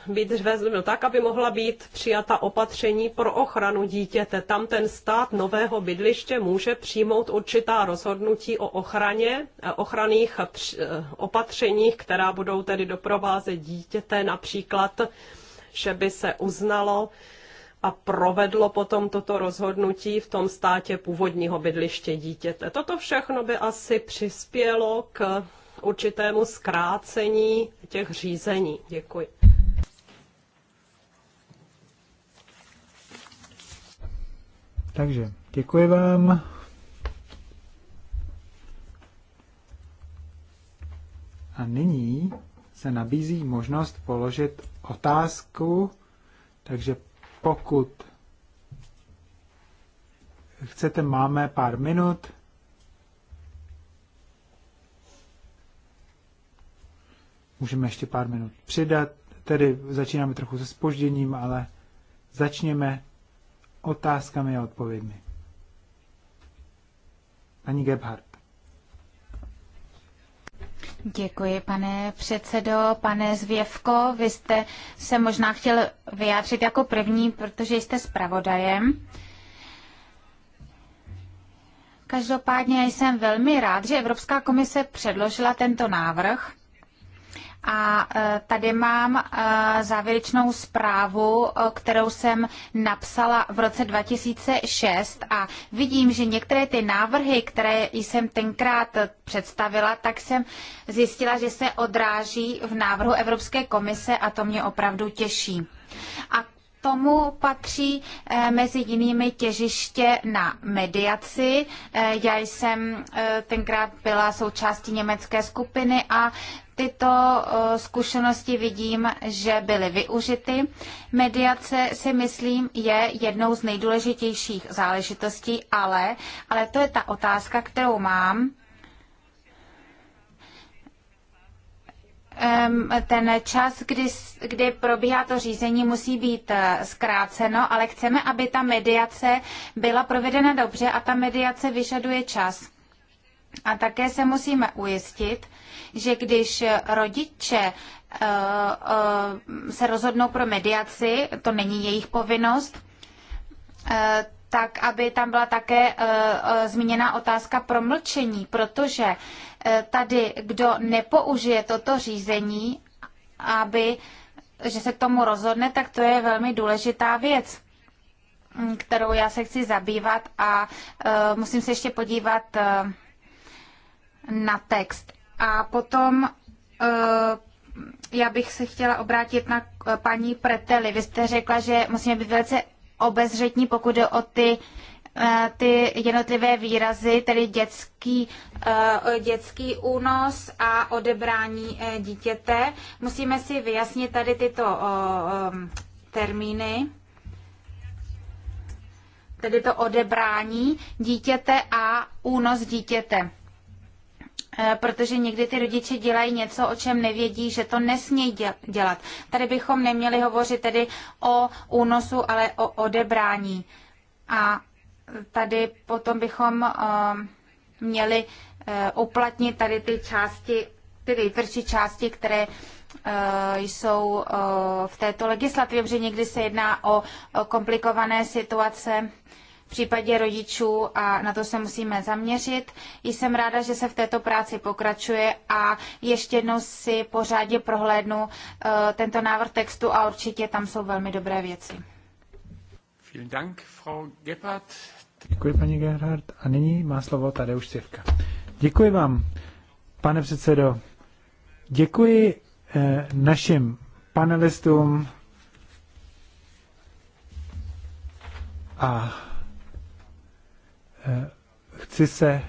Speaker 4: být vezmeno tak, aby mohla být přijata opatření pro ochranu dítěte. Tam ten stát nového bydliště může přijmout určitá rozhodnutí o ochraně, eh, ochranných eh, opatřeních, která budou tedy doprovázet dítěte, například, že by se uznalo a provedlo potom toto rozhodnutí v tom státě původního bydliště dítěte. Toto všechno by asi přispělo k určitému zkrácení těch řízení. Děkuji.
Speaker 1: Takže děkuji vám. A nyní se nabízí možnost položit otázku, takže pokud chcete, máme pár minut. Můžeme ještě pár minut přidat, tedy začínáme trochu se spožděním, ale začněme otázkami a odpovědmi. Paní Gebhardt.
Speaker 3: Děkuji, pane předsedo. Pane Zvěvko, vy jste se možná chtěl vyjádřit jako první, protože jste zpravodajem. Každopádně jsem velmi rád, že Evropská komise předložila tento návrh a e, tady mám e, závěrečnou zprávu, kterou jsem napsala v roce 2006 a vidím, že některé ty návrhy, které jsem tenkrát představila, tak jsem zjistila, že se odráží v návrhu Evropské komise a to mě opravdu těší. A tomu patří e, mezi jinými těžiště na mediaci. Já jsem tenkrát byla součástí německé skupiny a tyto eh, zkušenosti vidím, že byly využity. Mediace si myslím je jednou z nejdůležitějších záležitostí, ale, ale to je ta otázka, kterou mám. ten čas, kdy, kdy probíhá to řízení, musí být eh, zkráceno, ale chceme, aby ta mediace byla provedena dobře a ta mediace vyžaduje čas. A také se musíme ujistit, že když rodiče eh, eh, se rozhodnou pro mediaci, to není jejich povinnost, eh, tak aby tam byla také zmíněna otázka promlčení, protože tady, kdo nepoužije toto řízení, aby, že se k tomu rozhodne, tak to je velmi důležitá věc kterou já se chci zabývat a uh, musím se ještě podívat uh, na text. A potom eh, já bych se chtěla obrátit na eh, paní Preteli. Vy jste řekla, že musíme být velice obezřetní, pokud jde o ty eh, ty jednotlivé výrazy, tedy dětský, dětský únos a odebrání dítěte. Musíme si vyjasnit tady tyto termíny, tedy to odebrání dítěte a únos dítěte. Eh, protože někdy ty rodiče dělají něco, o čem nevědí, že to nesmějí dělat. Tady bychom neměli hovořit tedy o únosu, ale o odebrání. A tady potom bychom ehm, měli eh, uplatnit tady ty části, ty nejtvrdší části, které eh, jsou v této legislativě, protože někdy se jedná o komplikované situace v případě rodičů a na to se musíme zaměřit. Jsem ráda, že se v této práci pokračuje a ještě jednou si pořádně prohlédnu eh, tento návrh textu a určitě tam jsou velmi dobré věci.
Speaker 1: Dank, Frau Děkuji, paní Gerhard. A nyní má slovo Tadeusz Civka. Děkuji vám, pane předsedo. Děkuji eh, našim panelistům a Eh, chci se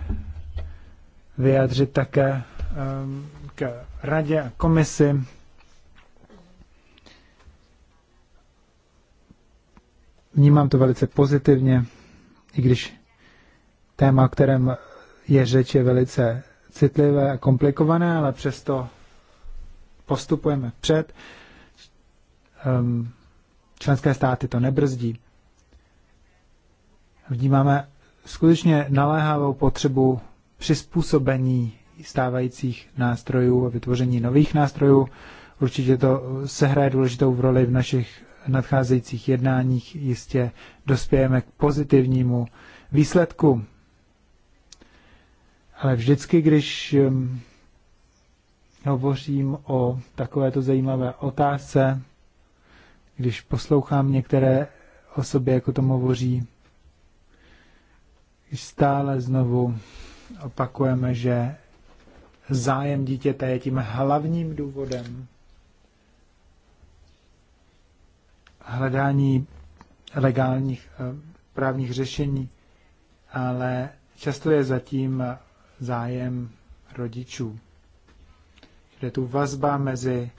Speaker 1: vyjádřit také ehm, k radě a komisi. Vnímám to velice pozitivně, i když téma, o kterém je řeč, je velice citlivé a komplikované, ale přesto postupujeme před. Ehm, členské státy to nebrzdí. Vnímáme skutečně naléhavou potřebu přizpůsobení stávajících nástrojů a vytvoření nových nástrojů. Určitě to sehraje důležitou v roli v našich nadcházejících jednáních. Jistě dospějeme k pozitivnímu výsledku. Ale vždycky, když um, hovořím o takovéto zajímavé otázce, když poslouchám některé osoby, jako tomu hovoří, stále znovu opakujeme, že zájem dítěte je tím hlavním důvodem hledání legálních eh, právních řešení, ale často je zatím zájem rodičů. Je tu vazba mezi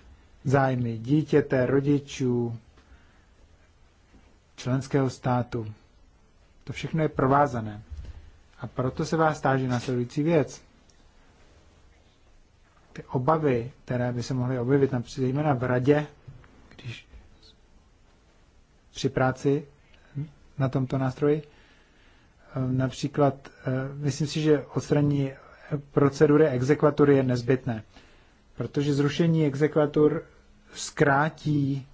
Speaker 1: zájmy dítěte, rodičů, členského státu. To všechno je provázané. A proto se vás táže následující věc. Ty obavy, které by se mohly objevit například zejména v radě, když při práci na tomto nástroji, eh, například, eh, myslím si, že odstranění procedury exekvatury je nezbytné, protože zrušení exekvatur zkrátí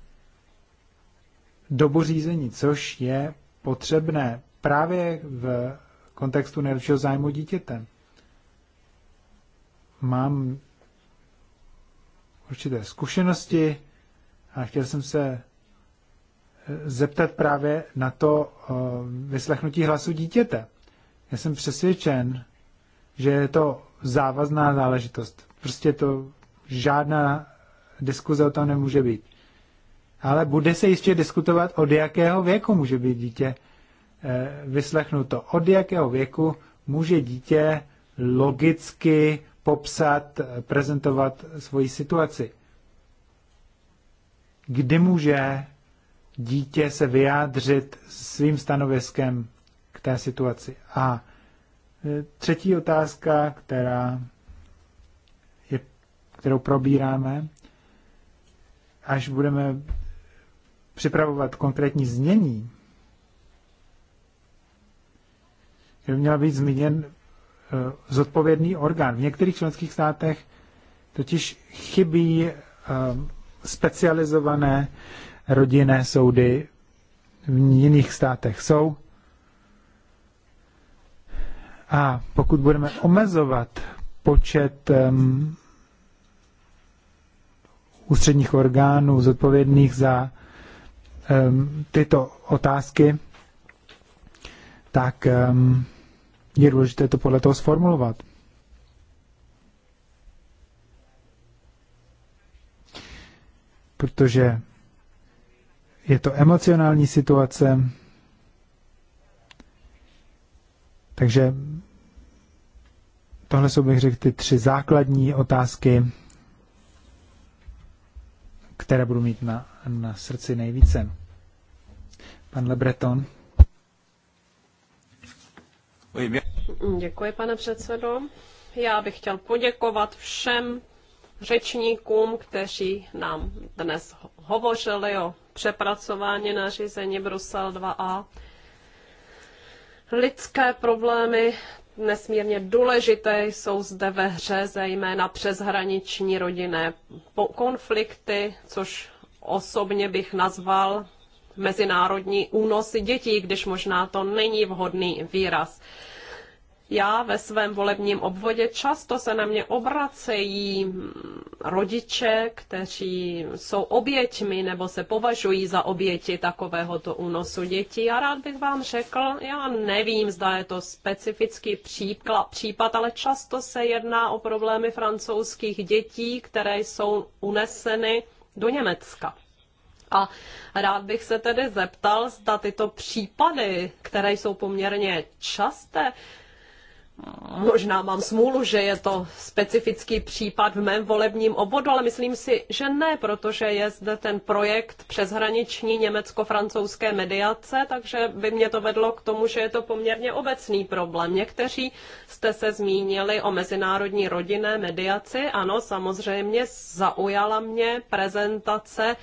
Speaker 1: dobu řízení, což je potřebné právě v kontextu nejlepšího zájmu dítěte. Mám určité zkušenosti a chtěl jsem se eh, zeptat právě na to eh, vyslechnutí hlasu dítěte. Já jsem přesvědčen, že je to závazná záležitost. Prostě to žádná diskuze o tom nemůže být. Ale bude se jistě diskutovat, od jakého věku může být dítě Eh, vyslechnuto. Od jakého věku může dítě logicky popsat, eh, prezentovat svoji situaci? Kdy může dítě se vyjádřit svým stanoviskem k té situaci? A eh, třetí otázka, která je, kterou probíráme, až budeme připravovat konkrétní změní, že by měl být zmíněn eh, zodpovědný orgán. V některých členských státech totiž chybí eh, specializované rodinné soudy, v jiných státech jsou. A pokud budeme omezovat počet um, ústředních orgánů zodpovědných za um, tyto otázky, tak je důležité to podle toho sformulovat. Protože je to emocionální situace, takže tohle jsou, bych řekl, ty tři základní otázky, které budu mít na, na srdci nejvíce. Pan Lebreton.
Speaker 4: Děkuji, pane předsedo. Já bych chtěl poděkovat všem řečníkům, kteří nám dnes hovořili o přepracování nařízení Brusel 2a. Lidské problémy nesmírně důležité jsou zde ve hře, zejména přeshraniční rodinné konflikty, což osobně bych nazval mezinárodní únosy dětí, když možná to není vhodný výraz. Já ve svém volebním obvodě často se na mě obracejí rodiče, kteří jsou oběťmi nebo se považují za oběti takovéhoto únosu dětí. A rád bych vám řekl, já nevím, zda je to specifický příklad, případ, ale často se jedná o problémy francouzských dětí, které jsou uneseny do Německa. A rád bych se tedy zeptal, zda tyto případy, které jsou poměrně časté, možná mám smůlu, že je to specifický případ v mém volebním obvodu, ale myslím si, že ne, protože je zde ten projekt přeshraniční německo-francouzské mediace, takže by mě to vedlo k tomu, že je to poměrně obecný problém. Někteří jste se zmínili o mezinárodní rodinné mediaci. Ano, samozřejmě zaujala mě prezentace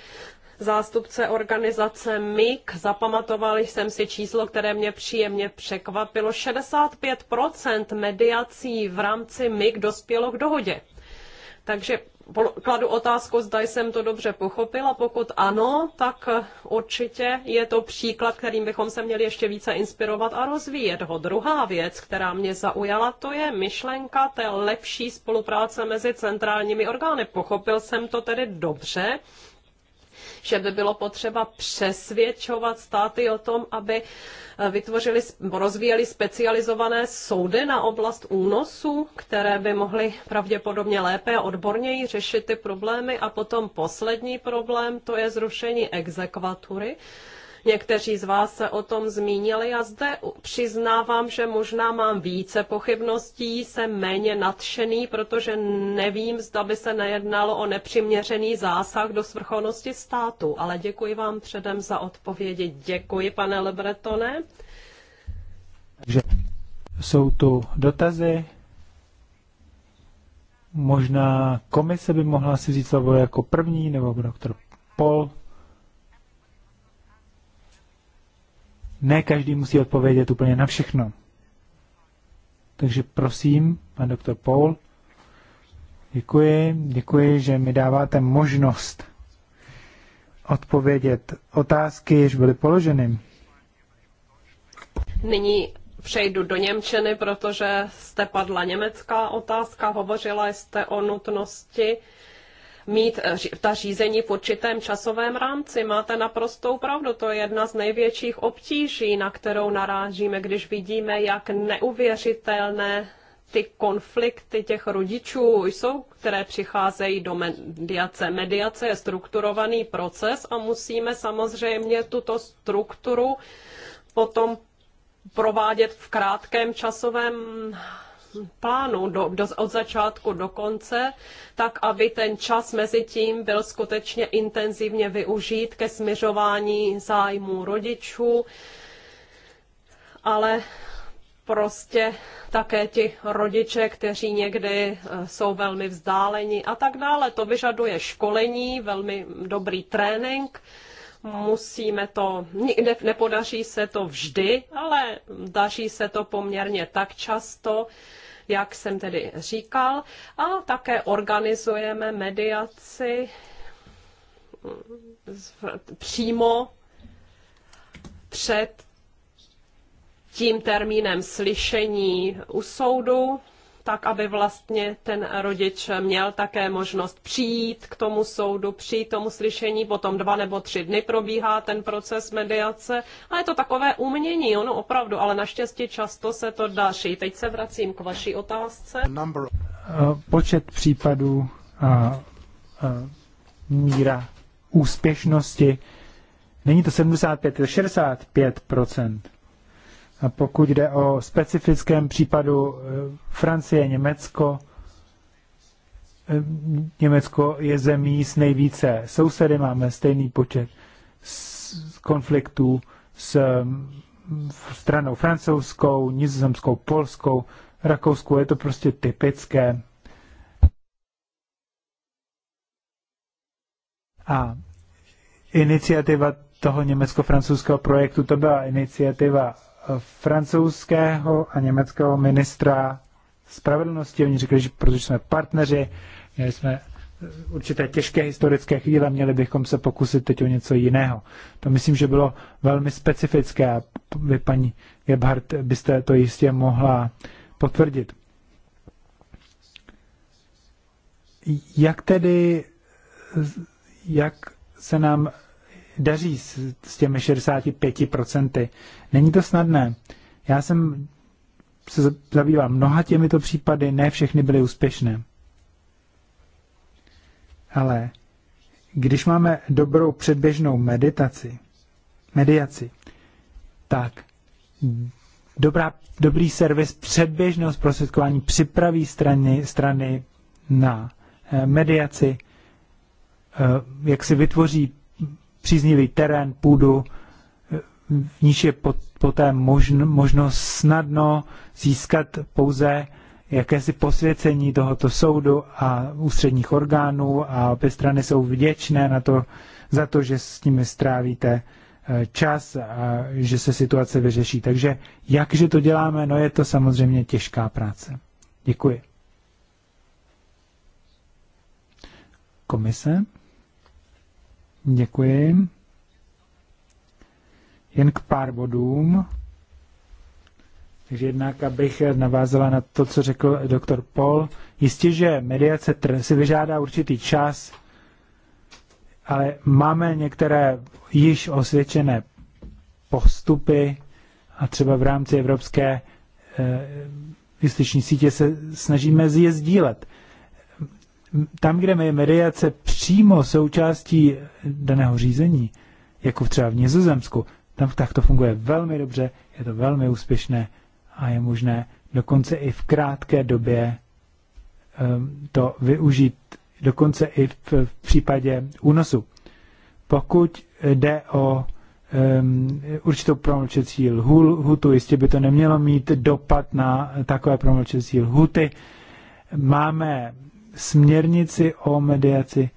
Speaker 4: zástupce organizace MIG. Zapamatoval jsem si číslo, které mě příjemně překvapilo. 65% mediací v rámci MIG dospělo k dohodě. Takže kladu otázku, zda jsem to dobře pochopila. Pokud ano, tak určitě je to příklad, kterým bychom se měli ještě více inspirovat a rozvíjet ho. Druhá věc, která mě zaujala, to je myšlenka té lepší spolupráce mezi centrálními orgány. Pochopil jsem to tedy dobře, že by bylo potřeba přesvědčovat státy o tom, aby eh, vytvořili, rozvíjeli specializované soudy na oblast únosu, které by mohly pravděpodobně lépe a odborněji řešit ty problémy. A potom poslední problém, to je zrušení exekvatury Někteří z vás se o tom zmínili a zde přiznávám, že možná mám více pochybností, jsem méně nadšený, protože nevím, zda by se nejednalo o nepřiměřený zásah do svrchovanosti státu. Ale děkuji vám předem za odpovědi. Děkuji, pane Lebretone.
Speaker 3: Takže
Speaker 1: jsou tu dotazy. Možná komise by mohla si říct slovo jako první, nebo doktor Pol. ne každý musí odpovědět úplně na všechno. Takže prosím, pan doktor Paul, děkuji, děkuji, že mi dáváte možnost odpovědět otázky, jež byly položeny.
Speaker 4: Nyní přejdu do Němčiny, protože jste padla německá otázka, hovořila jste o nutnosti mít eh, ta řízení v určitém časovém rámci. Máte naprostou pravdu, to je jedna z největších obtíží, na kterou narážíme, když vidíme, jak neuvěřitelné ty konflikty těch rodičů jsou, které přicházejí do mediace. Mediace je strukturovaný proces a musíme samozřejmě tuto strukturu potom provádět v krátkém časovém plánu do, do, od začátku do konce, tak aby ten čas mezi tím byl skutečně intenzivně využít ke směřování zájmů rodičů, ale prostě také ti rodiče, kteří někdy eh, jsou velmi vzdáleni a tak dále. To vyžaduje školení, velmi dobrý trénink musíme to, ne, nepodaří se to vždy, ale daří se to poměrně tak často, jak jsem tedy říkal. A také organizujeme mediaci přímo před tím termínem slyšení u soudu, tak aby vlastně ten rodič měl také možnost přijít k tomu soudu, přijít k tomu slyšení, potom dva nebo tři dny probíhá ten proces mediace a je to takové umění, ono opravdu, ale naštěstí často se to daří. Teď se vracím k vaší otázce. Eh,
Speaker 1: počet případů a, eh, a eh, míra úspěšnosti, není to 75, je to 65 a pokud jde o specifickém případu eh, Francie, Německo, eh, Německo je zemí s nejvíce sousedy, máme stejný počet konfliktů s mm, stranou francouzskou, nizozemskou, polskou, rakouskou, je to prostě typické. A iniciativa toho německo-francouzského projektu, to byla iniciativa francouzského a německého ministra spravedlnosti. Oni řekli, že protože jsme partneři, měli jsme určité těžké historické chvíle, měli bychom se pokusit teď o něco jiného. To myslím, že bylo velmi specifické a vy, paní Gebhardt, byste to jistě mohla potvrdit. Jak tedy, jak se nám daří s, s těmi 65%. Není to snadné. Já jsem se zabývám mnoha těmito případy, ne všechny byly úspěšné. Ale když máme dobrou předběžnou meditaci, mediaci, tak dobrá, dobrý servis předběžného zprostředkování připraví strany, strany na eh, mediaci, eh, jak si vytvoří příznivý terén, půdu, v níž je poté možno, možno snadno získat pouze jakési posvěcení tohoto soudu a ústředních orgánů a obě strany jsou vděčné na to, za to, že s nimi strávíte eh, čas a že se situace vyřeší. Takže jakže to děláme, no je to samozřejmě těžká práce. Děkuji. Komise? Děkuji. Jen k pár bodům. Takže jednak, abych navázala na to, co řekl doktor Paul. Jistě, že mediace si vyžádá určitý čas, ale máme některé již osvědčené postupy a třeba v rámci Evropské eh, justiční sítě se snažíme je sdílet tam, kde je mediace přímo součástí daného řízení, jako třeba v Nizozemsku, tam tak to funguje velmi dobře, je to velmi úspěšné a je možné dokonce i v krátké době ehm, to využít, dokonce i v, případě únosu. Pokud jde o um, určitou promlčecí lhutu, jistě by to nemělo mít dopad na takové promlčecí lhuty. Máme směrnici o mediaci,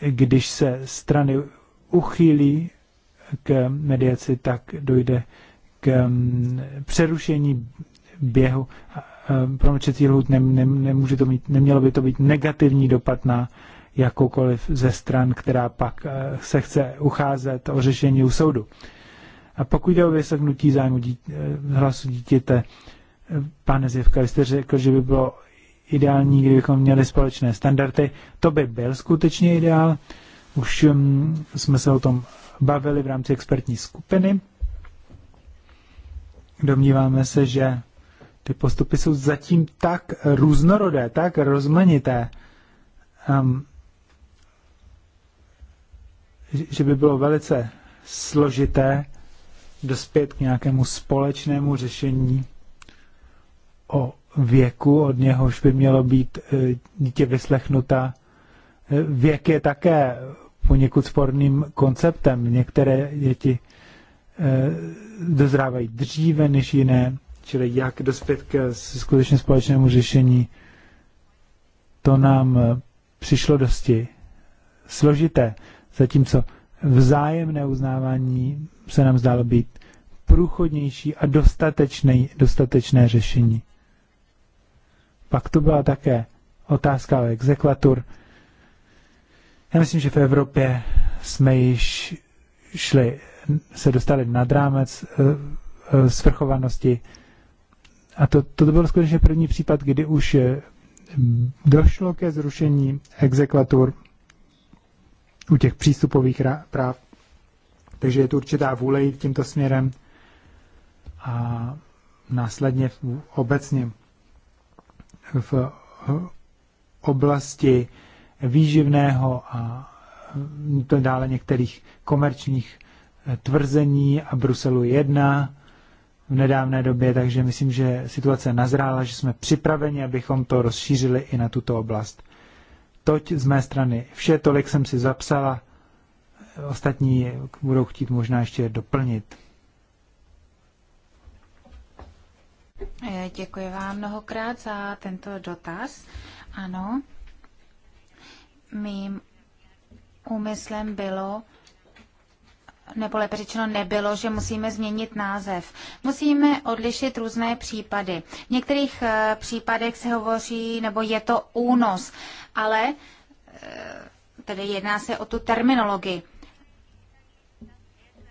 Speaker 1: když se strany uchýlí k mediaci, tak dojde k mm, přerušení běhu promlčecí lhůt, ne, ne, nemůže to mít, nemělo by to být negativní dopad na jakoukoliv ze stran, která pak e, se chce ucházet o řešení u soudu. A pokud jde o vyseknutí zájmu dít, e, hlasu dítěte, e, pane Zivka, vy jste řekl, že by bylo ideální, kdybychom měli společné standardy. To by byl skutečně ideál. Už mm, jsme se o tom bavili v rámci expertní skupiny. Domníváme se, že ty postupy jsou zatím tak různorodé, tak rozmanité, um, že by bylo velice složité dospět k nějakému společnému řešení o věku, od něhož by mělo být eh, dítě vyslechnuta. Eh, věk je také poněkud sporným konceptem. Některé děti eh, dozrávají dříve než jiné, čili jak dospět k skutečně společnému řešení, to nám přišlo dosti složité, zatímco vzájemné uznávání se nám zdálo být průchodnější a dostatečné, dostatečné řešení. Pak tu byla také otázka o exekvatur. Já myslím, že v Evropě jsme již šli, se dostali nad rámec eh, eh, svrchovanosti. A to, to byl skutečně první případ, kdy už eh, došlo ke zrušení exekvatur u těch přístupových práv. Takže je tu určitá vůle jít tímto směrem a následně obecně v oblasti výživného a to dále některých komerčních eh, tvrzení a Bruselu 1 v nedávné době, takže myslím, že situace nazrála, že jsme připraveni, abychom to rozšířili i na tuto oblast. Toť z mé strany vše, tolik jsem si zapsala, ostatní budou chtít možná ještě doplnit.
Speaker 3: Eh, děkuji vám mnohokrát za tento dotaz. Ano, mým úmyslem bylo, nebo lépe řečeno nebylo, že musíme změnit název. Musíme odlišit různé případy. V některých eh, případech se hovoří, nebo je to únos, ale eh, tedy jedná se o tu terminologii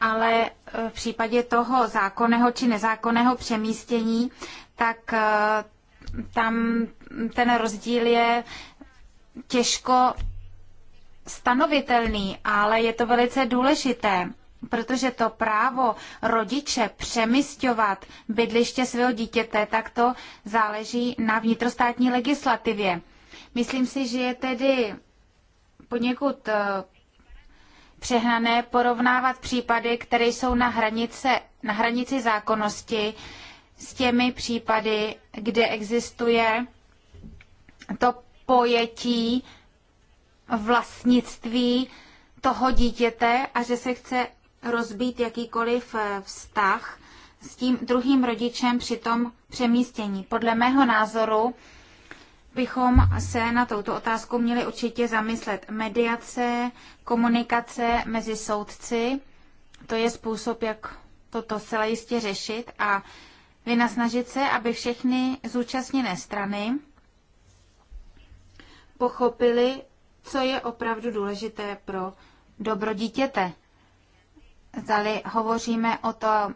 Speaker 3: ale eh, v případě toho zákonného či nezákonného přemístění, tak eh, tam ten rozdíl je těžko stanovitelný, ale je to velice důležité, protože to právo rodiče přemysťovat bydliště svého dítěte, tak to záleží na vnitrostátní legislativě. Myslím si, že je tedy poněkud eh, přehnané porovnávat případy, které jsou na, hranice, na hranici zákonnosti s těmi případy, kde existuje to pojetí vlastnictví toho dítěte a že se chce rozbít jakýkoliv eh, vztah s tím druhým rodičem při tom přemístění. Podle mého názoru bychom se na touto otázku měli určitě zamyslet. Mediace, komunikace mezi soudci, to je způsob, jak toto celé jistě řešit a vynasnažit se, aby všechny zúčastněné strany pochopili, co je opravdu důležité pro dobro dítěte. Zdali hovoříme o to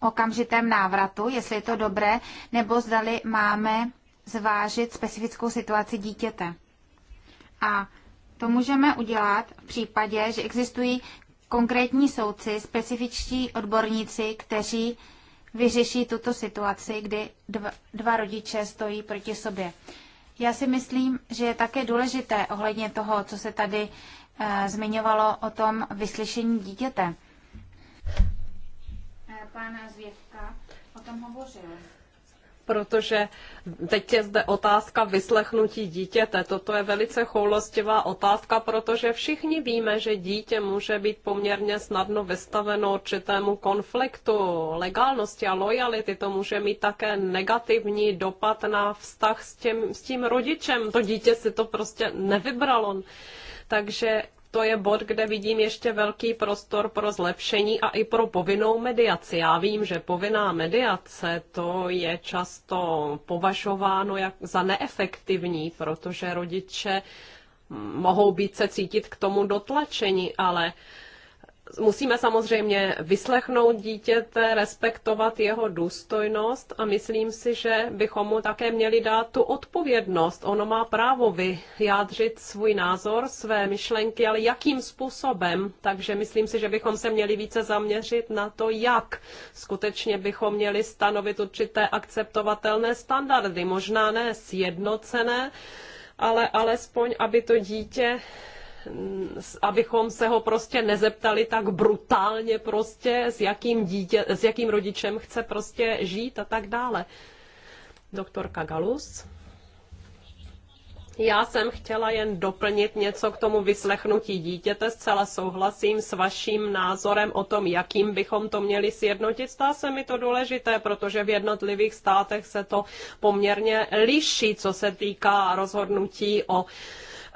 Speaker 3: okamžitém návratu, jestli je to dobré, nebo zdali máme zvážit specifickou situaci dítěte. A to můžeme udělat v případě, že existují konkrétní soudci, specifičtí odborníci, kteří vyřeší tuto situaci, kdy dva, dva rodiče stojí proti sobě. Já si myslím, že je také důležité ohledně toho, co se tady e, zmiňovalo o tom vyslyšení dítěte. Eh, Pán Zvědka o tom hovořil
Speaker 4: protože teď je zde otázka vyslechnutí dítěte. Toto je velice choulostivá otázka, protože všichni víme, že dítě může být poměrně snadno vystaveno určitému konfliktu legálnosti a lojality. To může mít také negativní dopad na vztah s tím, s tím rodičem. To dítě si to prostě nevybralo. Takže to je bod, kde vidím ještě velký prostor pro zlepšení a i pro povinnou mediaci. Já vím, že povinná mediace to je často považováno jak za neefektivní, protože rodiče mohou být se cítit k tomu dotlačeni, ale uh, musíme samozřejmě vyslechnout dítěte, respektovat jeho důstojnost a myslím si, že bychom mu také měli dát tu odpovědnost. Ono má právo vyjádřit svůj názor, své myšlenky, ale jakým způsobem. Takže myslím si, že bychom se měli více zaměřit na to, jak. Skutečně bychom měli stanovit určité akceptovatelné standardy, možná ne sjednocené, ale alespoň, aby to dítě abychom se ho prostě nezeptali tak brutálně prostě, s jakým, dítě, s jakým rodičem chce prostě žít a tak dále. Doktorka Galus. Já jsem chtěla jen doplnit něco k tomu vyslechnutí dítěte. Zcela souhlasím s vaším názorem o tom, jakým bychom to měli sjednotit. Stá se mi to důležité, protože v jednotlivých státech se to poměrně liší, co se týká rozhodnutí o uh,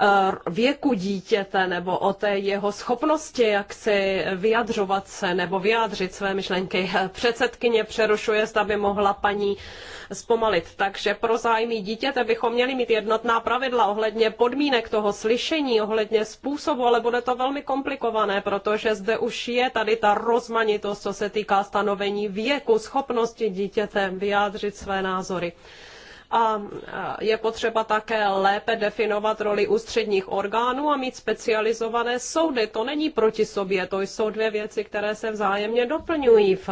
Speaker 4: Eh, věku dítěte nebo o té jeho schopnosti, jak si vyjadřovat se nebo vyjádřit své myšlenky. Předsedkyně přerušuje, zda by mohla paní zpomalit. Takže pro zájmy dítěte bychom měli mít jednotná pravidla ohledně podmínek toho slyšení, ohledně způsobu, ale bude to velmi komplikované, protože zde už je tady ta rozmanitost, co se týká stanovení věku, schopnosti dítěte vyjádřit své názory a je potřeba také lépe definovat roli ústředních orgánů a mít specializované soudy. To není proti sobě, to jsou dvě věci, které se vzájemně doplňují v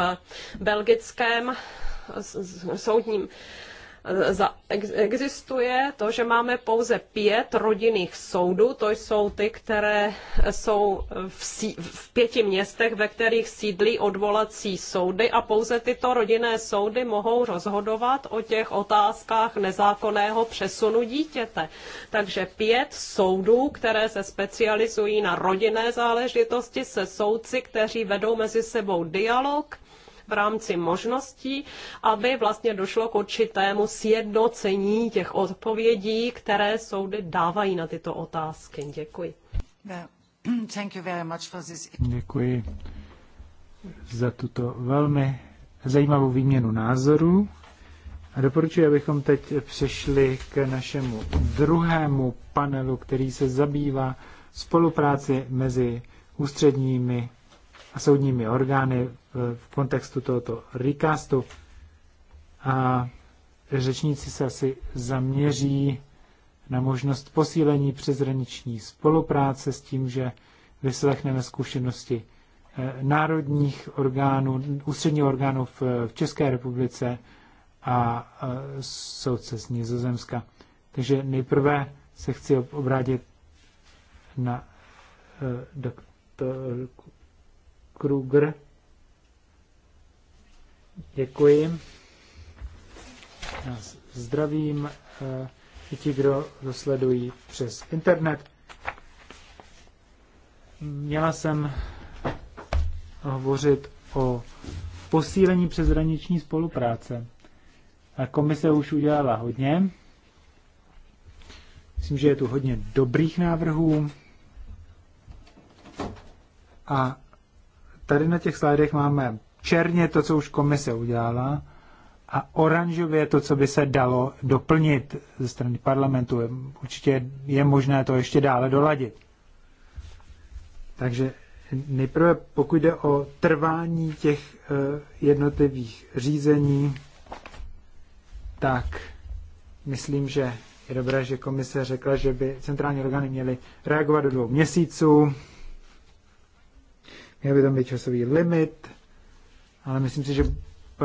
Speaker 4: belgickém soudním existuje to, že máme pouze pět rodinných soudů, to jsou ty, které jsou v, sí, v pěti městech, ve kterých sídlí odvolací soudy a pouze tyto rodinné soudy mohou rozhodovat o těch otázkách nezákonného přesunu dítěte. Takže pět soudů, které se specializují na rodinné záležitosti, se soudci, kteří vedou mezi sebou dialog, v rámci možností, aby vlastně došlo k určitému sjednocení těch odpovědí, které soudy dávají na tyto otázky. Děkuji.
Speaker 1: Děkuji za tuto velmi zajímavou výměnu názorů. A doporučuji, abychom teď přešli k našemu druhému panelu, který se zabývá spolupráci mezi ústředními a soudními orgány v kontextu tohoto recastu. A řečníci se asi zaměří na možnost posílení přezraniční spolupráce s tím, že vyslechneme zkušenosti eh, národních orgánů, ústředních orgánů v, v České republice a eh, soudce z Nizozemska. Takže nejprve se chci obrátit na eh, doktorku Kruger. Děkuji. Já zdravím eh, i ti, kdo dosledují přes internet. Měla jsem hovořit o posílení přeshraniční spolupráce. A komise už udělala hodně. Myslím, že je tu hodně dobrých návrhů. A Tady na těch slidech máme černě to, co už komise udělala a oranžově to, co by se dalo doplnit ze strany parlamentu. Určitě je možné to ještě dále doladit. Takže nejprve, pokud jde o trvání těch eh, jednotlivých řízení, tak myslím, že je dobré, že komise řekla, že by centrální orgány měly reagovat do dvou měsíců měl by tam být časový limit, ale myslím si, že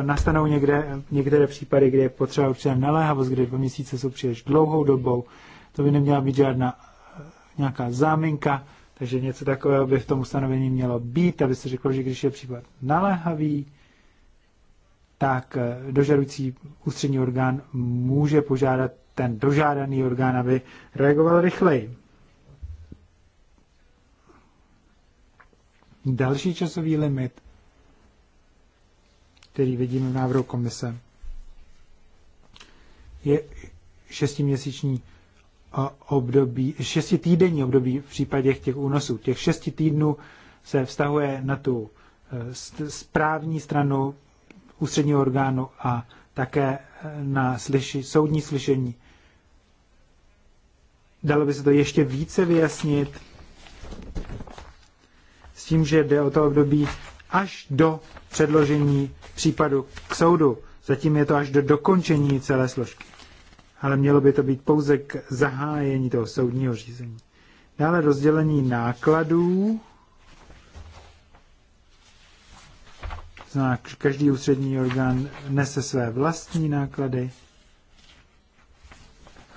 Speaker 1: nastanou někde, některé případy, kde je potřeba určitá naléhavost, kde dva měsíce jsou příliš dlouhou dobou, to by neměla být žádná eh, nějaká záminka, takže něco takového by v tom ustanovení mělo být, aby se řeklo, že když je případ naléhavý, tak eh, dožadující ústřední orgán může požádat ten dožádaný orgán, aby reagoval rychleji. další časový limit, který vidíme v návrhu komise, je šestiměsíční období, šesti týdenní období v případě těch únosů. Těch šesti týdnů se vztahuje na tu e, správní stranu ústředního orgánu a také e, na slyši, soudní slyšení. Dalo by se to ještě více vyjasnit, s tím, že jde o to období až do předložení případu k soudu. Zatím je to až do dokončení celé složky. Ale mělo by to být pouze k zahájení toho soudního řízení. Dále rozdělení nákladů. Zná, každý ústřední orgán nese své vlastní náklady.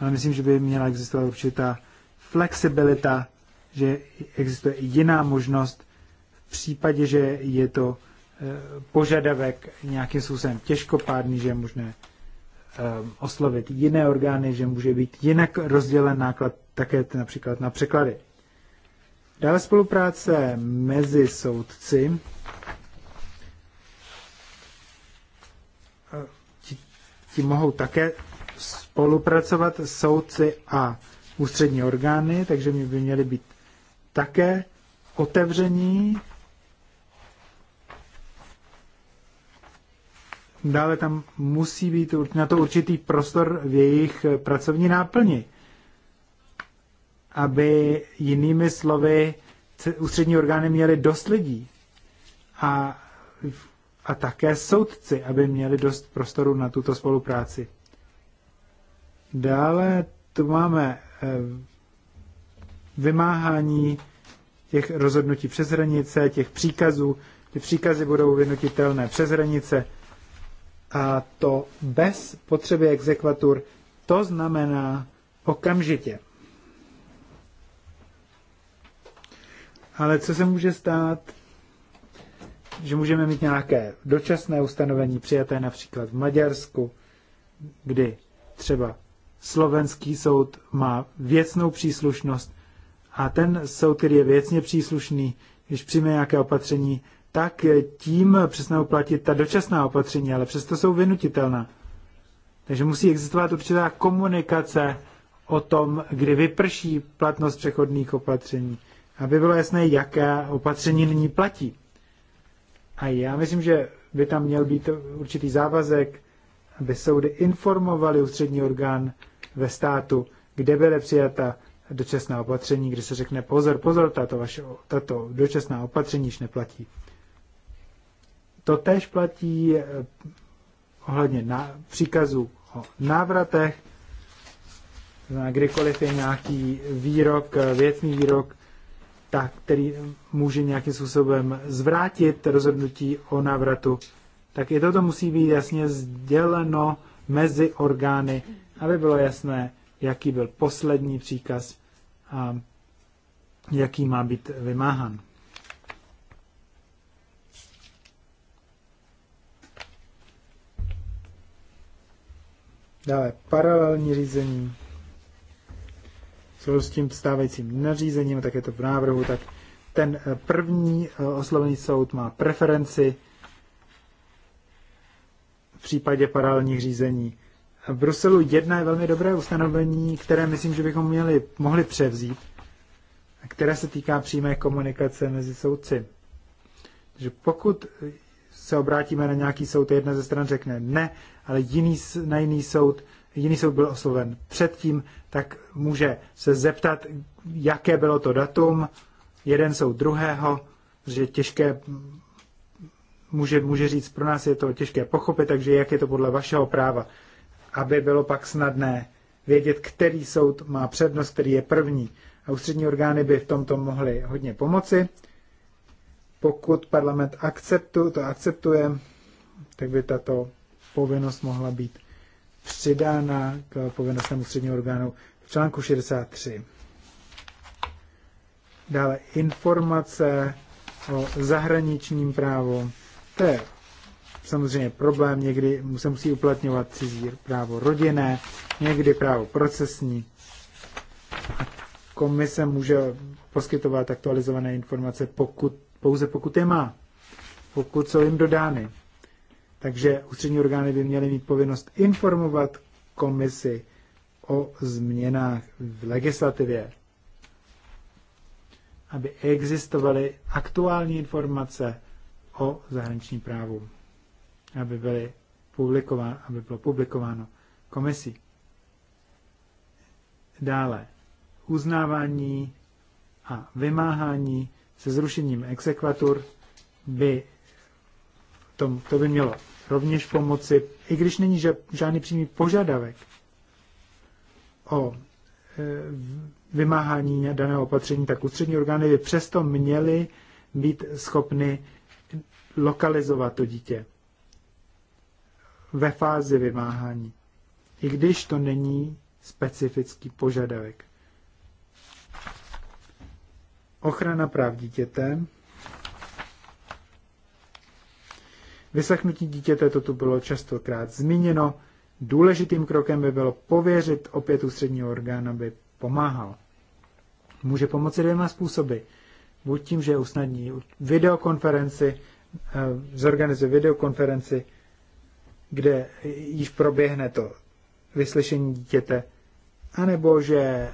Speaker 1: Ale myslím, že by měla existovat určitá flexibilita, že existuje i jiná možnost v případě, že je to e, požadavek nějakým způsobem těžkopádný, že je možné e, oslovit jiné orgány, že může být jinak rozdělen náklad také například na překlady. Dále spolupráce mezi soudci. E, ti, ti mohou také spolupracovat soudci a ústřední orgány, takže by měly být také otevření dále tam musí být na to určitý prostor v jejich eh, pracovní náplni, aby jinými slovy ústřední orgány měly dost lidí a, a také soudci, aby měli dost prostoru na tuto spolupráci. Dále tu máme eh, vymáhání těch rozhodnutí přes hranice, těch příkazů. Ty příkazy budou vynutitelné přes hranice a to bez potřeby exekvatur, to znamená okamžitě. Ale co se může stát, že můžeme mít nějaké dočasné ustanovení přijaté například v Maďarsku, kdy třeba slovenský soud má věcnou příslušnost a ten soud, který je věcně příslušný, když přijme nějaké opatření, tak tím přesně uplatit ta dočasná opatření, ale přesto jsou vynutitelná. Takže musí existovat určitá komunikace o tom, kdy vyprší platnost přechodných opatření, aby bylo jasné, jaké opatření nyní platí. A já myslím, že by tam měl být určitý závazek, aby soudy informovali ústřední orgán ve státu, kde byly přijata dočasná opatření, kde se řekne pozor, pozor, tato, vaše, tato dočasná opatření již neplatí. To tež platí eh, ohledně na, příkazu o návratech, kdykoliv je nějaký výrok, eh, věcný výrok, tak, který může nějakým způsobem zvrátit rozhodnutí o návratu, tak i toto musí být jasně sděleno mezi orgány, aby bylo jasné, jaký byl poslední příkaz a jaký má být vymáhan. Dále paralelní řízení. S tím stávajícím nařízením, tak je to v návrhu, tak ten eh, první eh, oslovený soud má preferenci v případě paralelních řízení. V Bruselu jedna je velmi dobré ustanovení, které myslím, že bychom měli, mohli převzít, a které se týká přímé komunikace mezi soudci. Takže pokud se obrátíme na nějaký soud, jedna ze stran řekne ne, ale jiný, na jiný soud, jiný soud byl osloven předtím, tak může se zeptat, jaké bylo to datum, jeden soud druhého, že těžké může, může říct, pro nás je to těžké pochopit, takže jak je to podle vašeho práva, aby bylo pak snadné vědět, který soud má přednost, který je první. A ústřední orgány by v tomto mohly hodně pomoci. Pokud parlament akceptu, to akceptuje, tak by tato povinnost mohla být přidána k povinnostem ústředního orgánu v článku 63. Dále informace o zahraničním právu. To je samozřejmě problém, někdy se musí uplatňovat cizí právo rodinné, někdy právo procesní. A komise může poskytovat aktualizované informace, pokud pouze pokud je má, pokud jsou jim dodány. Takže ústřední orgány by měly mít povinnost informovat komisi o změnách v legislativě, aby existovaly aktuální informace o zahraničním právu, aby, byly publikováno, aby bylo publikováno komisí. Dále uznávání a vymáhání se zrušením exekvatur by to, to by mělo rovněž pomoci, i když není žádný přímý požadavek o e, vymáhání daného opatření, tak ústřední orgány by přesto měly být schopny lokalizovat to dítě ve fázi vymáhání, i když to není specifický požadavek ochrana práv dítěte, Vyslechnutí dítěte, to tu bylo častokrát zmíněno, důležitým krokem by bylo pověřit opět ústřední orgán, aby pomáhal. Může pomoci dvěma způsoby. Buď tím, že usnadní videokonferenci, eh, zorganizuje videokonferenci, kde již proběhne to vyslyšení dítěte, anebo že eh,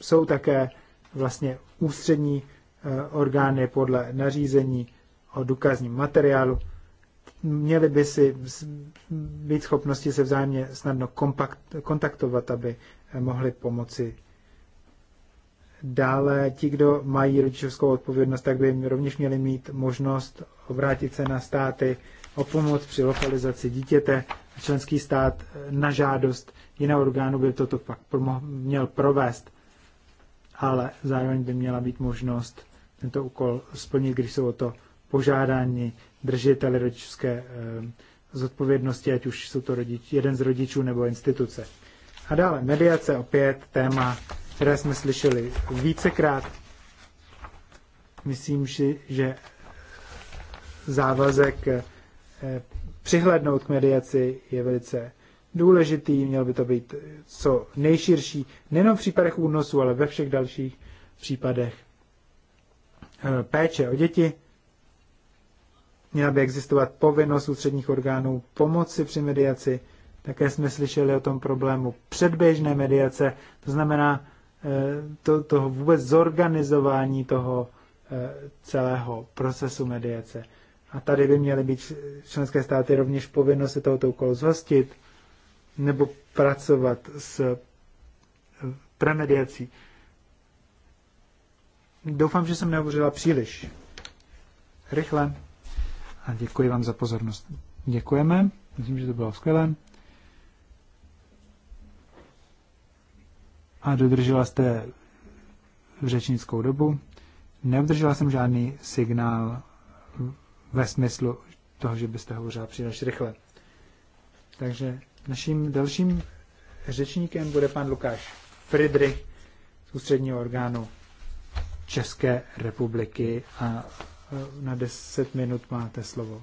Speaker 1: jsou také vlastně ústřední eh, orgány podle nařízení o důkazním materiálu. Měli by si být schopnosti se vzájemně snadno kompakt, kontaktovat, aby eh, mohli pomoci Dále ti, kdo mají rodičovskou odpovědnost, tak by rovněž měli mít možnost obrátit se na státy o pomoc při lokalizaci dítěte. Členský stát eh, na žádost jiného orgánu by toto pak měl provést ale zároveň by měla být možnost tento úkol splnit, když jsou o to požádání držiteli rodičovské eh, zodpovědnosti, ať už jsou to rodič, jeden z rodičů nebo instituce. A dále mediace, opět téma, které jsme slyšeli vícekrát. Myslím si, že závazek eh, přihlednout k mediaci je velice důležitý, měl by to být co nejširší, nejenom v případech únosu, ale ve všech dalších případech eh, péče o děti. Měla by existovat povinnost ústředních orgánů pomoci při mediaci. Také jsme slyšeli o tom problému předběžné mediace, to znamená eh, to, toho vůbec zorganizování toho eh, celého procesu mediace. A tady by měly být členské státy rovněž povinnosti tohoto úkolu zhostit nebo pracovat s eh, premediací. Doufám, že jsem nehovořila příliš. Rychle. A děkuji vám za pozornost. Děkujeme. Myslím, že to bylo skvělé. A dodržela jste řečnickou dobu. Neobdržela jsem žádný signál ve smyslu toho, že byste hovořila příliš rychle. Takže Naším dalším řečníkem bude pan Lukáš Fridrich z ústředního orgánu České republiky a e, na 10 minut máte slovo.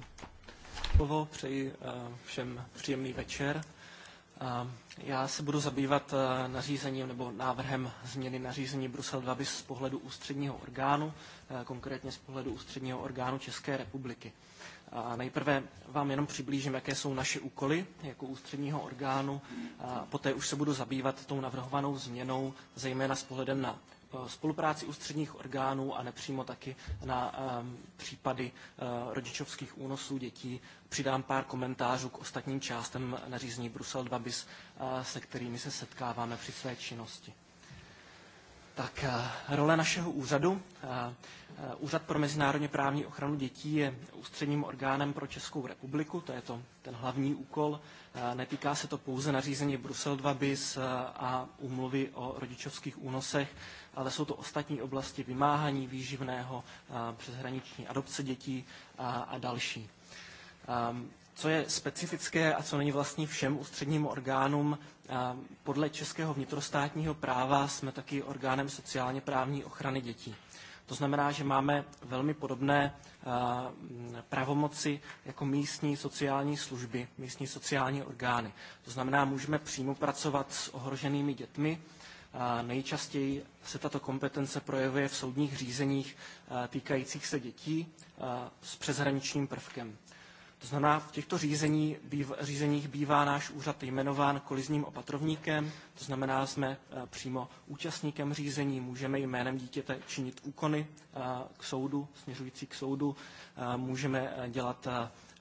Speaker 2: Slovo přeji e, všem příjemný večer. E, já se budu zabývat nařízením nebo návrhem změny nařízení Brusel 2 z pohledu ústředního orgánu, konkrétně z pohledu ústředního orgánu České republiky nejprve vám jenom přiblížím, jaké jsou naše úkoly jako ústředního orgánu. A poté už se budu zabývat tou navrhovanou změnou, zejména s pohledem na e, spolupráci ústředních orgánů a nepřímo taky na um, případy uh, rodičovských únosů dětí. Přidám pár komentářů k ostatním částem nařízení Brusel 2 bis, uh, se kterými se setkáváme při své činnosti. Tak eh, role našeho úřadu. Eh, eh, Úřad pro mezinárodně právní ochranu dětí je ústředním orgánem pro Českou republiku, to je to, ten hlavní úkol. Netýká se to pouze nařízení Brusel 2 bis a úmluvy o rodičovských únosech, ale jsou to ostatní oblasti vymáhání výživného, přeshraniční adopce dětí a, a další. Ehm, co je specifické a co není vlastní všem ústředním orgánům. Podle českého vnitrostátního práva jsme taky orgánem sociálně právní ochrany dětí. To znamená, že máme velmi podobné pravomoci jako místní sociální služby, místní sociální orgány. To znamená, můžeme přímo pracovat s ohroženými dětmi. Nejčastěji se tato kompetence projevuje v soudních řízeních týkajících se dětí s přeshraničním prvkem. To znamená, v těchto řízení, býv, řízeních bývá náš úřad jmenován kolizním opatrovníkem, to znamená, jsme eh, přímo účastníkem řízení, můžeme jménem dítěte činit úkony eh, k soudu, směřující k soudu, eh, můžeme dělat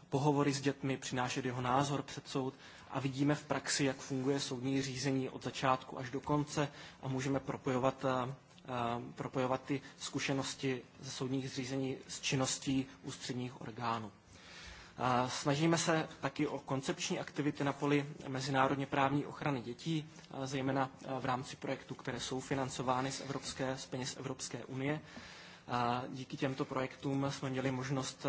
Speaker 2: pohovory s dětmi, přinášet jeho názor před soud a vidíme v praxi, jak funguje soudní řízení od začátku až do konce a můžeme propojovat propojovat ty zkušenosti ze soudních zřízení s činností ústředních orgánů. Snažíme se taky o koncepční aktivity na poli mezinárodně právní ochrany dětí, zejména v rámci projektů, které jsou financovány z, Evropské, z peněz Evropské unie. Díky těmto projektům jsme měli možnost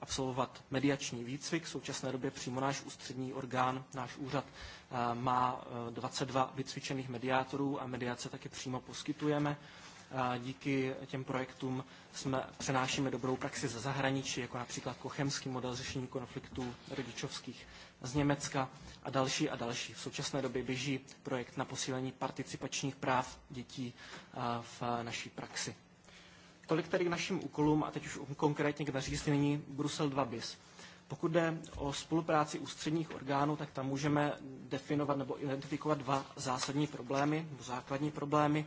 Speaker 2: absolvovat mediační výcvik. V současné době přímo náš ústřední orgán, náš úřad, má 22 vycvičených mediátorů a mediace taky přímo poskytujeme díky těm projektům jsme, přenášíme dobrou praxi ze zahraničí, jako například kochemský model řešení konfliktů rodičovských z Německa a další a další. V současné době běží projekt na posílení participačních práv dětí eh, v naší praxi. Tolik tedy k našim úkolům a teď už konkrétně k nařízení Brusel 2 bis. Pokud jde o spolupráci ústředních orgánů, tak tam můžeme definovat nebo identifikovat dva zásadní problémy, nebo základní problémy.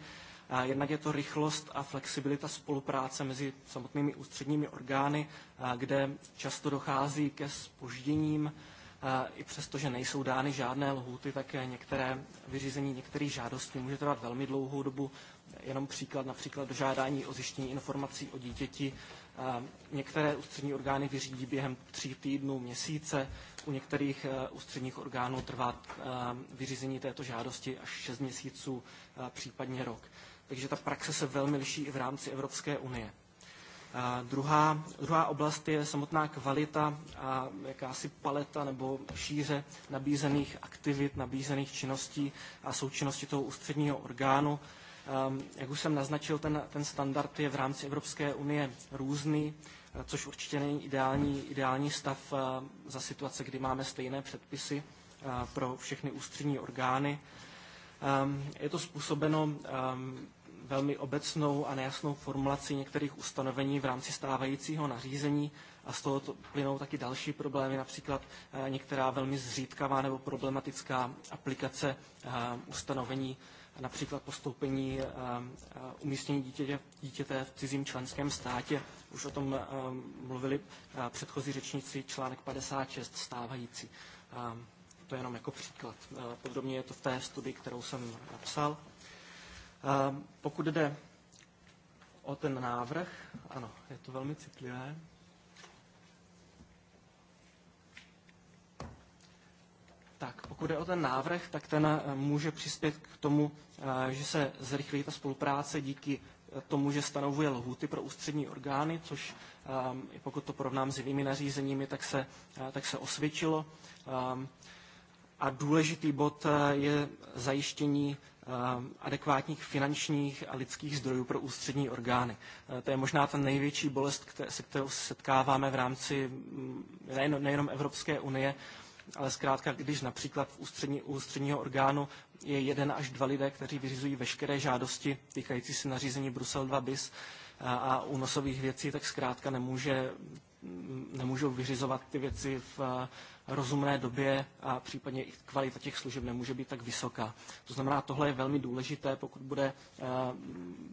Speaker 2: Jednak je to rychlost a flexibilita spolupráce mezi samotnými ústředními orgány, kde často dochází ke spožděním, i přesto, že nejsou dány žádné lhůty, tak některé vyřízení některých žádostí může trvat velmi dlouhou dobu. Jenom příklad, například dožádání o zjištění informací o dítěti. Některé ústřední orgány vyřídí během tří týdnů, měsíce. U některých e, ústředních orgánů trvá e, vyřízení této žádosti až šest měsíců, e, případně rok takže ta praxe se velmi liší i v rámci Evropské unie. A druhá, druhá oblast je samotná kvalita a jakási paleta nebo šíře nabízených aktivit, nabízených činností a součinnosti toho ústředního orgánu. Ehm, jak už jsem naznačil, ten, ten standard je v rámci Evropské unie různý, eh, což určitě není ideální, ideální stav eh, za situace, kdy máme stejné předpisy eh, pro všechny ústřední orgány. Ehm, je to způsobeno ehm, velmi obecnou a nejasnou formulaci některých ustanovení v rámci stávajícího nařízení a z toho plynou taky další problémy, například eh, některá velmi zřídkavá nebo problematická aplikace eh, ustanovení, například postoupení eh, umístění dítěte, dítěte v cizím členském státě. Už o tom mluvili předchozí řečníci článek 56 stávající. To je jenom jako příklad. Podrobně je to v té studii, kterou jsem napsal. Pokud jde o ten návrh, ano, je to velmi citlivé. Tak, pokud jde o ten návrh, tak ten eh, může přispět k tomu, eh, že se zrychlí ta spolupráce díky eh, tomu, že stanovuje lhuty pro ústřední orgány, což ehm, pokud to porovnám s jinými nařízeními, tak se, tak se osvědčilo. Ehm, a důležitý bod je zajištění Um, adekvátních finančních a lidských zdrojů pro ústřední orgány. Eh, to je možná ta největší bolest, se kterou se setkáváme v rámci mm, nejenom Evropské unie, ale zkrátka, když například v ústřední, ústředního orgánu je jeden až dva lidé, kteří vyřizují veškeré žádosti týkající se nařízení Brusel 2 bis eh, a, únosových věcí, tak zkrátka nemůže, mm, nemůžou vyřizovat ty věci v, rozumné době a případně i kvalita těch služeb nemůže být tak vysoká. To znamená, tohle je velmi důležité, pokud bude eh,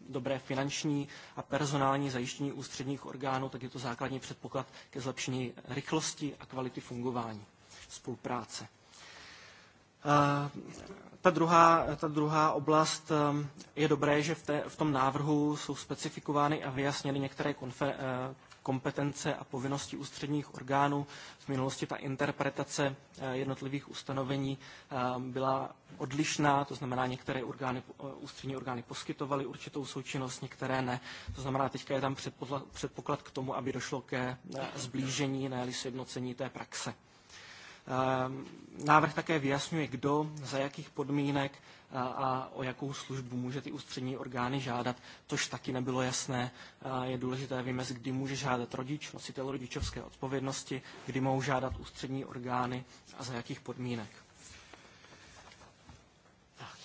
Speaker 2: dobré finanční a personální zajištění ústředních orgánů, tak je to základní předpoklad ke zlepšení rychlosti a kvality fungování spolupráce. Eh, ta druhá, ta druhá oblast eh, je dobré, že v, té, v tom návrhu jsou specifikovány a vyjasněny některé konfe, kompetence a povinnosti ústředních orgánů. V minulosti ta interpretace eh, jednotlivých ustanovení eh, byla odlišná, to znamená, některé orgány, eh, ústřední orgány poskytovaly určitou součinnost, některé ne. To znamená, teďka je tam předpoklad k tomu, aby došlo ke zblížení, ne sjednocení té praxe. Ehm, návrh také vyjasňuje, kdo, za jakých podmínek a o jakou službu může ty ústřední orgány žádat, což taky nebylo jasné. Je důležité vymezit, kdy může žádat rodič, nositel rodičovské odpovědnosti, kdy mohou žádat ústřední orgány a za jakých podmínek. Tak.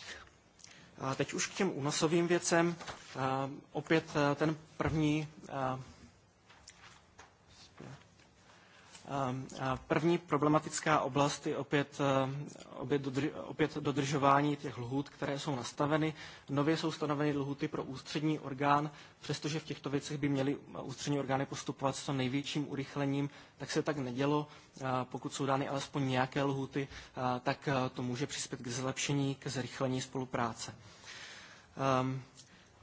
Speaker 2: A teď už k těm únosovým věcem. Ehm, opět eh, ten první eh, Ehm, první problematická oblast je opět, ehm, opět dodržování těch lhůt, které jsou nastaveny. Nově jsou stanoveny lhuty pro ústřední orgán, přestože v těchto věcech by měly ústřední orgány postupovat s co největším urychlením, tak se tak nedělo. Pokud jsou dány alespoň nějaké lhuty, tak e, to může přispět k zlepšení, k zrychlení spolupráce. Ehm,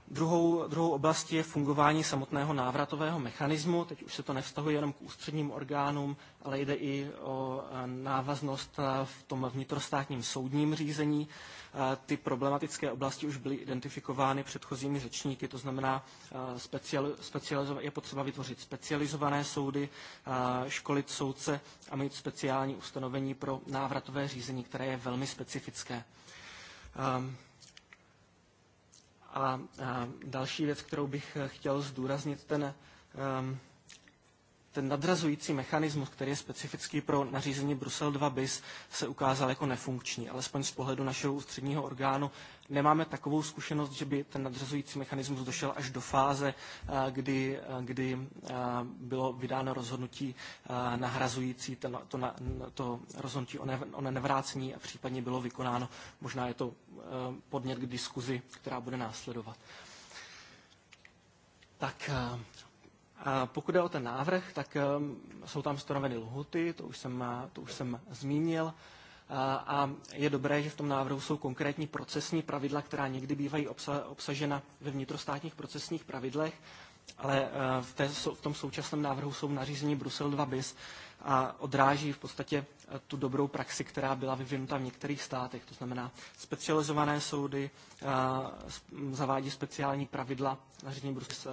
Speaker 2: Druhou, druhou oblastí je fungování samotného návratového mechanismu. Teď už se to nevztahuje jenom k ústředním orgánům, ale jde i o e, návaznost e, v tom vnitrostátním soudním řízení. E, ty problematické oblasti už byly identifikovány předchozími řečníky, to znamená, je potřeba vytvořit specializované soudy, školit soudce a mít speciální ustanovení pro návratové řízení, které je velmi specifické. Ehm, a, a další věc, kterou bych eh, chtěl zdůraznit, ten, um, ten nadrazující mechanismus, který je specifický pro nařízení Brusel 2 bis, se ukázal jako nefunkční, alespoň z pohledu našeho ústředního orgánu nemáme takovou zkušenost, že by ten nadřazující mechanismus došel až do fáze, eh, kdy, eh, kdy eh, bylo vydáno rozhodnutí nahrazující ten, to, to rozhodnutí o, nevrácení a případně bylo vykonáno. Možná je to podnět k diskuzi, která bude následovat. Tak pokud jde o ten návrh, tak jsou tam stanoveny lhuty, to už jsem, to už jsem zmínil a je dobré, že v tom návrhu jsou konkrétní procesní pravidla, která někdy bývají obsažena ve vnitrostátních procesních pravidlech, ale e, v, té, v tom současném návrhu jsou nařízení Brusel 2 bis a odráží v podstatě e, tu dobrou praxi, která byla vyvinuta v některých státech. To znamená, specializované soudy e, zavádí speciální pravidla, nařízení Brusel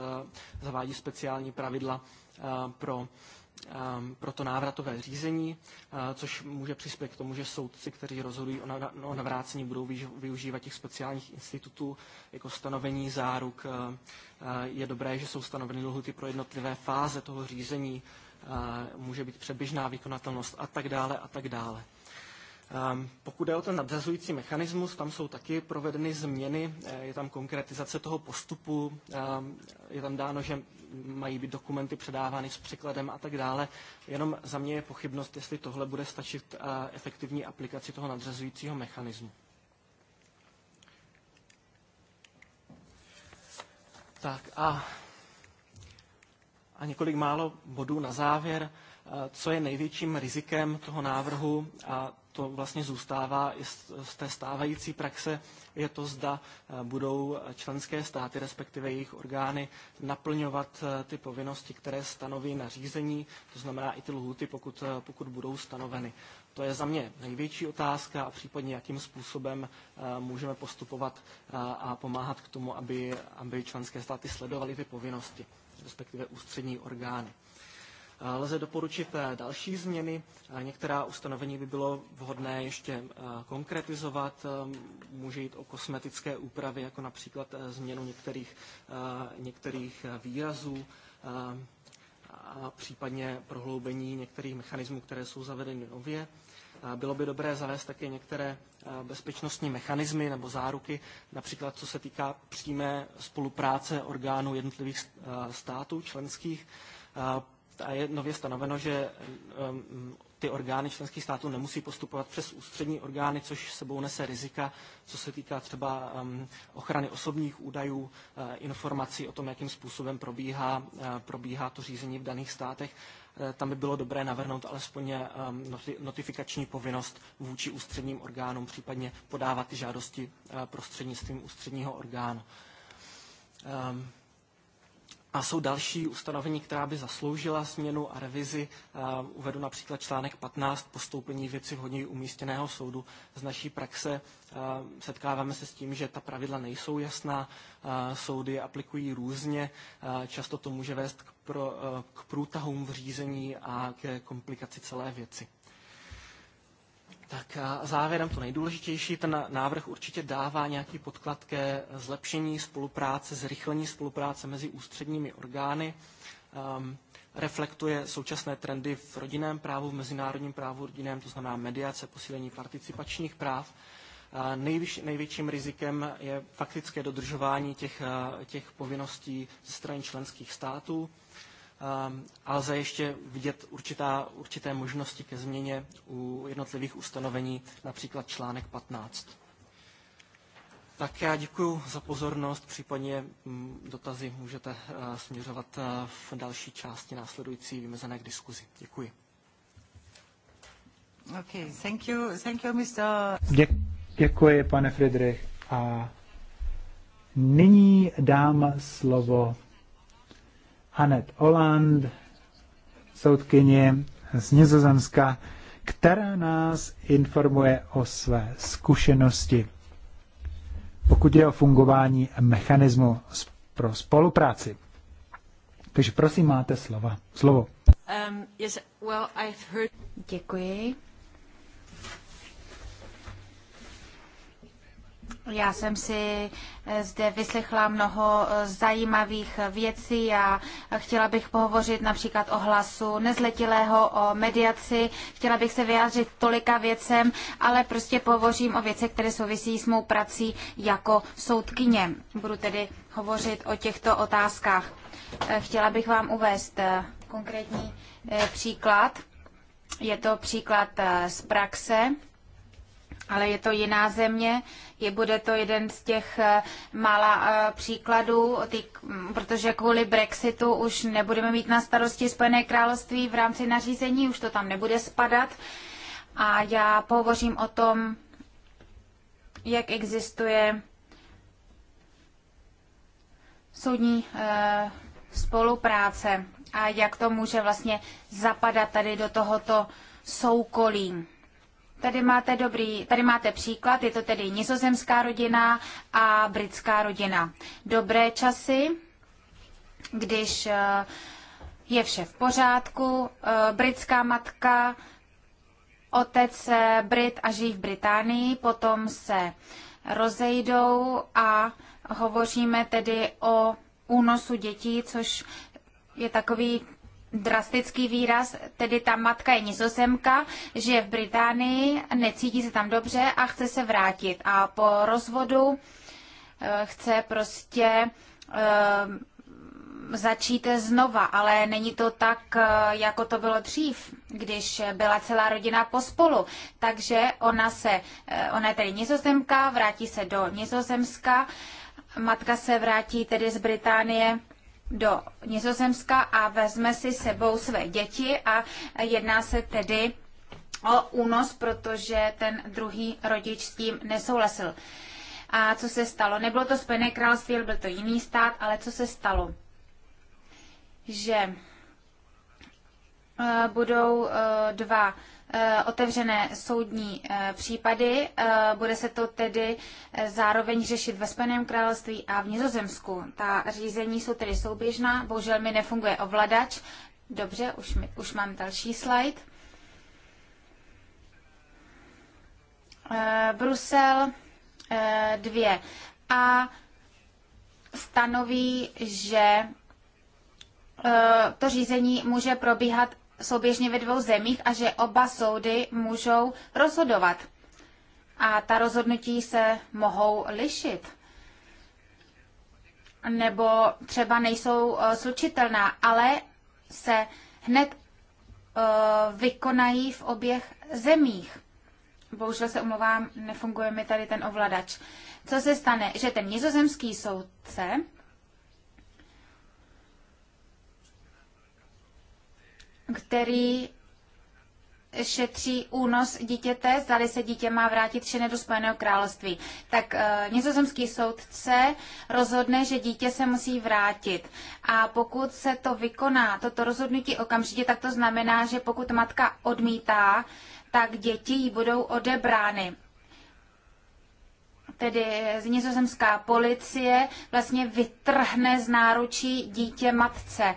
Speaker 2: zavádí speciální pravidla pro Ehm, pro to návratové řízení, eh, což může přispět k tomu, že soudci, kteří rozhodují o navrácení, budou využívat těch speciálních institutů jako stanovení záruk. Eh, eh, je dobré, že jsou stanoveny lhuty pro jednotlivé fáze toho řízení, může být předběžná vykonatelnost a tak dále a tak dále. Ehm, pokud je o ten nadřazující mechanismus, tam jsou taky provedeny změny, eh, je tam konkretizace toho postupu, ehm, je tam dáno, že mají být dokumenty předávány s překladem a tak dále. Jenom za mě je pochybnost, jestli tohle bude stačit eh, efektivní aplikaci toho nadřazujícího mechanismu. Tak a, a několik málo bodů na závěr. Eh, co je největším rizikem toho návrhu, a to vlastně zůstává z té stávající praxe, je to, zda eh, budou členské státy, respektive jejich orgány, naplňovat eh, ty povinnosti, které stanoví nařízení, to znamená i ty lhuty, pokud, eh, pokud budou stanoveny. To je za mě největší otázka a případně jakým způsobem můžeme postupovat a pomáhat k tomu, aby, aby členské státy sledovaly ty povinnosti, respektive ústřední orgány. Lze doporučit eh, další změny. Eh, některá ustanovení by bylo vhodné ještě eh, konkretizovat. Může jít o kosmetické úpravy, jako například změnu některých, některých výrazů a případně prohloubení některých mechanismů, které jsou zavedeny nově. Bylo by dobré zavést také některé bezpečnostní mechanismy nebo záruky, například co se týká přímé spolupráce orgánů jednotlivých států členských a je nově stanoveno, že um, ty orgány členských států nemusí postupovat přes ústřední orgány, což sebou nese rizika, co se týká třeba um, ochrany osobních údajů, uh, informací o tom, jakým způsobem probíhá, uh, probíhá to řízení v daných státech. Uh, tam by bylo dobré navrhnout alespoň notifikační povinnost vůči ústředním orgánům, případně podávat ty žádosti prostřednictvím ústředního orgánu. Um, a jsou další ustanovení, která by zasloužila změnu a revizi. Eh, uvedu například článek 15, postoupení věci hodně umístěného soudu. Z naší praxe eh, setkáváme se s tím, že ta pravidla nejsou jasná, eh, soudy aplikují různě, často to může vést k, k průtahům v řízení a ke komplikaci celé věci. Tak a závěrem to nejdůležitější. Ten návrh určitě dává nějaký podklad ke zlepšení spolupráce, zrychlení spolupráce mezi ústředními orgány. Um, reflektuje současné trendy v rodinném právu, v mezinárodním právu rodinném, to znamená mediace, posílení participačních práv. Nejvyš, největším rizikem je faktické dodržování těch, eh, těch povinností ze strany členských států. Ehm, a lze ještě vidět určitá, určité možnosti ke změně u jednotlivých ustanovení, například článek 15. Tak já děkuji za pozornost, případně hm, dotazy můžete eh, směřovat eh, v další části následující vymezené k diskuzi. Děkuji.
Speaker 1: Okay, thank you, thank you, Mr. Dě, děkuji, pane Friedrich. A nyní dám slovo Anet Oland, soudkyně z Nizozemska, která nás informuje o své zkušenosti, pokud je o fungování mechanismu pro spolupráci. Takže prosím, máte slova. slovo.
Speaker 3: Um, yes, well, heard... Děkuji. Já jsem si eh, zde vyslechla mnoho eh, zajímavých eh, věcí a chtěla bych pohovořit například o hlasu nezletilého, o mediaci. Chtěla bych se vyjádřit tolika věcem, ale prostě pohovořím o věcech, které souvisí s mou prací jako soudkyně. Budu tedy hovořit o těchto otázkách. Chtěla bych vám uvést konkrétní příklad. Je to příklad z praxe ale je to jiná země, je, bude to jeden z těch eh, mála eh, příkladů, ty, protože kvůli Brexitu už nebudeme mít na starosti Spojené království v rámci nařízení, už to tam nebude spadat. A já pohovořím o tom, jak existuje soudní eh, spolupráce a jak to může vlastně zapadat tady do tohoto soukolí. Tady máte, dobrý, tady máte příklad, je to tedy nizozemská rodina a britská rodina. Dobré časy, když eh, je vše v pořádku, eh, britská matka, otec eh, Brit a žijí v Británii, potom se rozejdou a hovoříme tedy o únosu dětí, což je takový drastický výraz, tedy ta matka je nizozemka, žije v Británii, necítí se tam dobře a chce se vrátit. A po rozvodu eh, chce prostě eh, začít znova, ale není to tak, eh, jako to bylo dřív, když byla celá rodina pospolu. Takže ona se, ona je tedy nizozemka, vrátí se do nizozemska, matka se vrátí tedy z Británie do Nizozemska a vezme si sebou své děti a jedná se tedy o únos, protože ten druhý rodič s tím nesouhlasil. A co se stalo? Nebylo to Spojené království, byl to jiný stát, ale co se stalo? Že eh, budou eh, dva Eh, otevřené soudní eh, případy. Eh, bude se to tedy zároveň řešit ve Spojeném království a v Nizozemsku. Ta řízení jsou tedy souběžná, bohužel mi nefunguje ovladač. Dobře, už, mi, už mám další slide. Brusel 2 a stanoví, že to řízení může probíhat souběžně ve dvou zemích a že oba soudy můžou rozhodovat. A ta rozhodnutí se mohou lišit. Nebo třeba nejsou eh, slučitelná, ale se hned eh, vykonají v oběch zemích. Bohužel se omlouvám, nefunguje mi tady ten ovladač. Co se stane, že ten nizozemský soudce který šetří únos dítěte, zdali se dítě má vrátit či ne do Spojeného království. Tak e, nizozemský soudce rozhodne, že dítě se musí vrátit. A pokud se to vykoná, toto rozhodnutí okamžitě, tak to znamená, že pokud matka odmítá, tak děti jí budou odebrány. Tedy z nizozemská policie vlastně vytrhne z náručí dítě matce.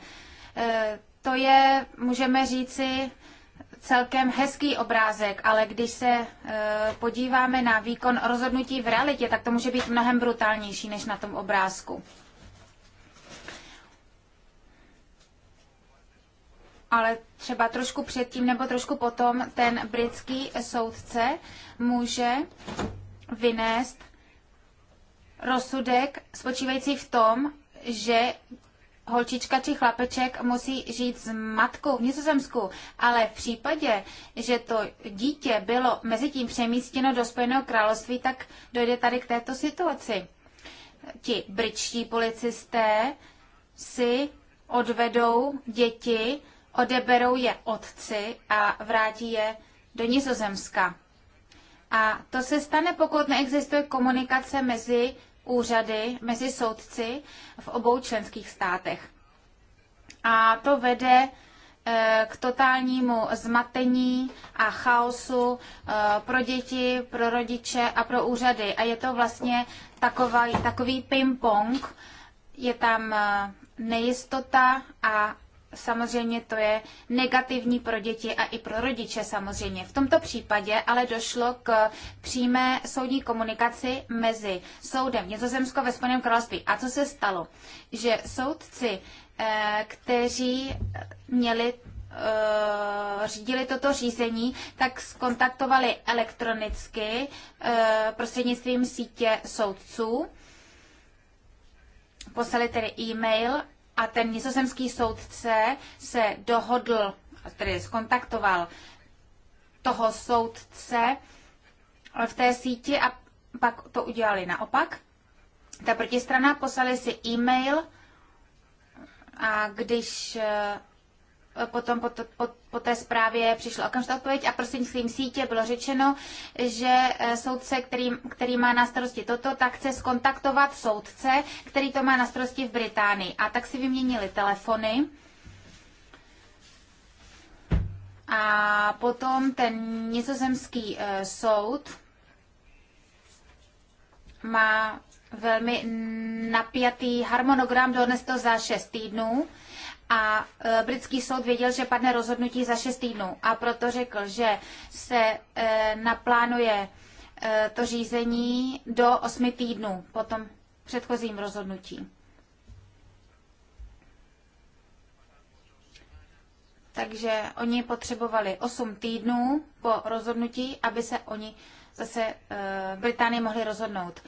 Speaker 3: E, to je, můžeme říci, celkem hezký obrázek, ale když se e, podíváme na výkon rozhodnutí v realitě, tak to může být mnohem brutálnější než na tom obrázku. ale třeba trošku předtím nebo trošku potom ten britský soudce může vynést rozsudek spočívající v tom, že holčička či chlapeček musí žít s matkou v Nizozemsku, ale v případě, že to dítě bylo mezi tím přemístěno do Spojeného království, tak dojde tady k této situaci. Ti britští policisté si odvedou děti, odeberou je otci a vrátí je do Nizozemska. A to se stane, pokud neexistuje komunikace mezi úřady mezi soudci v obou členských státech. A to vede eh, k totálnímu zmatení a chaosu eh, pro děti, pro rodiče a pro úřady. A je to vlastně takový, takový ping-pong. Je tam eh, nejistota a samozřejmě to je negativní pro děti a i pro rodiče samozřejmě. V tomto případě ale došlo k přímé soudní komunikaci mezi soudem Nězozemsko ve Spojeném království. A co se stalo? Že soudci, eh, kteří měli eh, řídili toto řízení, tak skontaktovali elektronicky eh, prostřednictvím sítě soudců. Poslali tedy e-mail a ten nizozemský soudce se dohodl, tedy skontaktoval toho soudce v té síti a pak to udělali naopak. Ta protistrana poslali si e-mail a když potom po, po, po té zprávě přišla okamžitá odpověď a prostřednictvím sítě bylo řečeno, že eh, soudce, který, který má na starosti toto, tak chce skontaktovat soudce, který to má na starosti v Británii. A tak si vyměnili telefony. A potom ten nizozemský e, soud má velmi napjatý harmonogram, dodnes to za 6 týdnů. E, a e, britský soud věděl, že padne rozhodnutí za 6 týdnů a proto řekl, že se e, naplánuje e, to řízení do 8 týdnů po tom předchozím rozhodnutí. Takže oni potřebovali 8 týdnů po rozhodnutí, aby se oni zase Británii mohli rozhodnout.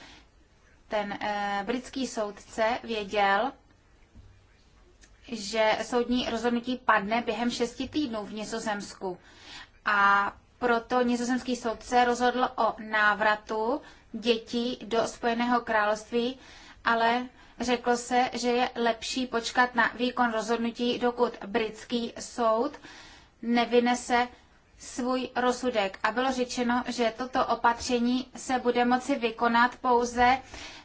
Speaker 3: Ten britský soudce věděl, že soudní rozhodnutí padne během šesti týdnů v Nizozemsku. A proto nizozemský soudce rozhodl o návratu dětí do Spojeného království, ale řeklo se, že je lepší počkat na výkon rozhodnutí, dokud britský soud nevynese svůj rozsudek a bylo řečeno, že toto opatření se bude moci vykonat pouze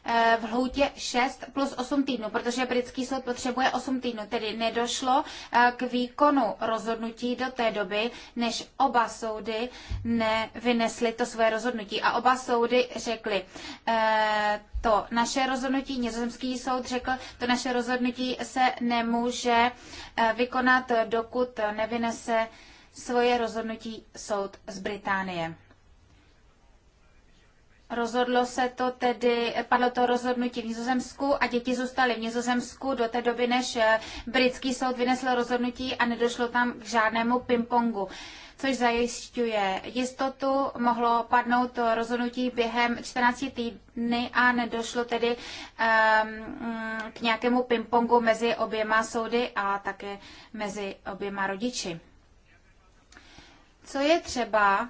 Speaker 3: eh, v hloutě 6 plus 8 týdnů, protože britský soud potřebuje 8 týdnů, tedy nedošlo eh, k výkonu rozhodnutí do té doby, než oba soudy nevynesly to svoje rozhodnutí. A oba soudy řekly, eh, to naše rozhodnutí, nizozemský soud řekl, to naše rozhodnutí se nemůže vykonat, dokud nevynese svoje rozhodnutí soud z Británie. Rozhodlo se to tedy, padlo to rozhodnutí v Nizozemsku a děti zůstaly v Nizozemsku do té doby, než eh, britský soud vynesl rozhodnutí a nedošlo tam k žádnému pingpongu což zajišťuje jistotu. Mohlo padnout to rozhodnutí během 14 týdny a nedošlo tedy um, k nějakému pingpongu mezi oběma soudy a také mezi oběma rodiči co je třeba,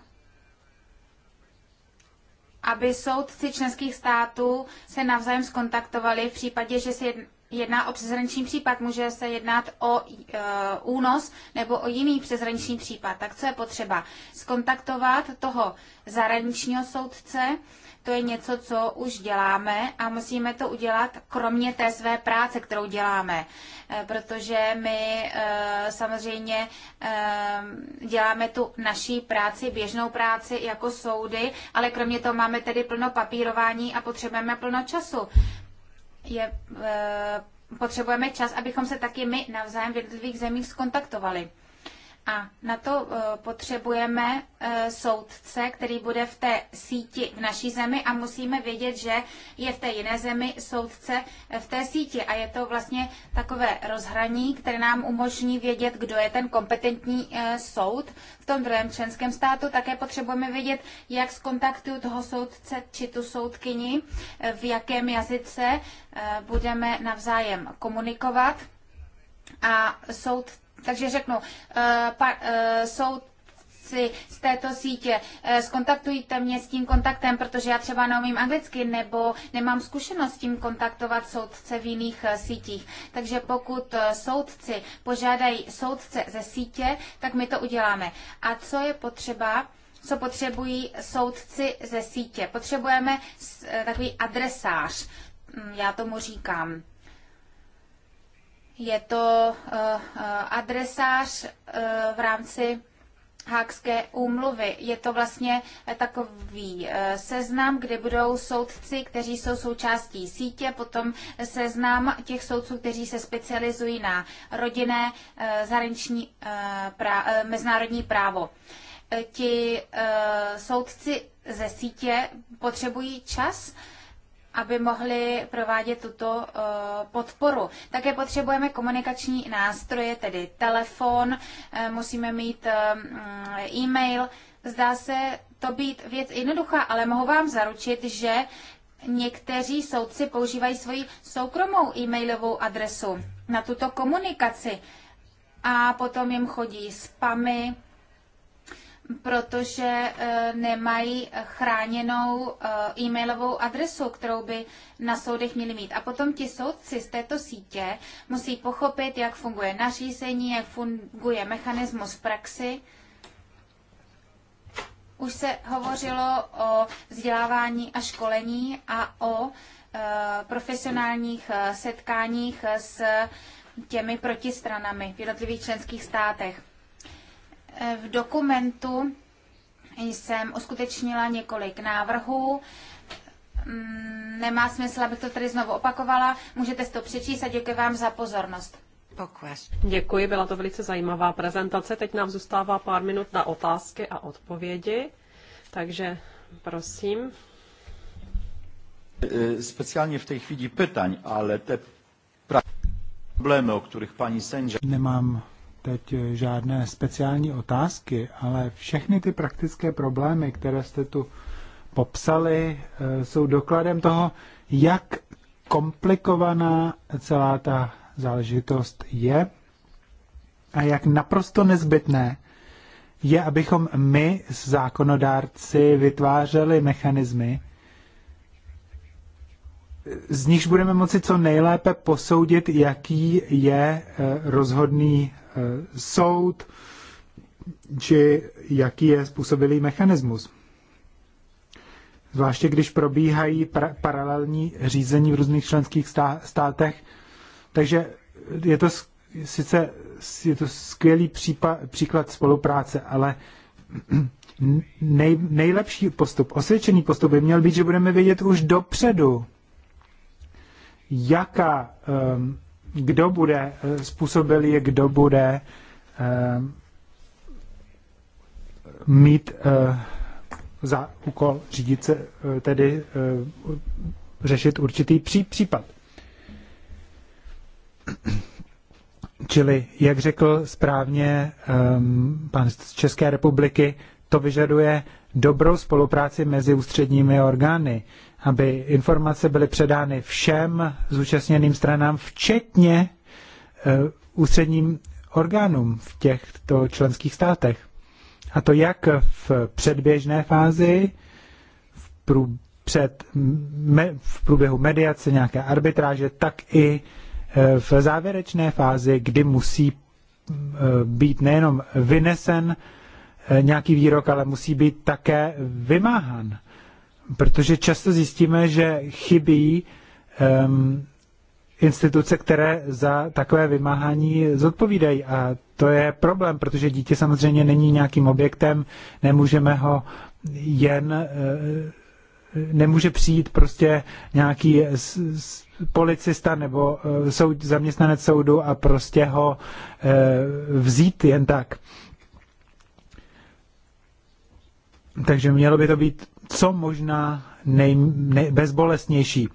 Speaker 3: aby soudci členských států se navzájem skontaktovali v případě, že se jedná o přeshraniční případ, může se jednat o e, únos nebo o jiný přeshraniční případ. Tak co je potřeba? Skontaktovat toho zahraničního soudce, to je něco, co už děláme a musíme to udělat kromě té své práce, kterou děláme. Eh, protože my eh, samozřejmě eh, děláme tu naší práci, běžnou práci jako soudy, ale kromě toho máme tedy plno papírování a potřebujeme plno času. Je potřebujeme čas, abychom se taky my navzájem v jednotlivých zemích skontaktovali. A na to eh, potřebujeme eh, soudce, který bude v té síti v naší zemi a musíme vědět, že je v té jiné zemi soudce eh, v té síti. A je to vlastně takové rozhraní, které nám umožní vědět, kdo je ten kompetentní soud v tom druhém členském státu. Také potřebujeme vědět, jak skontaktuju toho soudce či tu soudkyni, v jakém jazyce budeme navzájem komunikovat. A soud takže řeknu, eh, pa, eh, si z této sítě, eh, skontaktujte mě s tím kontaktem, protože já třeba neumím anglicky nebo nemám zkušenost s tím kontaktovat soudce v jiných sítích. Takže pokud soudci požádají soudce ze sítě, tak my to uděláme. A co je potřeba? co potřebují soudci ze sítě. Potřebujeme takový adresář, mm, já tomu říkám je to eh, eh, adresář eh, v rámci Hákské úmluvy. Je to vlastně takový seznam, kde budou soudci, kteří jsou součástí sítě, potom seznam těch soudců, kteří se specializují na rodinné zahraniční mezinárodní právo. Ti soudci ze sítě potřebují čas, aby mohli provádět tuto eh, podporu. Také potřebujeme komunikační nástroje, tedy telefon, eh, musíme mít eh, e-mail. Zdá se to být věc jednoduchá, ale mohu vám zaručit, že někteří soudci používají svoji soukromou e-mailovou adresu na tuto komunikaci a potom jim chodí spamy protože eh, nemají chráněnou eh, e-mailovou adresu, kterou by na soudech měli mít. A potom ti soudci z této sítě musí pochopit, jak funguje nařízení, jak funguje mechanismus v praxi. Už se hovořilo o vzdělávání a školení a o eh, profesionálních setkáních s těmi protistranami v jednotlivých členských státech. V dokumentu jsem uskutečnila několik návrhů. Mm, nemá smysl, abych to tady znovu opakovala. Můžete si to přečíst a děkuji vám za pozornost.
Speaker 4: Děkuji, byla to velice zajímavá prezentace. Teď nám zůstává pár minut na otázky a odpovědi, takže prosím.
Speaker 1: E, speciálně v té chvíli pytaň, ale te problémy, o kterých paní sędzia... Nemám teď žádné speciální otázky, ale všechny ty praktické problémy, které jste tu popsali, eh, jsou dokladem toho, jak komplikovaná celá ta záležitost je a jak naprosto nezbytné je, abychom my, zákonodárci, vytvářeli mechanismy, z nichž budeme moci co nejlépe posoudit, jaký je eh, rozhodný eh, soud, či jaký je způsobilý mechanismus. Zvláště když probíhají pra- paralelní řízení v různých členských stá- státech. Takže je to sice je to skvělý případ, příklad spolupráce, ale nej, nejlepší postup, osvědčený postup by měl být, že budeme vědět už dopředu, jaká, ehm, kdo bude eh, je, kdo bude ehm, mít eh, za úkol řídit se, eh, tedy řešit určitý případ. Čili, jak řekl správně ehm, pan z České republiky, to vyžaduje dobrou spolupráci mezi ústředními orgány aby informace byly předány všem zúčastněným stranám, včetně eh, ústředním orgánům v těchto členských státech. A to jak v předběžné fázi, v, prů, před, me, v průběhu mediace, nějaké arbitráže, tak i eh, v závěrečné fázi, kdy musí eh, být nejenom vynesen nějaký výrok, ale musí být také vymáhán protože často zjistíme, že chybí um, instituce, které za takové vymáhání zodpovídají. A to je problém, protože dítě samozřejmě není nějakým objektem, nemůžeme ho jen, eh, nemůže přijít prostě nějaký policista nebo eh, soud, zaměstnanec soudu a prostě ho eh, vzít jen tak. Takže mělo by to být co možná nej, nej, bezbolesnější.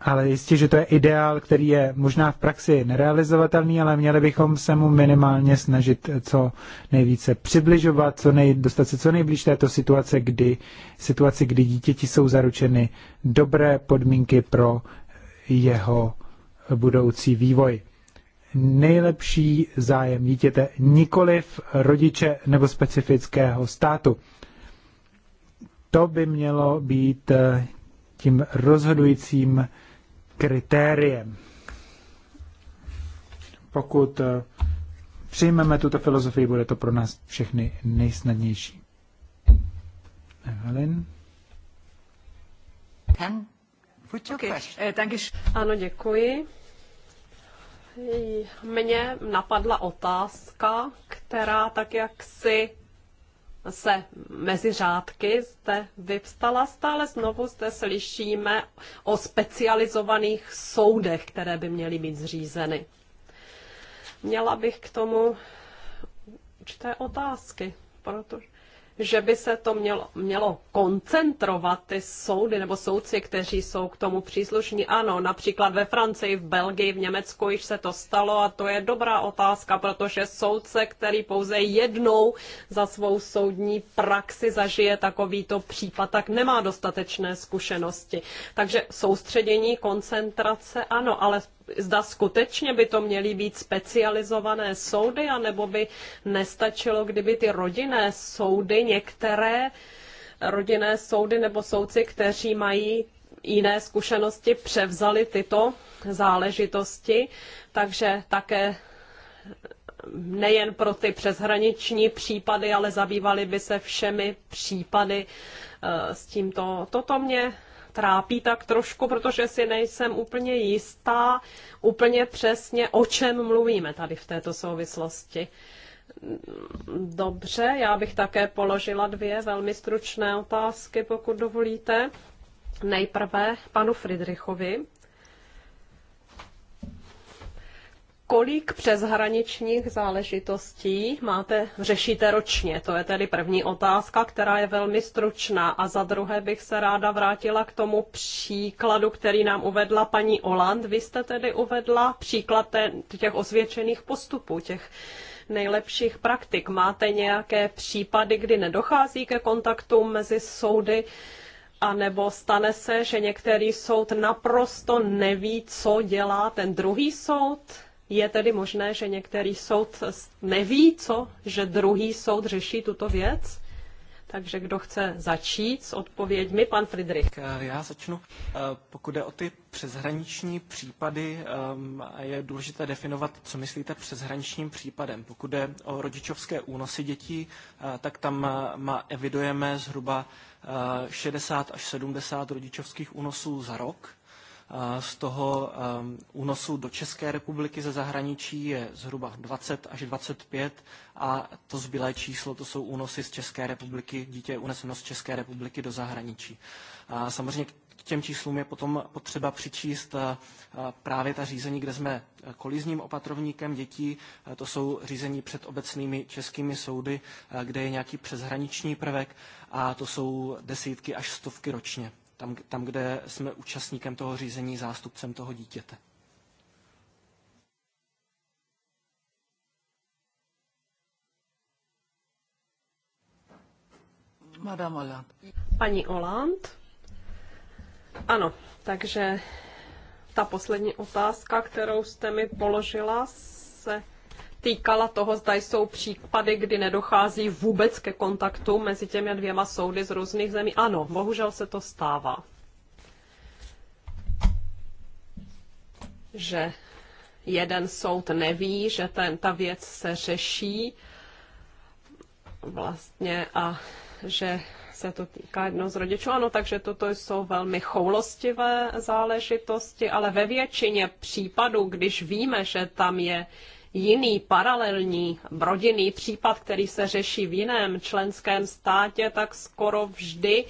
Speaker 1: Ale jistě, že to je ideál, který je možná v praxi nerealizovatelný, ale měli bychom se mu minimálně snažit co nejvíce přibližovat, co nej, dostat se co nejblíž této situace, kdy, situaci, kdy dítěti jsou zaručeny dobré podmínky pro jeho budoucí vývoj. Nejlepší zájem dítěte nikoliv rodiče nebo specifického státu to by mělo být eh, tím rozhodujícím kritériem. Pokud eh, přijmeme tuto filozofii, bude to pro nás všechny nejsnadnější.
Speaker 4: Evelyn? Eh, ano, děkuji. Mě napadla otázka, která tak jak si se mezi řádky zde vyvstala. Stále znovu zde slyšíme o specializovaných soudech, které by měly být zřízeny. Měla bych k tomu určité otázky, protože že by se to mělo, mělo koncentrovat ty soudy nebo soudci, kteří jsou k tomu příslušní. Ano, například ve Francii, v Belgii, v Německu již se to stalo a to je dobrá otázka, protože soudce, který pouze jednou za svou soudní praxi zažije takovýto případ, tak nemá dostatečné zkušenosti. Takže soustředění, koncentrace, ano, ale zda skutečně by to měly být specializované soudy, anebo by nestačilo, kdyby ty rodinné soudy, některé rodinné soudy nebo soudci, kteří mají jiné zkušenosti, převzali tyto záležitosti, takže také nejen pro ty přeshraniční případy, ale zabývali by se všemi případy eh, s tímto. Toto mě trápí tak trošku, protože si nejsem úplně jistá, úplně přesně, o čem mluvíme tady v této souvislosti. Dobře, já bych také položila dvě velmi stručné otázky, pokud dovolíte. Nejprve panu Fridrichovi. Kolik přeshraničních záležitostí máte, řešíte ročně? To je tedy první otázka, která je velmi stručná. A za druhé bych se ráda vrátila k tomu příkladu, který nám uvedla paní Oland. Vy jste tedy uvedla příklad těch osvědčených postupů, těch nejlepších praktik. Máte nějaké případy, kdy nedochází ke kontaktu mezi soudy? A nebo stane se, že některý soud naprosto neví, co dělá ten druhý soud? Je tedy možné, že některý soud neví, co, že druhý soud řeší tuto věc? Takže kdo chce začít s odpověďmi? Pan Friedrich. Eh, já začnu. Eh, pokud
Speaker 2: jde o ty přeshraniční případy, eh, je důležité definovat, co myslíte přeshraničním případem. Pokud jde o rodičovské únosy dětí, tak tam má, evidujeme zhruba 60 až 70 rodičovských únosů za rok z toho ehm, únosu do České republiky ze zahraničí je zhruba 20 až 25 a to zbylé číslo, to jsou únosy z České republiky, dítě je uneseno z České republiky do zahraničí. A samozřejmě k těm číslům je potom potřeba přičíst eh, právě ta řízení, kde jsme eh, kolizním opatrovníkem dětí. Eh, to jsou řízení před obecnými českými soudy, kde je nějaký přeshraniční prvek a to jsou desítky až stovky ročně tam, tam, kde jsme účastníkem toho řízení, zástupcem toho dítěte.
Speaker 4: Madame Hollande. Paní Oland. Ano, takže ta poslední otázka, kterou jste mi položila, se týkala toho, zda jsou případy, kdy nedochází vůbec ke kontaktu mezi těmi dvěma soudy z různých zemí. Ano, bohužel se to stává. Že jeden soud neví, že ten, ta věc se řeší vlastně a že se to týká jedno z rodičů. Ano, takže toto jsou velmi choulostivé záležitosti, ale ve většině případů, když víme, že tam je jiný paralelní rodinný případ, který se řeší v jiném členském státě, tak skoro vždy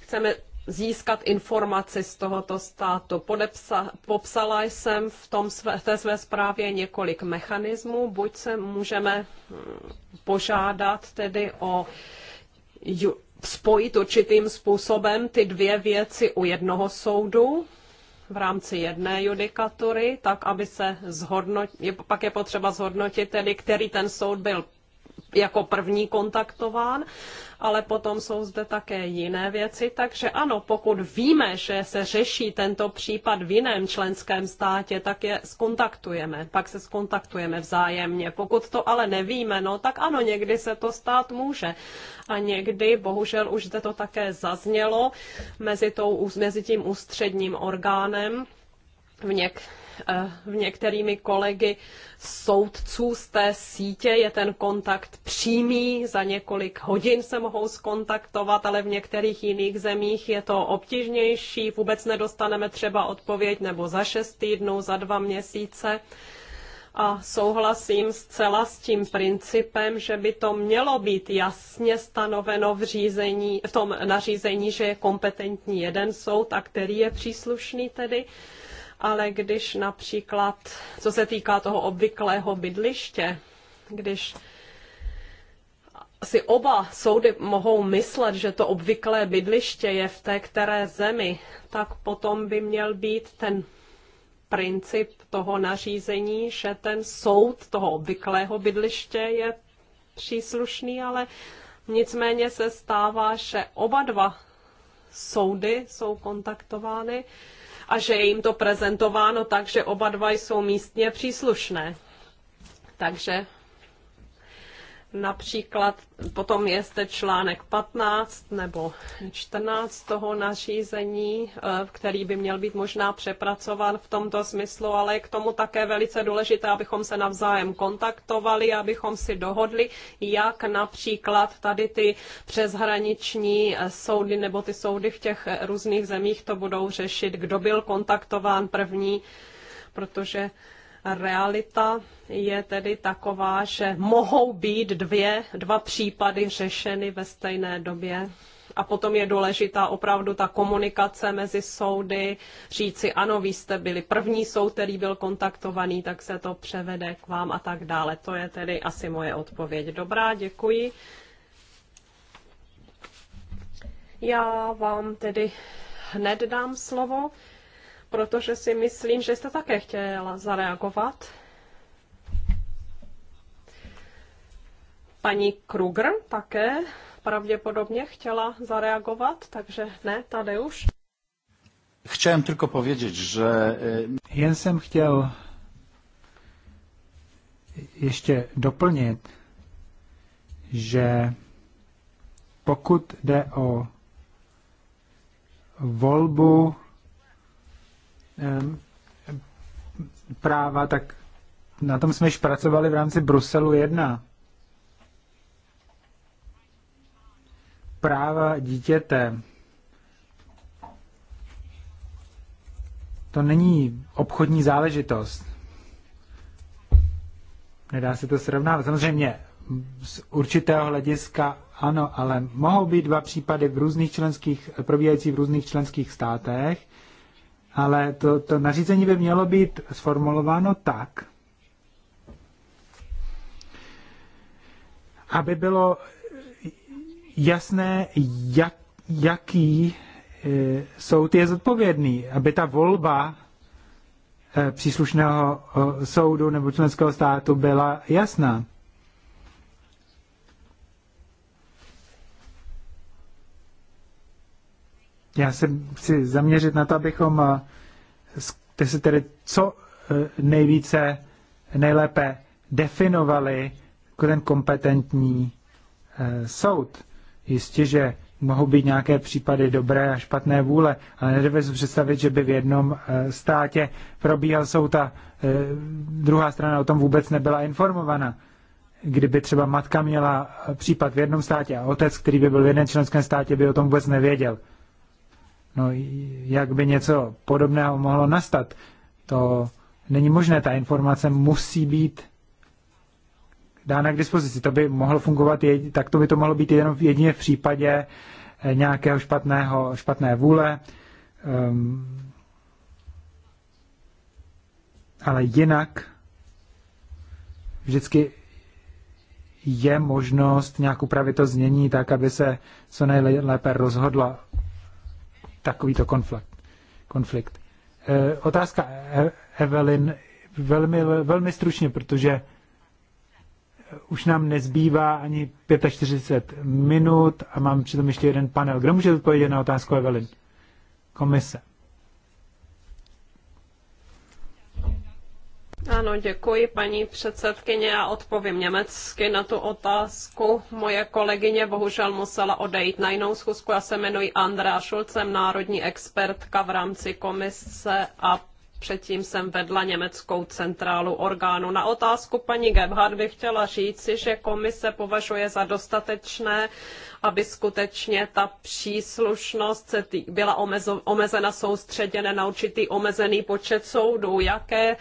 Speaker 4: chceme získat informaci z tohoto státu. Podepsa, popsala jsem v, tom své, v té své zprávě několik mechanismů. Buď se můžeme hm, požádat tedy o spojit určitým způsobem ty dvě věci u jednoho soudu, v rámci jedné judikatury, tak aby se zhodnotil, pak je potřeba zhodnotit tedy, který ten soud byl jako první kontaktován, ale potom jsou zde také jiné věci. Takže ano, pokud víme, že se řeší tento případ v jiném členském státě, tak je skontaktujeme, pak se skontaktujeme vzájemně. Pokud to ale nevíme, no tak ano, někdy se to stát může. A někdy, bohužel už zde to také zaznělo, mezi, tou, mezi tím ústředním orgánem v něk, Eh, v některými kolegy soudců z té sítě je ten kontakt přímý, za několik hodin se mohou skontaktovat, ale v některých jiných zemích je to obtížnější, vůbec nedostaneme třeba odpověď nebo za šest týdnů, za dva měsíce a souhlasím zcela s tím principem, že by to mělo být jasně stanoveno v, řízení, v tom nařízení, že je kompetentní jeden soud a který je příslušný tedy ale když například, co se týká toho obvyklého bydliště, když si oba soudy mohou myslet, že to obvyklé bydliště je v té které zemi, tak potom by měl být ten princip toho nařízení, že ten soud toho obvyklého bydliště je příslušný, ale nicméně se stává, že oba dva soudy jsou kontaktovány a že je jim to prezentováno tak, že oba dva jsou místně příslušné. Takže Například potom je zde článek 15 nebo 14 toho nařízení, eh, který by měl být možná přepracovan v tomto smyslu, ale je k tomu také velice důležité, abychom se navzájem kontaktovali, abychom si dohodli, jak například tady ty přeshraniční eh, soudy nebo ty soudy v těch eh, různých zemích to budou řešit, kdo byl kontaktován první, protože Realita je tedy taková, že mohou být dvě, dva případy řešeny ve stejné době. A potom je důležitá opravdu ta komunikace mezi soudy, říci ano, vy jste byli první soud, který byl kontaktovaný, tak se to převede k vám a tak dále. To je tedy asi moje odpověď. Dobrá, děkuji. Já vám tedy hned dám slovo protože si myslím, že jste také chtěla zareagovat. Paní Kruger také pravděpodobně chtěla zareagovat, takže ne, tady už.
Speaker 1: Chciałem tylko powiedzieć, że... E, Jen jsem chtěl ještě doplnit, že pokud jde o volbu Ehm, práva, tak na tom jsme již pracovali v rámci Bruselu 1. Práva dítěte. To není obchodní záležitost. Nedá se to srovnávat. Samozřejmě z určitého hlediska ano, ale mohou být dva případy v různých členských, probíhající v různých členských státech ale to, to nařízení by mělo být sformulováno tak, aby bylo jasné, jak, jaký e, soud je zodpovědný, aby ta volba e, příslušného e, soudu nebo členského státu byla jasná. Já se chci zaměřit na to, abychom eh, se tedy co eh, nejvíce, nejlépe definovali ten kompetentní eh, soud. Jistě, že mohou být nějaké případy dobré a špatné vůle, ale nedovedu představit, že by v jednom státě probíhal soud a druhá strana o tom vůbec nebyla informovaná. Kdyby třeba matka měla případ v jednom státě a otec, který by byl v jedné členském státě, by o tom vůbec nevěděl. No, jak by něco podobného mohlo nastat? To není možné, ta informace musí být dána k dispozici. To by mohlo fungovat, tak to by to mohlo být jenom jedině v případě eh, nějakého špatného, špatné vůle. Um, ale jinak vždycky je možnost nějak upravit to znění tak, aby se co nejlépe rozhodla takovýto konflikt. konflikt. Eh, otázka e- Evelyn velmi, velmi stručně, protože už nám nezbývá ani 45 minut a mám přitom ještě jeden panel. Kdo může odpovědět na otázku Evelyn? Komise.
Speaker 4: Ano, děkuji paní předsedkyně a odpovím německy na tu otázku. Moje kolegyně bohužel musela odejít na jinou schůzku. Já se jmenuji Andrea Schulz, jsem národní expertka v rámci komise a předtím jsem vedla německou centrálu orgánu. Na otázku paní Gebhardt bych chtěla říci, že komise považuje za dostatečné, aby skutečně ta příslušnost se tý, byla omezo, omezena soustředěna na určitý omezený počet soudů. Jaké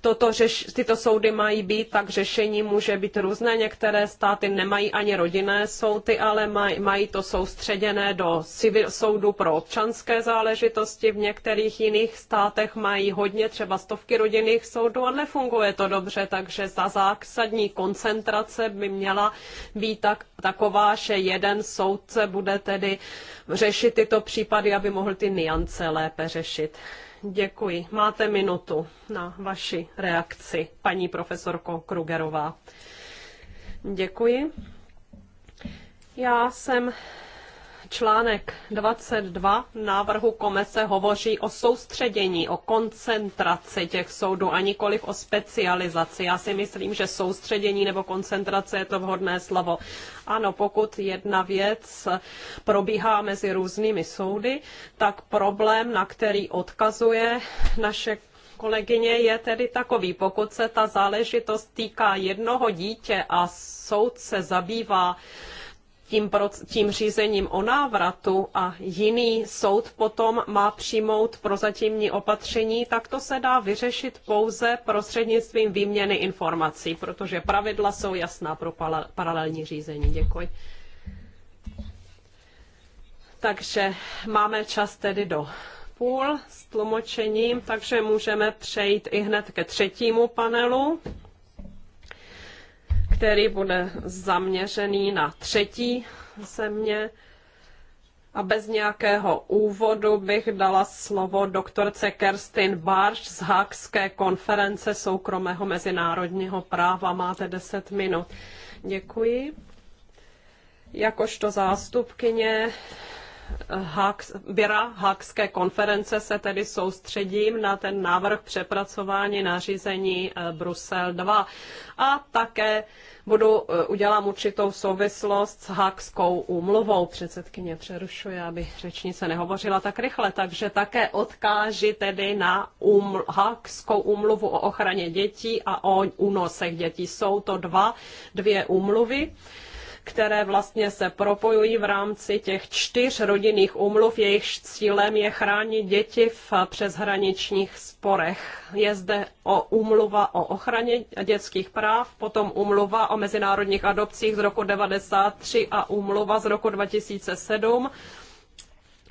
Speaker 4: toto řeš, tyto soudy mají být, tak řešení může být různé. Některé státy nemají ani rodinné soudy, ale maj, mají to soustředěné do civil, soudu pro občanské záležitosti. V některých jiných státech mají hodně, třeba stovky rodinných soudů a nefunguje to dobře, takže ta zásadní koncentrace by měla být tak, taková, že jeden soudce bude tedy řešit tyto případy, aby mohl ty niance lépe řešit. Děkuji. Máte minutu na vaši reakci, paní profesorko Krugerová. Děkuji. Já jsem Článek 22 návrhu komise hovoří o soustředění, o koncentraci těch soudů a nikoliv o specializaci. Já si myslím, že soustředění nebo koncentrace je to vhodné slovo. Ano, pokud jedna věc probíhá mezi různými soudy, tak problém, na který odkazuje naše kolegyně, je tedy takový, pokud se ta záležitost týká jednoho dítě a soud se zabývá tím, tím řízením o návratu a jiný soud potom má přijmout prozatímní opatření, tak to se dá vyřešit pouze prostřednictvím výměny informací, protože pravidla jsou jasná pro paralelní řízení. Děkuji. Takže máme čas tedy do půl s tlumočením, takže můžeme přejít i hned ke třetímu panelu který bude zaměřený na třetí země. A bez nějakého úvodu bych dala slovo doktorce Kerstin Barš z Hákské konference soukromého mezinárodního práva. Máte 10 minut. Děkuji. Jakožto zástupkyně Haks, Běra Hákské konference se tedy soustředím na ten návrh přepracování nařízení eh, Brusel 2 a také budu, eh, udělám určitou souvislost s Hákskou úmluvou. Předsedkyně přerušuje, aby řečnice nehovořila tak rychle, takže také odkáži tedy na um, Hákskou úmluvu o ochraně dětí a o únosech dětí. Jsou to dva, dvě úmluvy které vlastně se propojují v rámci těch čtyř rodinných umluv, jejichž cílem je chránit děti v přeshraničních sporech. Je zde o umluva o ochraně dětských práv, potom umluva o mezinárodních adopcích z roku 1993 a umluva z roku 2007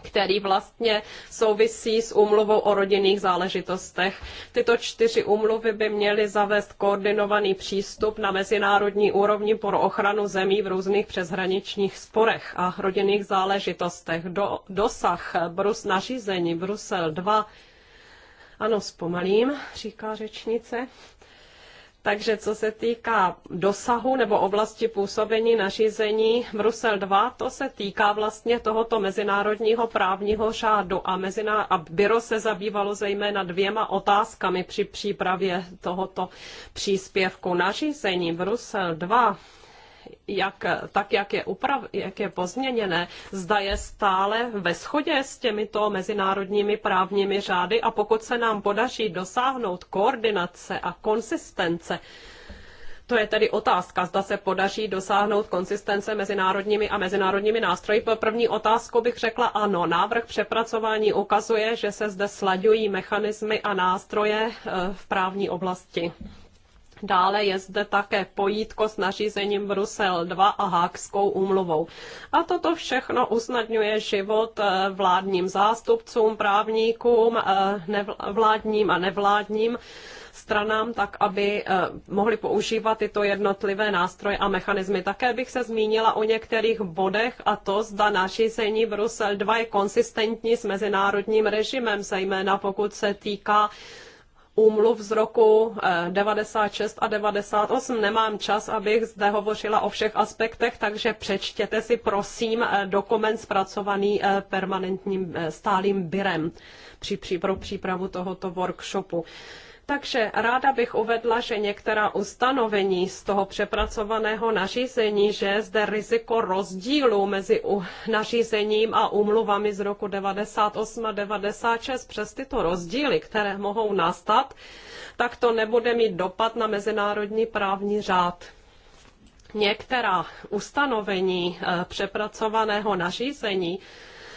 Speaker 4: který vlastně souvisí s úmluvou o rodinných záležitostech. Tyto čtyři úmluvy by měly zavést koordinovaný přístup na mezinárodní úrovni pro ochranu zemí v různých přeshraničních sporech a rodinných záležitostech. Do, dosah Brus nařízení Brusel 2 ano, zpomalím, říká řečnice. Takže co se týká dosahu nebo oblasti působení nařízení Brusel 2, to se týká vlastně tohoto mezinárodního právního řádu a, meziná, a byro se zabývalo zejména dvěma otázkami při přípravě tohoto příspěvku nařízení Brusel 2 jak, tak jak je, uprav, jak je pozměněné, zda je stále ve shodě s těmito mezinárodními právními řády a pokud se nám podaří dosáhnout koordinace a konsistence, to je tedy otázka, zda se podaří dosáhnout konsistence mezinárodními a mezinárodními nástroji. Pro první otázku bych řekla ano. Návrh přepracování ukazuje, že se zde slaďují mechanismy a nástroje eh, v právní oblasti. Dále je zde také pojítko s nařízením Brusel 2 a Hákskou úmluvou. A toto všechno usnadňuje život eh, vládním zástupcům, právníkům, eh, vládním a nevládním stranám, tak aby eh, mohli používat tyto jednotlivé nástroje a mechanismy. Také bych se zmínila o některých bodech a to zda nařízení Brusel 2 je konsistentní s mezinárodním režimem, zejména pokud se týká úmluv z roku 96 eh, a 98. Nemám čas, abych zde hovořila o všech aspektech, takže přečtěte si prosím eh, dokument zpracovaný eh, permanentním stálým byrem při, pro přípravu tohoto workshopu. Takže ráda bych uvedla, že některá ustanovení z toho přepracovaného nařízení, že je zde riziko rozdílu mezi nařízením a umluvami z roku 98 a 96 přes tyto rozdíly, které mohou nastat, tak to nebude mít dopad na mezinárodní právní řád některá ustanovení eh, přepracovaného nařízení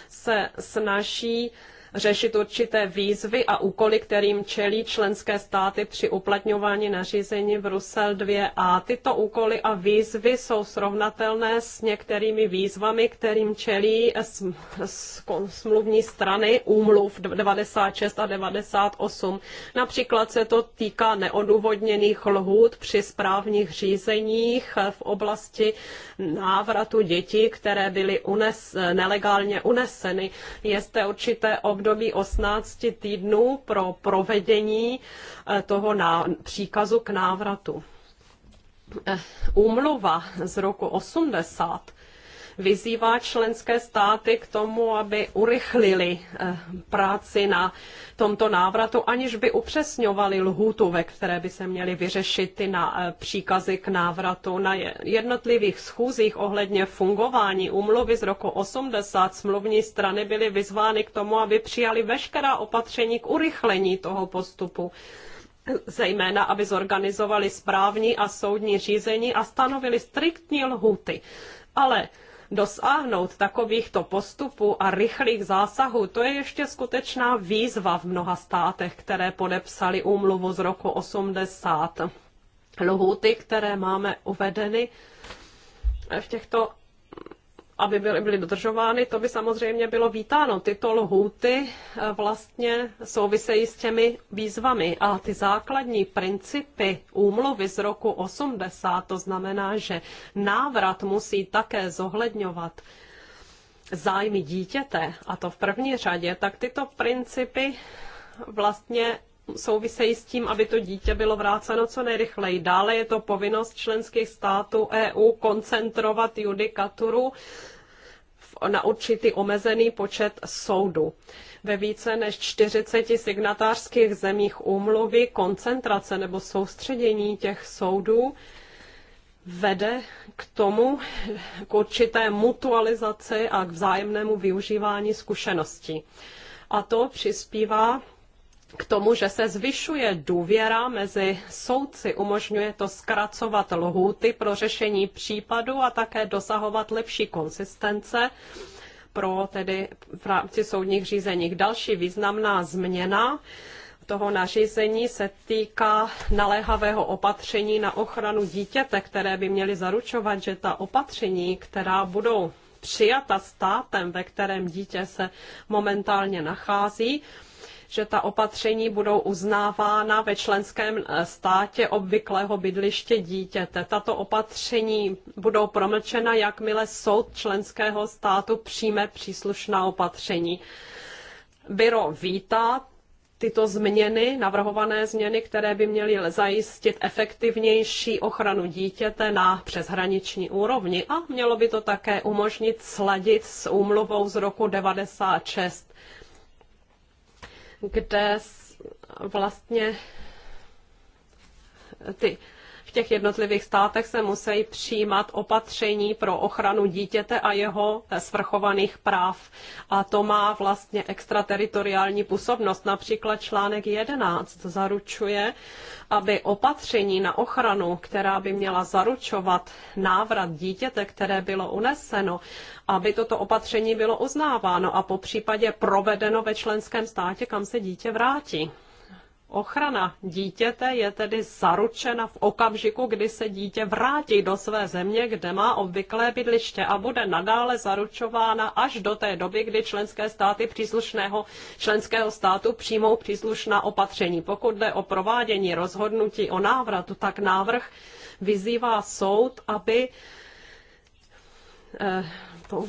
Speaker 4: se snaží řešit určité výzvy a úkoly, kterým čelí členské státy při uplatňování nařízení Brusel 2a. Tyto úkoly a výzvy jsou srovnatelné s některými výzvami, kterým čelí smluvní strany úmluv 96 a 98. Například se to týká neodůvodněných lhůt při správních řízeních v oblasti návratu dětí, které byly unes, nelegálně uneseny. Je zde určité období 18 týdnů pro provedení eh, toho příkazu k návratu. Eh, úmluva z roku 80 vyzývá členské státy k tomu, aby urychlili eh, práci na tomto návratu, aniž by upřesňovali lhůtu, ve které by se měly vyřešit ty na eh, příkazy k návratu. Na jednotlivých schůzích ohledně fungování umluvy z roku 80 smluvní strany byly vyzvány k tomu, aby přijali veškerá opatření k urychlení toho postupu zejména aby zorganizovali správní a soudní řízení a stanovili striktní lhuty. Ale dosáhnout takovýchto postupů a rychlých zásahů, to je ještě skutečná výzva v mnoha státech, které podepsali úmluvu z roku 80. Lhuty, které máme uvedeny v těchto aby byly, byly dodržovány, to by samozřejmě bylo vítáno. Tyto lhuty e, vlastně souvisejí s těmi výzvami a ty základní principy úmluvy z roku 80, to znamená, že návrat musí také zohledňovat zájmy dítěte, a to v první řadě, tak tyto principy vlastně souvisejí s tím, aby to dítě bylo vráceno co nejrychleji. Dále je to povinnost členských států EU koncentrovat judikaturu na určitý omezený počet soudů. Ve více než 40 signatářských zemích úmluvy koncentrace nebo soustředění těch soudů vede k tomu, k určité mutualizaci a k vzájemnému využívání zkušeností. A to přispívá k tomu, že se zvyšuje důvěra mezi soudci, umožňuje to zkracovat lhůty pro řešení případu a také dosahovat lepší konsistence pro tedy v rámci soudních řízení. Další významná změna toho nařízení se týká naléhavého opatření na ochranu dítěte, které by měly zaručovat, že ta opatření, která budou přijata státem, ve kterém dítě se momentálně nachází, že ta opatření budou uznávána ve členském eh, státě obvyklého bydliště dítěte. Tato opatření budou promlčena, jakmile soud členského státu přijme příslušná opatření. Byro vítá tyto změny, navrhované změny, které by měly zajistit efektivnější ochranu dítěte na přeshraniční úrovni a mělo by to také umožnit sladit s úmluvou z roku 96 kde vlastně ty v těch jednotlivých státech se musí přijímat opatření pro ochranu dítěte a jeho svrchovaných práv. A to má vlastně extrateritoriální působnost. Například článek 11 zaručuje, aby opatření na ochranu, která by měla zaručovat návrat dítěte, které bylo uneseno, aby toto opatření bylo uznáváno a po případě provedeno ve členském státě, kam se dítě vrátí. Ochrana dítěte je tedy zaručena v okamžiku, kdy se dítě vrátí do své země, kde má obvyklé bydliště a bude nadále zaručována až do té doby, kdy členské státy příslušného členského státu přijmou příslušná opatření. Pokud jde o provádění rozhodnutí o návratu, tak návrh vyzývá soud, aby eh,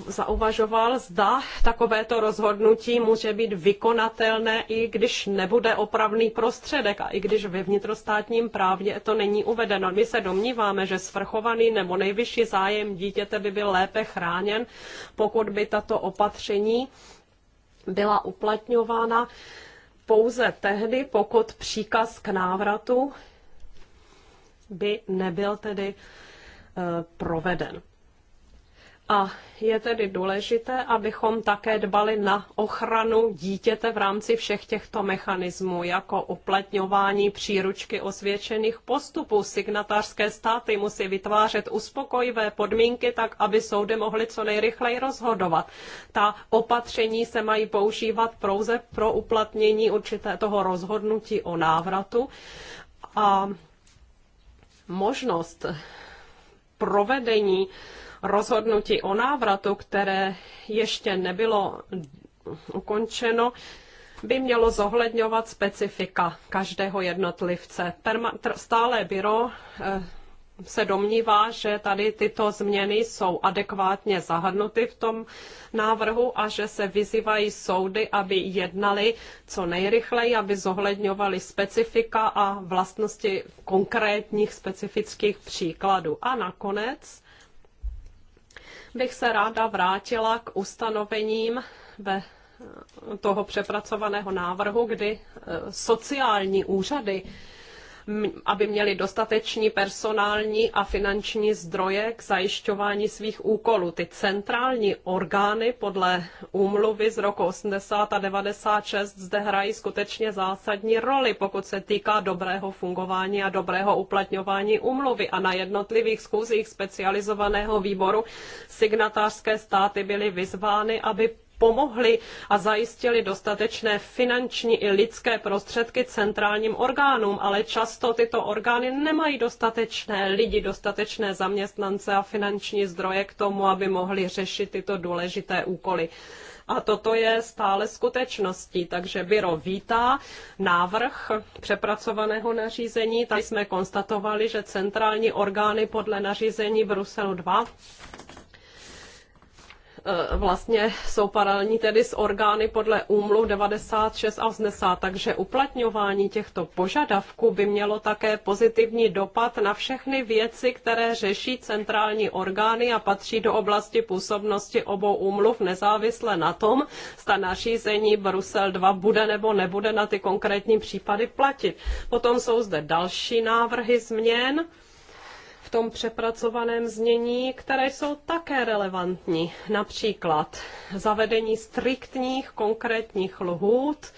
Speaker 4: zauvažoval, zda takovéto rozhodnutí může být vykonatelné, i když nebude opravný prostředek a i když ve vnitrostátním právě to není uvedeno. My se domníváme, že svrchovaný nebo nejvyšší zájem dítěte by byl lépe chráněn, pokud by tato opatření byla uplatňována pouze tehdy, pokud příkaz k návratu by nebyl tedy eh, proveden. A je tedy důležité, abychom také dbali na ochranu dítěte v rámci všech těchto mechanismů, jako uplatňování příručky osvědčených postupů. Signatářské státy musí vytvářet uspokojivé podmínky tak, aby soudy mohly co nejrychleji rozhodovat. Ta opatření se mají používat pouze pro uplatnění určité toho rozhodnutí o návratu. A možnost provedení rozhodnutí o návratu, které ještě nebylo ukončeno, by mělo zohledňovat specifika každého jednotlivce. Perma- stále byro eh, se domnívá, že tady tyto změny jsou adekvátně zahrnuty v tom návrhu a že se vyzývají soudy, aby jednali co nejrychleji, aby zohledňovali specifika a vlastnosti konkrétních specifických příkladů. A nakonec bych se ráda vrátila k ustanovením ve toho přepracovaného návrhu, kdy eh, sociální úřady aby měli dostatečný personální a finanční zdroje k zajišťování svých úkolů. Ty centrální orgány podle úmluvy z roku 80 a 96 zde hrají skutečně zásadní roli, pokud se týká dobrého fungování a dobrého uplatňování úmluvy. A na jednotlivých schůzích specializovaného výboru signatářské státy byly vyzvány, aby pomohli a zajistili dostatečné finanční i lidské prostředky centrálním orgánům, ale často tyto orgány nemají dostatečné lidi, dostatečné zaměstnance a finanční zdroje k tomu, aby mohli řešit tyto důležité úkoly. A toto je stále skutečností, takže Byro vítá návrh přepracovaného nařízení. Tady jsme konstatovali, že centrální orgány podle nařízení Bruselu 2 Eh, vlastně jsou paralelní tedy s orgány podle úmluv 96 a 80, takže uplatňování těchto požadavků by mělo také pozitivní dopad na všechny věci, které řeší centrální orgány a patří do oblasti působnosti obou úmluv nezávisle na tom, zda nařízení Brusel 2 bude nebo nebude na ty konkrétní případy platit. Potom jsou zde další návrhy změn v tom přepracovaném znění, které jsou také relevantní. Například zavedení striktních konkrétních lhůt,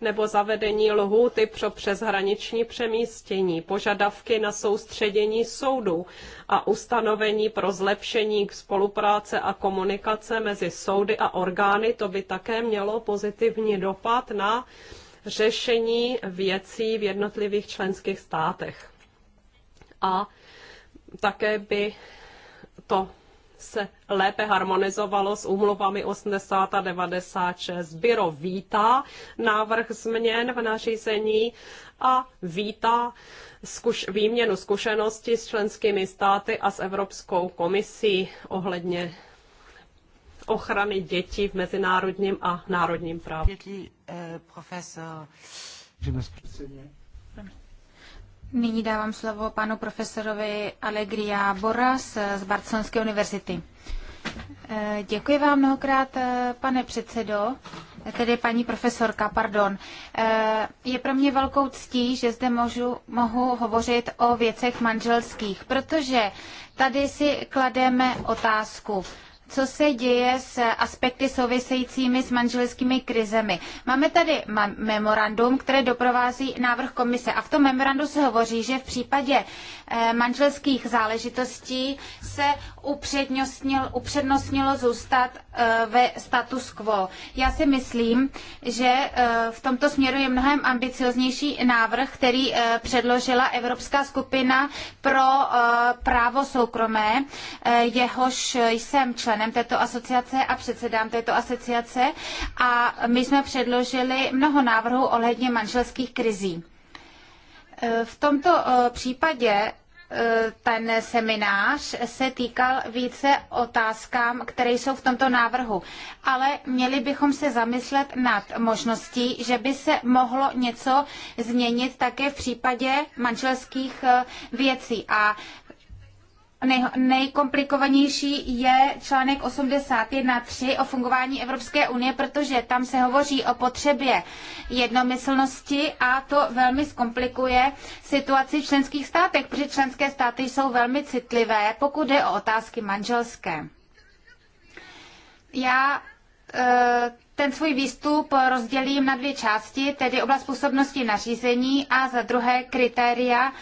Speaker 4: nebo zavedení lhůty pro přeshraniční přemístění, požadavky na soustředění soudů a ustanovení pro zlepšení spolupráce a komunikace mezi soudy a orgány, to by také mělo pozitivní dopad na řešení věcí v jednotlivých členských státech. A také by to se lépe harmonizovalo s úmluvami 80 a 96. Byro vítá návrh změn v nařízení a vítá zkuš- výměnu zkušeností s členskými státy a s Evropskou komisí ohledně ochrany dětí v mezinárodním a národním právu. Děti, eh, profesor.
Speaker 3: Nyní dávám slovo panu profesorovi Alegria Boras z Barcelonské univerzity. Eh, děkuji vám mnohokrát, eh, pane předsedo, tedy paní profesorka, pardon. Eh, je pro mě velkou ctí, že zde můžu, mohu hovořit o věcech manželských, protože tady si klademe otázku co se děje s aspekty souvisejícími s manželskými krizemi. Máme tady memorandum, které doprovází návrh komise a v tom memorandu se hovoří, že v případě eh, manželských záležitostí se upřednostnil, upřednostnilo zůstat eh, ve status quo. Já si myslím, že eh, v tomto směru je mnohem ambicioznější návrh, který předložila Evropská skupina pro právo soukromé, jehož jsem člen členem této asociace a předsedám této asociace a my jsme předložili mnoho návrhů ohledně manželských krizí. E, v tomto e, případě e, ten seminář se týkal více otázkám, které jsou v tomto návrhu. Ale měli bychom se zamyslet nad možností, že by se mohlo něco změnit také v případě manželských věcí. A nej, nejkomplikovanější je článek 81.3 o fungování Evropské unie, protože tam se hovoří o potřebě jednomyslnosti a to velmi zkomplikuje situaci v členských státech, protože členské státy jsou velmi citlivé, pokud jde o otázky manželské. Já e, ten svůj výstup rozdělím na dvě části, tedy oblast působnosti nařízení a za druhé kritéria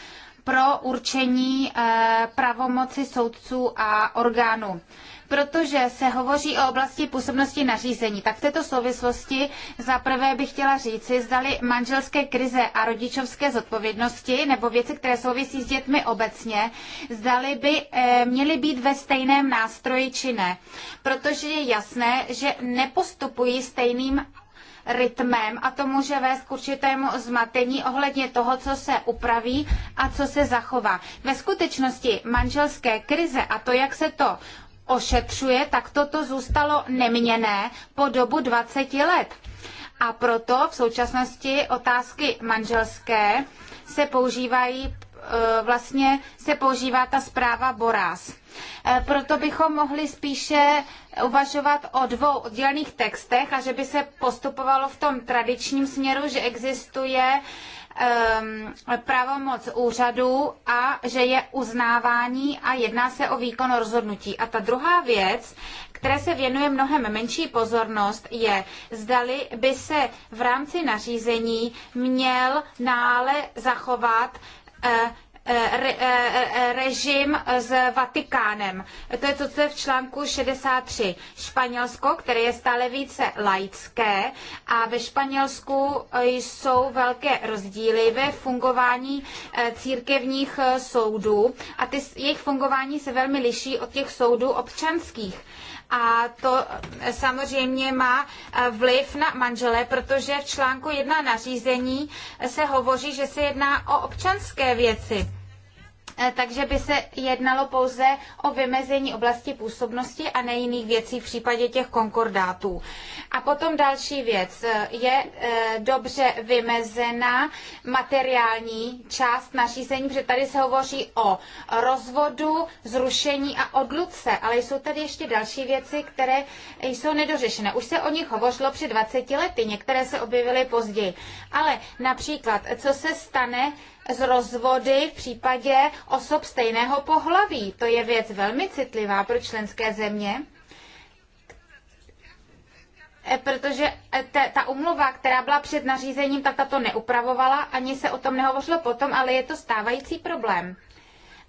Speaker 3: pro určení eh, pravomoci soudců a orgánů protože se hovoří o oblasti působnosti nařízení. Tak v této souvislosti zaprvé bych chtěla říci, zdali manželské krize a rodičovské zodpovědnosti nebo věci, které souvisí s dětmi obecně, zdali by eh, měly být ve stejném nástroji či ne. Protože je jasné, že nepostupují stejným rytmem a to může vést k určitému zmatení ohledně toho, co se upraví a co se zachová. Ve skutečnosti manželské krize a to, jak se to ošetřuje, tak toto zůstalo neměné po dobu 20 let. A proto v současnosti otázky manželské se používají, e, vlastně se používá ta zpráva boráz. Eh, proto bychom mohli spíše uvažovat o dvou oddělených textech a že by se postupovalo v tom tradičním směru, že existuje um, pravomoc úřadu a že je uznávání a jedná se o výkon rozhodnutí. A ta druhá věc, které se věnuje mnohem menší pozornost, je, zdali by se v rámci nařízení měl nále zachovat eh, Eh, eh, eh, režim s Vatikánem. To je to, co je v článku 63. Španělsko, které je stále více laické a ve Španělsku jsou velké rozdíly ve fungování církevních soudů a ty, jejich fungování se velmi liší od těch soudů občanských a to samozřejmě má vliv na manžele, protože v článku 1 nařízení se hovoří, že se jedná o občanské věci. Eh, takže by se jednalo pouze o vymezení oblasti působnosti a ne jiných věcí v případě těch konkordátů. A potom další věc. Eh, je eh, dobře vymezena materiální část nařízení, protože tady se hovoří o rozvodu, zrušení a odluce, ale jsou tady ještě další věci, které jsou nedořešené. Už se o nich hovořilo před 20 lety, některé se objevily později. Ale například, co se stane, z rozvody v případě osob stejného pohlaví. To je věc velmi citlivá pro členské země, e, protože e, ta umluva, která byla před nařízením, tak tato neupravovala, ani se o tom nehovořilo potom, ale je to stávající problém.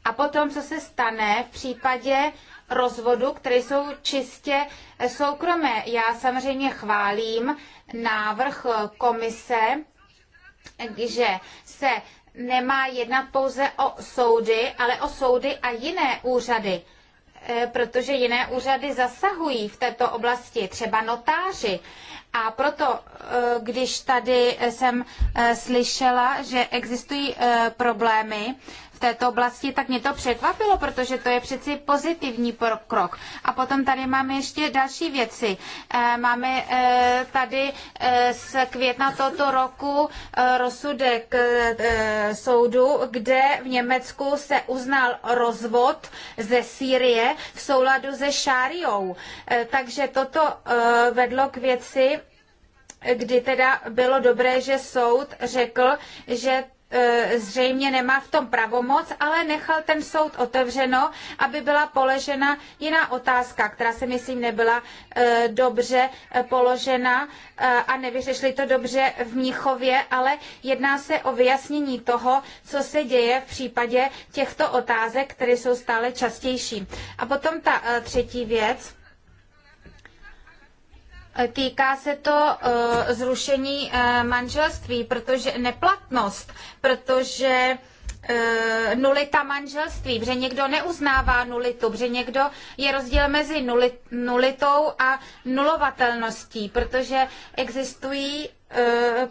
Speaker 3: A potom, co se stane v případě rozvodu, které jsou čistě e, soukromé. Já samozřejmě chválím návrh komise, že se nemá jednat pouze o soudy, ale o soudy a jiné úřady, e, protože jiné úřady zasahují v této oblasti, třeba notáři. A proto, e, když tady jsem e, slyšela, že existují problémy v této oblasti, tak mě to překvapilo, protože to je přeci pozitivní krok. A potom tady máme ještě další věci. Eh, máme eh, tady eh, z května tohoto roku rozsudek soudu, kde v Německu se uznal rozvod ze Sýrie v souladu se šáriou. Takže toto vedlo k věci, kdy teda bylo dobré, že soud řekl, že E, zřejmě nemá v tom pravomoc, ale nechal ten soud otevřeno, aby byla položena jiná otázka, která si myslím nebyla e, dobře e, položena a nevyřešili to dobře v Mnichově, ale jedná se o vyjasnění toho, co se děje v případě těchto otázek, které jsou stále častější. A potom ta třetí věc, E, týká se to e, zrušení e, manželství, protože neplatnost, protože nulita manželství, protože někdo neuznává nulitu, protože někdo je rozdíl mezi nulitou a nulovatelností, protože existují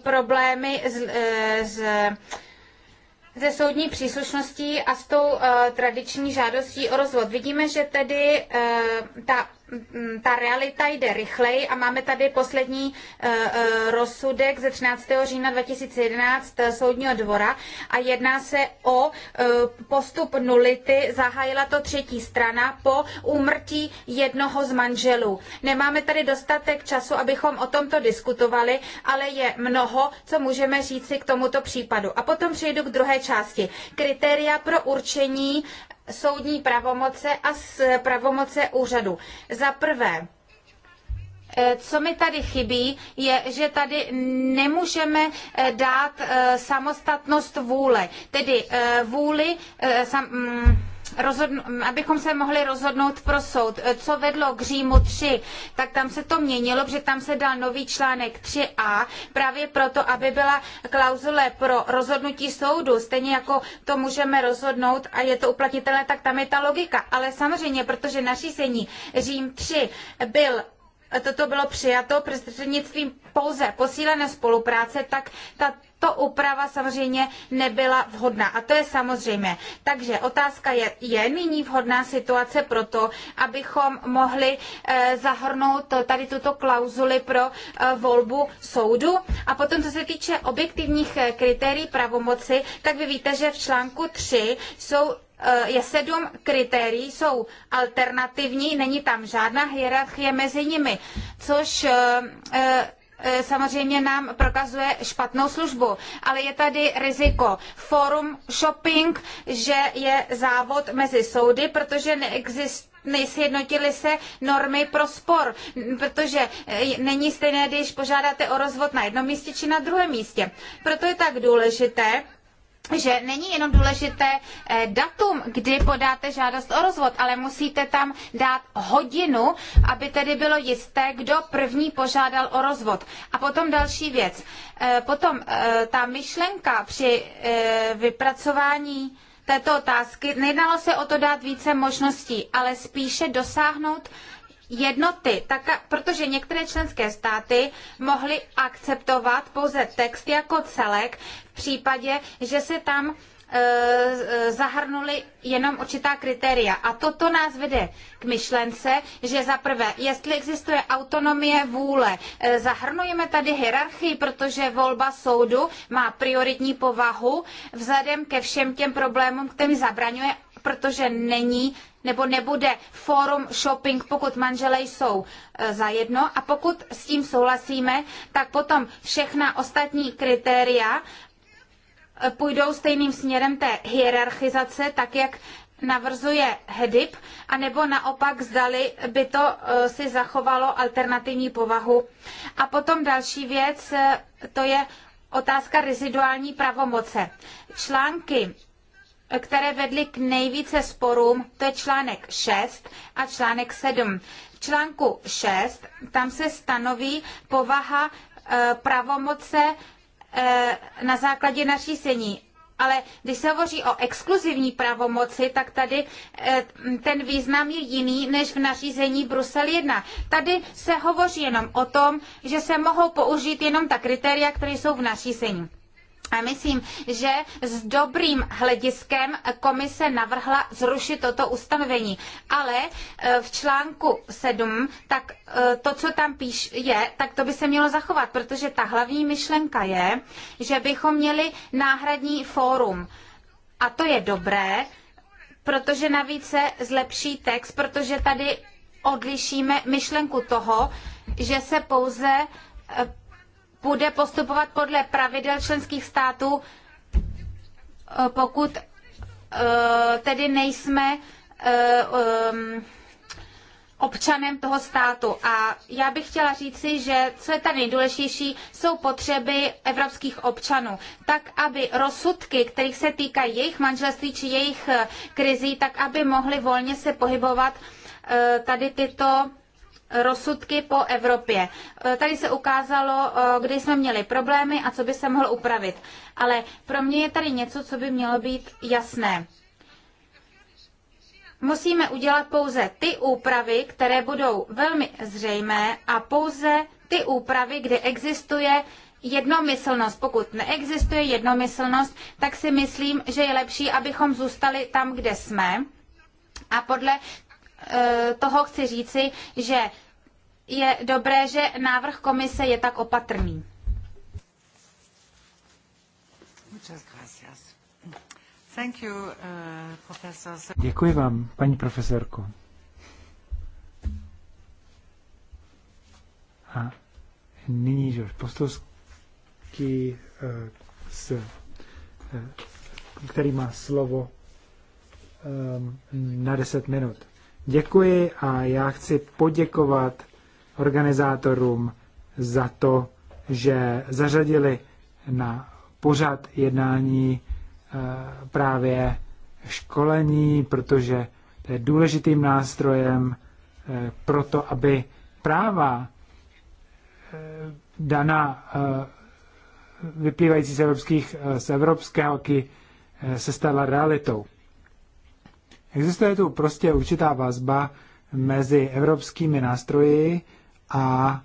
Speaker 3: problémy s, s ze soudní příslušností a s tou uh, tradiční žádostí o rozvod. Vidíme, že tedy uh, ta Mm, ta realita jde rychleji a máme tady poslední eh, eh, rozsudek ze 13. října 2011 eh, Soudního dvora a jedná se o postup nulity, zahájila to třetí strana po úmrtí jednoho z manželů. Nemáme tady dostatek času, abychom o tomto diskutovali, ale je mnoho, co můžeme říci k tomuto případu. A potom přejdu k druhé části. Kritéria pro určení soudní pravomoce a z pravomoce úřadu. Za prvé, eh, co mi tady chybí, je, že tady nemůžeme eh, dát eh, samostatnost vůle, tedy vůli sam, mm, abychom se mohli rozhodnout pro soud. E, co vedlo k Římu 3, tak tam se to měnilo, protože tam se dal nový článek 3a, právě proto, aby byla klauzule pro rozhodnutí soudu, stejně jako to můžeme rozhodnout a je to uplatnitelné, tak tam je ta logika. Ale samozřejmě, protože nařízení Řím 3 byl toto bylo přijato prostřednictvím pouze posílené spolupráce, tak ta tato úprava samozřejmě nebyla vhodná. A to je samozřejmé. Takže otázka je, je nyní vhodná situace pro to, abychom mohli eh, zahrnout tady tuto klauzuli pro eh, volbu soudu. A potom, co se týče objektivních eh, kritérií pravomoci, tak vy víte, že v článku 3 jsou je sedm kritérií, jsou alternativní, není tam žádná hierarchie mezi nimi, což E, samozřejmě nám prokazuje špatnou službu. Ale je tady riziko forum shopping, že je závod mezi soudy, protože neexistuje nesjednotily se normy pro spor, protože e, není stejné, když požádáte o rozvod na jednom místě či na druhém místě. Proto je tak důležité, že není jenom důležité eh, datum, kdy podáte žádost o rozvod, ale musíte tam dát hodinu, aby tedy bylo jisté, kdo první požádal o rozvod. A potom další věc. Eh, potom eh, ta myšlenka při vypracování této otázky, nejednalo se o to dát více možností, ale spíše dosáhnout jednoty, tak, protože některé členské státy mohly akceptovat pouze text jako celek v případě, že se tam e, zahrnuli jenom určitá kritéria. A toto nás vede k myšlence, že za prvé, jestli existuje autonomie vůle, e, zahrnujeme tady hierarchii, protože volba soudu má prioritní povahu vzhledem ke všem těm problémům, kterým zabraňuje, protože není nebo nebude forum shopping, pokud manželé jsou e, zajedno a pokud s tím souhlasíme, tak potom všechna ostatní kritéria e, půjdou stejným směrem té hierarchizace, tak jak navrzuje HEDIP, anebo naopak zdali by to e, si zachovalo alternativní povahu. A potom další věc, to je otázka reziduální pravomoce. Články které vedly k nejvíce sporům, to je článek 6 a článek 7. V článku 6 tam se stanoví povaha e, pravomoce e, na základě nařízení. Ale když se hovoří o exkluzivní pravomoci, tak tady e, ten význam je jiný než v nařízení Brusel 1. Tady se hovoří jenom o tom, že se mohou použít jenom ta kritéria, která jsou v nařízení. A myslím, že s dobrým hlediskem komise navrhla zrušit toto ustanovení. Ale e, v článku 7, tak e, to, co tam píš je, tak to by se mělo zachovat, protože ta hlavní myšlenka je, že bychom měli náhradní fórum. A to je dobré, protože navíc se zlepší text, protože tady odlišíme myšlenku toho, že se pouze e, bude postupovat podle pravidel členských států, e, pokud e, tedy nejsme e, um, občanem toho státu. A já bych chtěla říci, že co je tady nejdůležitější, jsou potřeby evropských občanů. Tak, aby rozsudky, kterých se týkají jejich manželství či jejich krizí, tak aby mohly volně se pohybovat tady tyto rozsudky po Evropě. Eh, tady se ukázalo, eh, kde jsme měli problémy a co by se mohlo upravit. Ale pro mě je tady něco, co by mělo být jasné. Musíme udělat pouze ty úpravy, které budou velmi zřejmé a pouze ty úpravy, kde existuje jednomyslnost. Pokud neexistuje jednomyslnost, tak si myslím, že je lepší, abychom zůstali tam, kde jsme a podle Eh, toho chci říci, že je dobré, že návrh komise je tak opatrný.
Speaker 1: Eh, Děkuji vám, paní profesorko. A nyní Žorž Postovský, eh, který má slovo na 10 minut. Děkuji a já chci poděkovat organizátorům za to, že zařadili na pořad jednání eh, právě školení, protože to je důležitým nástrojem eh, pro to, aby práva eh, daná vyplývající z, evropských, z evropského se stala realitou. Existuje tu prostě určitá vazba mezi evropskými nástroji a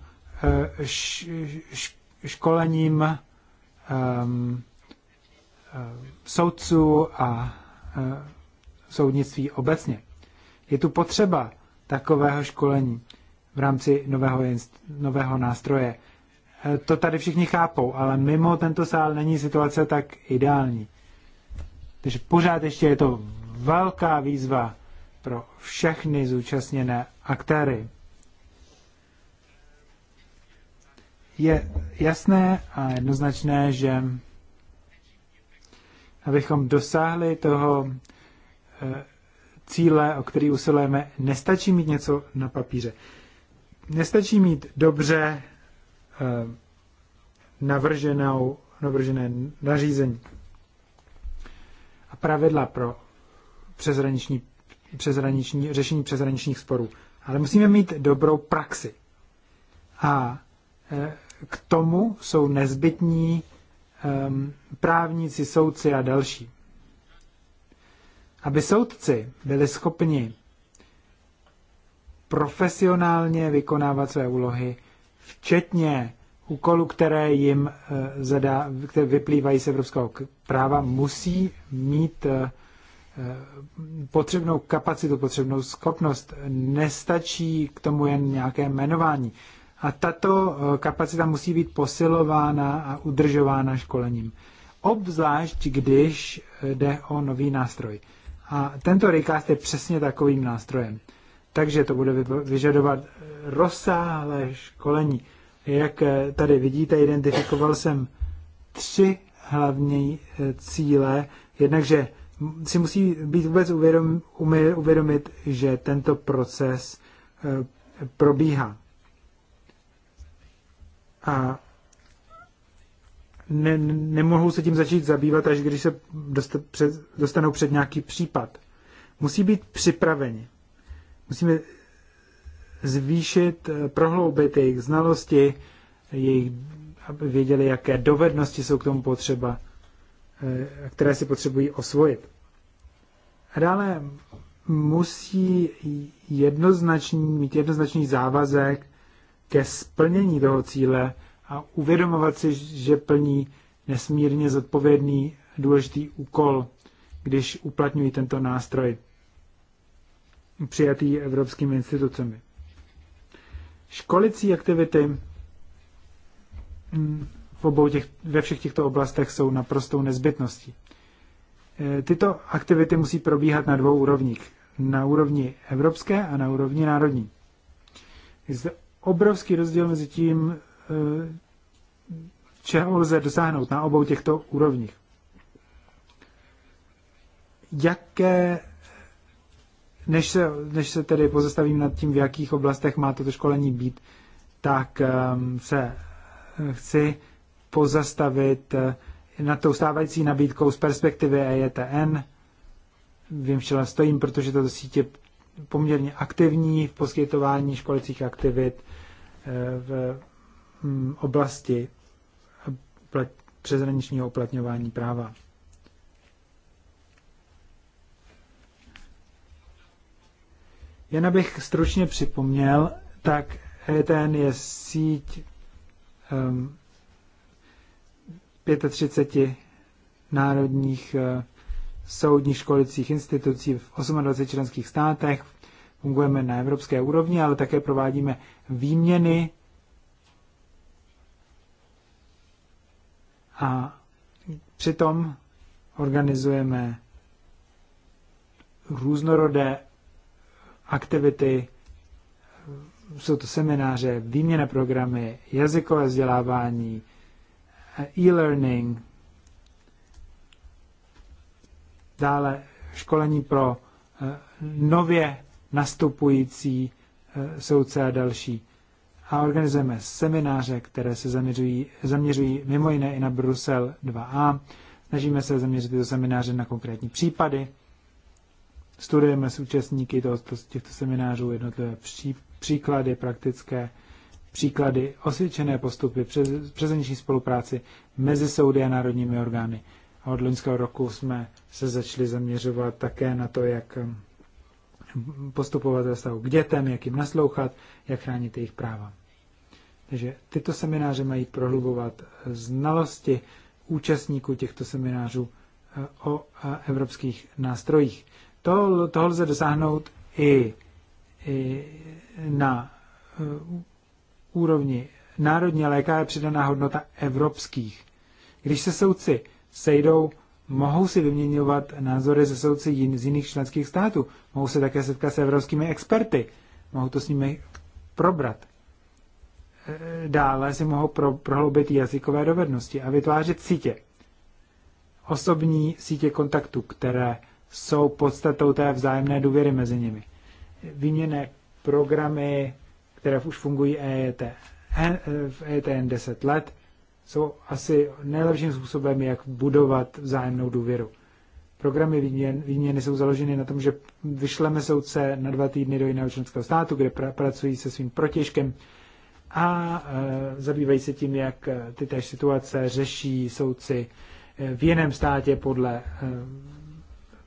Speaker 1: e, školením e, soudců a e, soudnictví obecně. Je tu potřeba takového školení v rámci nového, nového nástroje. To tady všichni chápou, ale mimo tento sál není situace tak ideální. Takže pořád ještě je to velká výzva pro všechny zúčastněné aktéry. Je jasné a jednoznačné, že abychom dosáhli toho eh, cíle, o který usilujeme, nestačí mít něco na papíře. Nestačí mít dobře eh, navrženou, navržené nařízení a pravidla pro přezraniční, přezraniční, řešení přezraničních sporů. Ale musíme mít dobrou praxi. A e, k tomu jsou nezbytní právníci, soudci a další. Aby soudci byli schopni profesionálně vykonávat své úlohy, včetně úkolů, které jim e, zadá, které vyplývají z evropského práva, musí mít e, potřebnou kapacitu, potřebnou schopnost. Nestačí k tomu jen nějaké jmenování. A tato eh, kapacita musí být posilována a udržována školením. Obzvlášť, když jde o nový nástroj. A tento recast je přesně takovým nástrojem. Takže to bude vyžadovat eh, rozsáhlé školení. Jak eh, tady vidíte, identifikoval jsem tři hlavní cíle. Jednakže že si musí být vůbec uvědom, umí, uvědomit, že tento proces eh, probíhá. A ne, nemohou se tím začít zabývat, až když se dostanou před nějaký případ. Musí být připraveni. Musíme zvýšit, eh, prohloubit jejich znalosti, jejich, aby věděli, jaké dovednosti jsou k tomu potřeba Eh, které si potřebují osvojit. A dále musí jednoznačný, mít jednoznačný závazek ke splnění toho cíle a uvědomovat si, že plní nesmírně zodpovědný důležitý úkol, když uplatňují tento nástroj přijatý evropskými institucemi. Školicí aktivity mm, v obou těch, ve všech těchto oblastech jsou naprostou nezbytností. E, tyto aktivity musí probíhat na dvou úrovních. Na úrovni evropské a na úrovni národní. Je zde obrovský rozdíl mezi tím, e, čeho lze dosáhnout na obou těchto úrovních. Jaké, než se, než se tedy pozastavím nad tím, v jakých oblastech má toto školení být, tak ehm, se e, chci pozastavit eh, nad tou stávající nabídkou z perspektivy EJTN. Vím, v čele stojím, protože tato sítě je poměrně aktivní v poskytování školicích aktivit eh, v hm, oblasti přeshraničního uplatňování práva. Jen abych stručně připomněl, tak ETN je síť um, 35 národních eh, soudních školicích institucí v 28 členských státech. Fungujeme na evropské úrovni, ale také provádíme výměny a přitom organizujeme různorodé aktivity, jsou to semináře, výměné programy, jazykové vzdělávání, e-learning, dále školení pro e, nově nastupující e, soudce a další. A organizujeme semináře, které se zaměřují, zaměřují mimo jiné i na Brusel 2a. Snažíme se zaměřit tyto semináře na konkrétní případy. Studujeme s účastníky tohoto, těchto seminářů jednotlivé pří, příklady praktické příklady, osvědčené postupy, přes, přeshraniční spolupráci mezi soudy a národními orgány. A od loňského roku jsme se začali zaměřovat také na to, jak um, postupovat ve vztahu k dětem, jak jim naslouchat, jak chránit jejich práva. Takže tyto semináře mají prohlubovat eh, znalosti účastníků těchto seminářů eh, o eh, evropských nástrojích. To, toho lze dosáhnout i, i na úrovni národní, léka je přidaná hodnota evropských. Když se soudci sejdou, mohou si vyměňovat názory ze soudci jin, z jiných členských států, mohou se také setkat s evropskými experty, mohou to s nimi probrat. E, dále si mohou pro, prohloubit jazykové dovednosti a vytvářet sítě. Osobní sítě kontaktů, které jsou podstatou té vzájemné důvěry mezi nimi. Výměné programy, které už fungují EET, eh, v EETN e 10 let, jsou asi nejlepším způsobem, jak budovat vzájemnou důvěru. Programy výměn, výměny jsou založeny na tom, že vyšleme soudce na dva týdny do jiného členského státu, kde pra, pracují se svým protěžkem a e, zabývají se tím, jak eh, ty též situace řeší soudci v jiném státě podle e,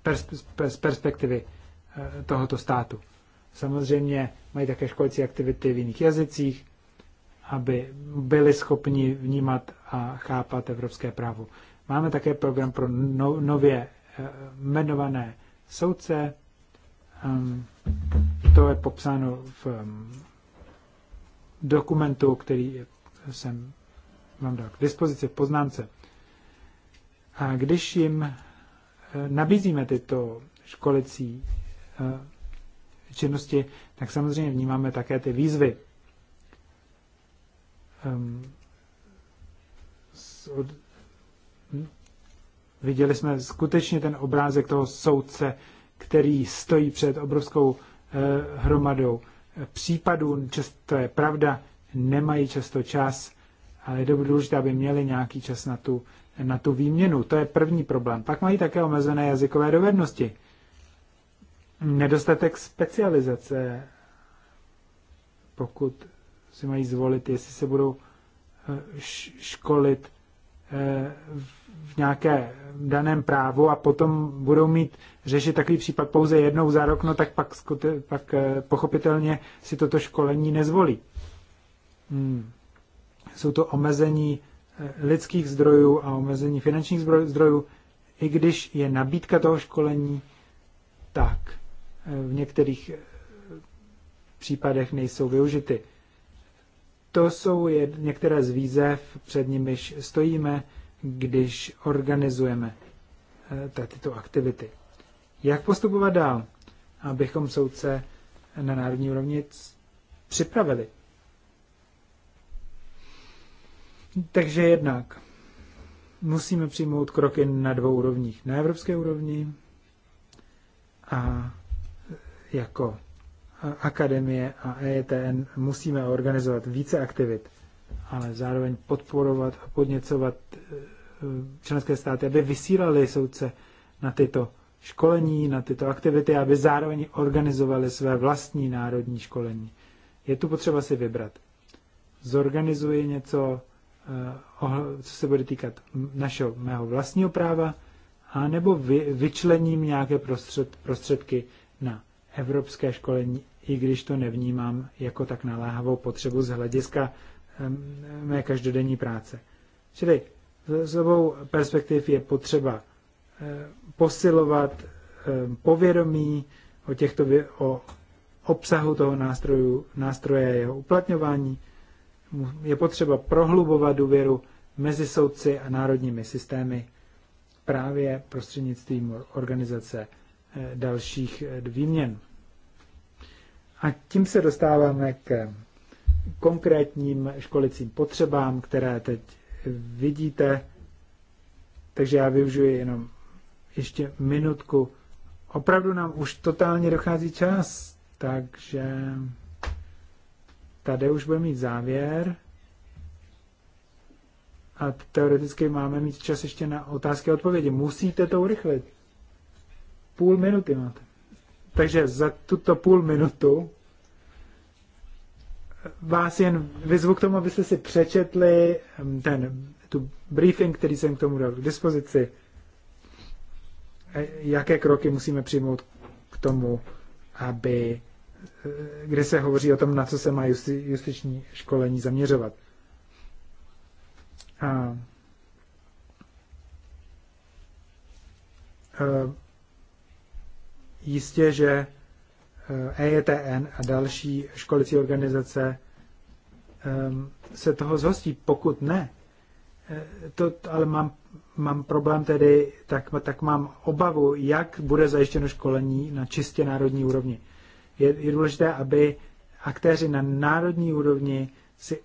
Speaker 1: pers, pers, perspektivy e, tohoto státu. Samozřejmě mají také školící aktivity v jiných jazycích, aby byli schopni vnímat a chápat evropské právo. Máme také program pro no, nově eh, jmenované soudce. Ehm, to je popsáno v ehm, dokumentu, který jsem vám dal k dispozici v poznámce. A když jim eh, nabízíme tyto školicí eh, činnosti, tak samozřejmě vnímáme také ty výzvy. Um, od, hm, viděli jsme skutečně ten obrázek toho soudce, který stojí před obrovskou eh, hromadou případů. Často je pravda, nemají často čas, ale je důležité, aby měli nějaký čas na tu, na tu výměnu. To je první problém. Pak mají také omezené jazykové dovednosti nedostatek specializace, pokud si mají zvolit, jestli se budou eh, školit eh, v nějaké daném právu a potom budou mít řešit takový případ pouze jednou za rok, no tak pak, pak eh, pochopitelně si toto školení nezvolí. Hmm. Jsou to omezení lidských zdrojů a omezení finančních zdrojů, i když je nabídka toho školení, tak v některých eh, případech nejsou využity. To jsou některé z výzev, před nimiž stojíme, když organizujeme eh, tyto aktivity. Jak postupovat dál, abychom soudce na národní úrovni připravili? Takže jednak musíme přijmout kroky na dvou úrovních. Na evropské úrovni a jako akademie a EETN musíme organizovat více aktivit, ale zároveň podporovat a podněcovat e, členské státy, aby vysílali soudce na tyto školení, na tyto aktivity, aby zároveň organizovali své vlastní národní školení. Je tu potřeba si vybrat. Zorganizuji něco, e, co se bude týkat našeho, mého vlastního práva, a nebo vy, vyčlením nějaké prostřed, prostředky na evropské školení, i když to nevnímám jako tak naléhavou potřebu z hlediska mé každodenní práce. Čili z obou perspektiv je potřeba eh, posilovat povědomí o, těchto, o obsahu toho nástroju, nástroje a jeho uplatňování. Je potřeba prohlubovat důvěru mezi soudci a národními systémy právě prostřednictvím organizace Eh, dalších eh, výměn. A tím se dostáváme k konkrétním školicím potřebám, které teď vidíte. Takže já využiju jenom ještě minutku. Opravdu nám už totálně dochází čas, takže tady už bude mít závěr. A teoreticky máme mít čas ještě na otázky a odpovědi. Musíte to urychlit. Půl minuty máte. Takže za tuto půl minutu vás jen vyzvu k tomu, abyste si přečetli ehm, ten, tu briefing, který jsem k tomu dal k dispozici, e, jaké kroky musíme přijmout k tomu, aby, e, kde se hovoří o tom, na co se má justi, justiční školení zaměřovat. A, e, Jistě, že EJTN eh, e a další školicí organizace ehm, se toho zhostí, pokud ne, eh, to, ale mám, mám problém tedy, tak, tak mám obavu, jak bude zajištěno školení na čistě národní úrovni. Je, je důležité, aby aktéři na národní úrovni si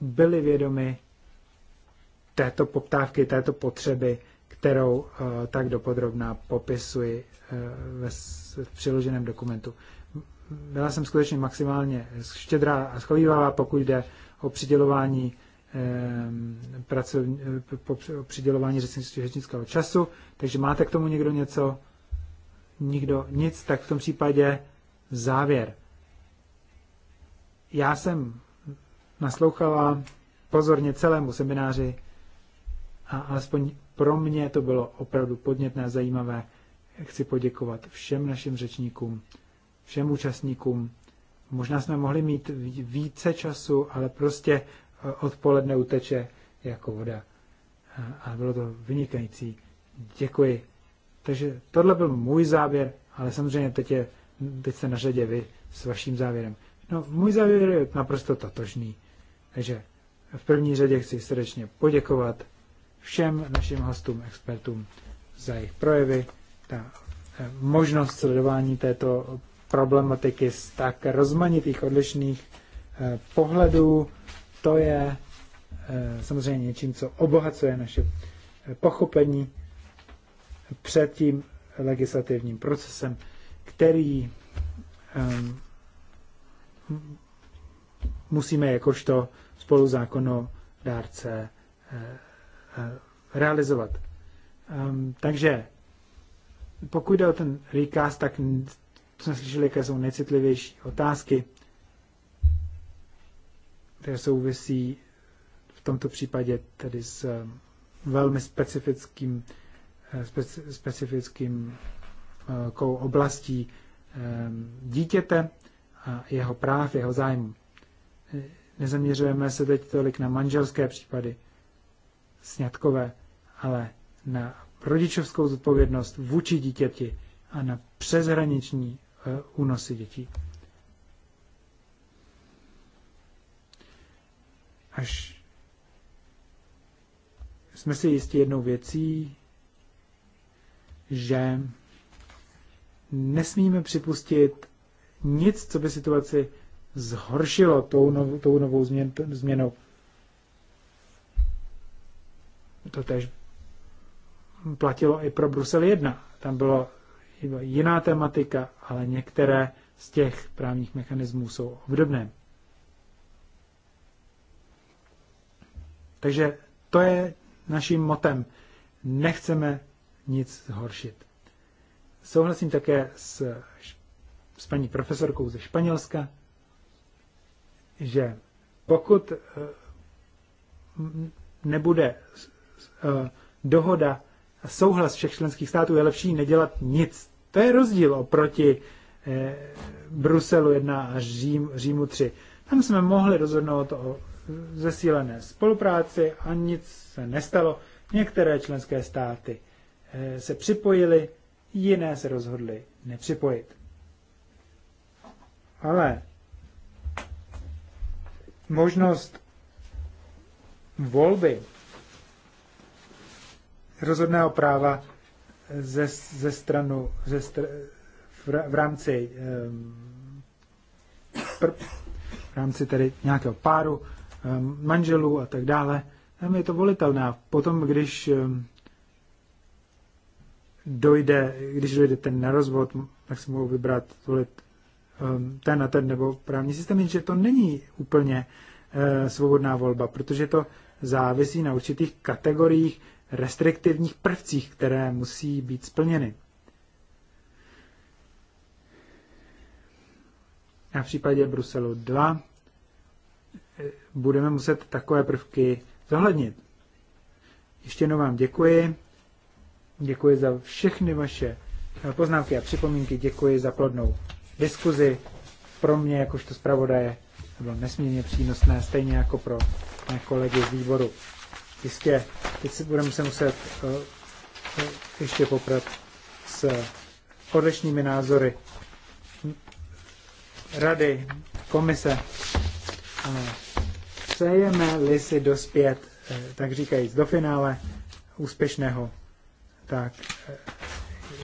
Speaker 1: byli vědomi této poptávky, této potřeby kterou eh, tak dopodrobná popisuji eh, ve přiloženém dokumentu. Byla jsem skutečně maximálně štědrá a schovývavá, pokud jde o přidělování eh, pracovní, o přidělování řečnického času, takže máte k tomu někdo něco? Nikdo nic, tak v tom případě závěr. Já jsem naslouchala pozorně celému semináři a alespoň pro mě to bylo opravdu podnětné a zajímavé. Chci poděkovat všem našim řečníkům, všem účastníkům. Možná jsme mohli mít více času, ale prostě eh, odpoledne uteče jako voda. A bylo to vynikající. Děkuji. Takže tohle byl můj závěr, ale samozřejmě teď, je, teď se na řadě vy s vaším závěrem. No, můj závěr je naprosto totožný. Takže v první řadě chci srdečně poděkovat všem našim hostům, expertům za jejich projevy. Ta eh, možnost sledování této problematiky z tak rozmanitých odlišných eh, pohledů, to je eh, samozřejmě něčím, co obohacuje naše pochopení před tím legislativním procesem, který ehm, musíme jakožto spoluzákonodárce Eh, realizovat. Ehm, takže pokud jde o ten recast, tak jsme slyšeli, jaké jsou nejcitlivější otázky, které souvisí v tomto případě tedy s eh, velmi specifickým, eh, speci, specifickým oblastí ehm, dítěte a jeho práv, jeho zájmu. Nezaměřujeme se teď tolik na manželské případy, sňatkové, ale na rodičovskou zodpovědnost vůči dítěti a na přeshraniční eh, únosy dětí. Až jsme si jistí jednou věcí, že nesmíme připustit nic, co by situaci zhoršilo tou, tou novou změn, změnou. To tež platilo i pro Brusel 1. Tam bylo jiná tematika, ale některé z těch právních mechanismů jsou obdobné. Takže to je naším motem. Nechceme nic zhoršit. Souhlasím také s, s paní profesorkou ze Španělska, že pokud eh, nebude Eh, dohoda a souhlas všech členských států je lepší nedělat nic. To je rozdíl oproti eh, Bruselu 1 a Řím, Římu 3. Tam jsme mohli rozhodnout o zesílené spolupráci a nic se nestalo. Některé členské státy eh, se připojily, jiné se rozhodly nepřipojit. Ale možnost volby rozhodného práva ze, ze stranu, ze str, v, v rámci um, pr, v rámci tedy nějakého páru, um, manželů a tak dále, tam je to volitelné. Potom, když um, dojde, když dojde ten na rozvod, tak si mohou vybrat volit um, ten a ten nebo právní systém, jenže to není úplně uh, svobodná volba, protože to závisí na určitých kategoriích restriktivních prvcích, které musí být splněny. A v případě Bruselu 2 eh, budeme muset takové prvky zohlednit. Ještě jednou vám děkuji. Děkuji za všechny vaše eh, poznámky a připomínky. Děkuji za plodnou diskuzi. Pro mě, jakožto zpravodaje, bylo nesmírně přínosné, stejně jako pro mé kolegy z výboru. Jistě, teď si budeme se muset uh, ještě poprat s odlišnými názory rady, komise. A přejeme-li si uh, tak říkajíc, do finále úspěšného, tak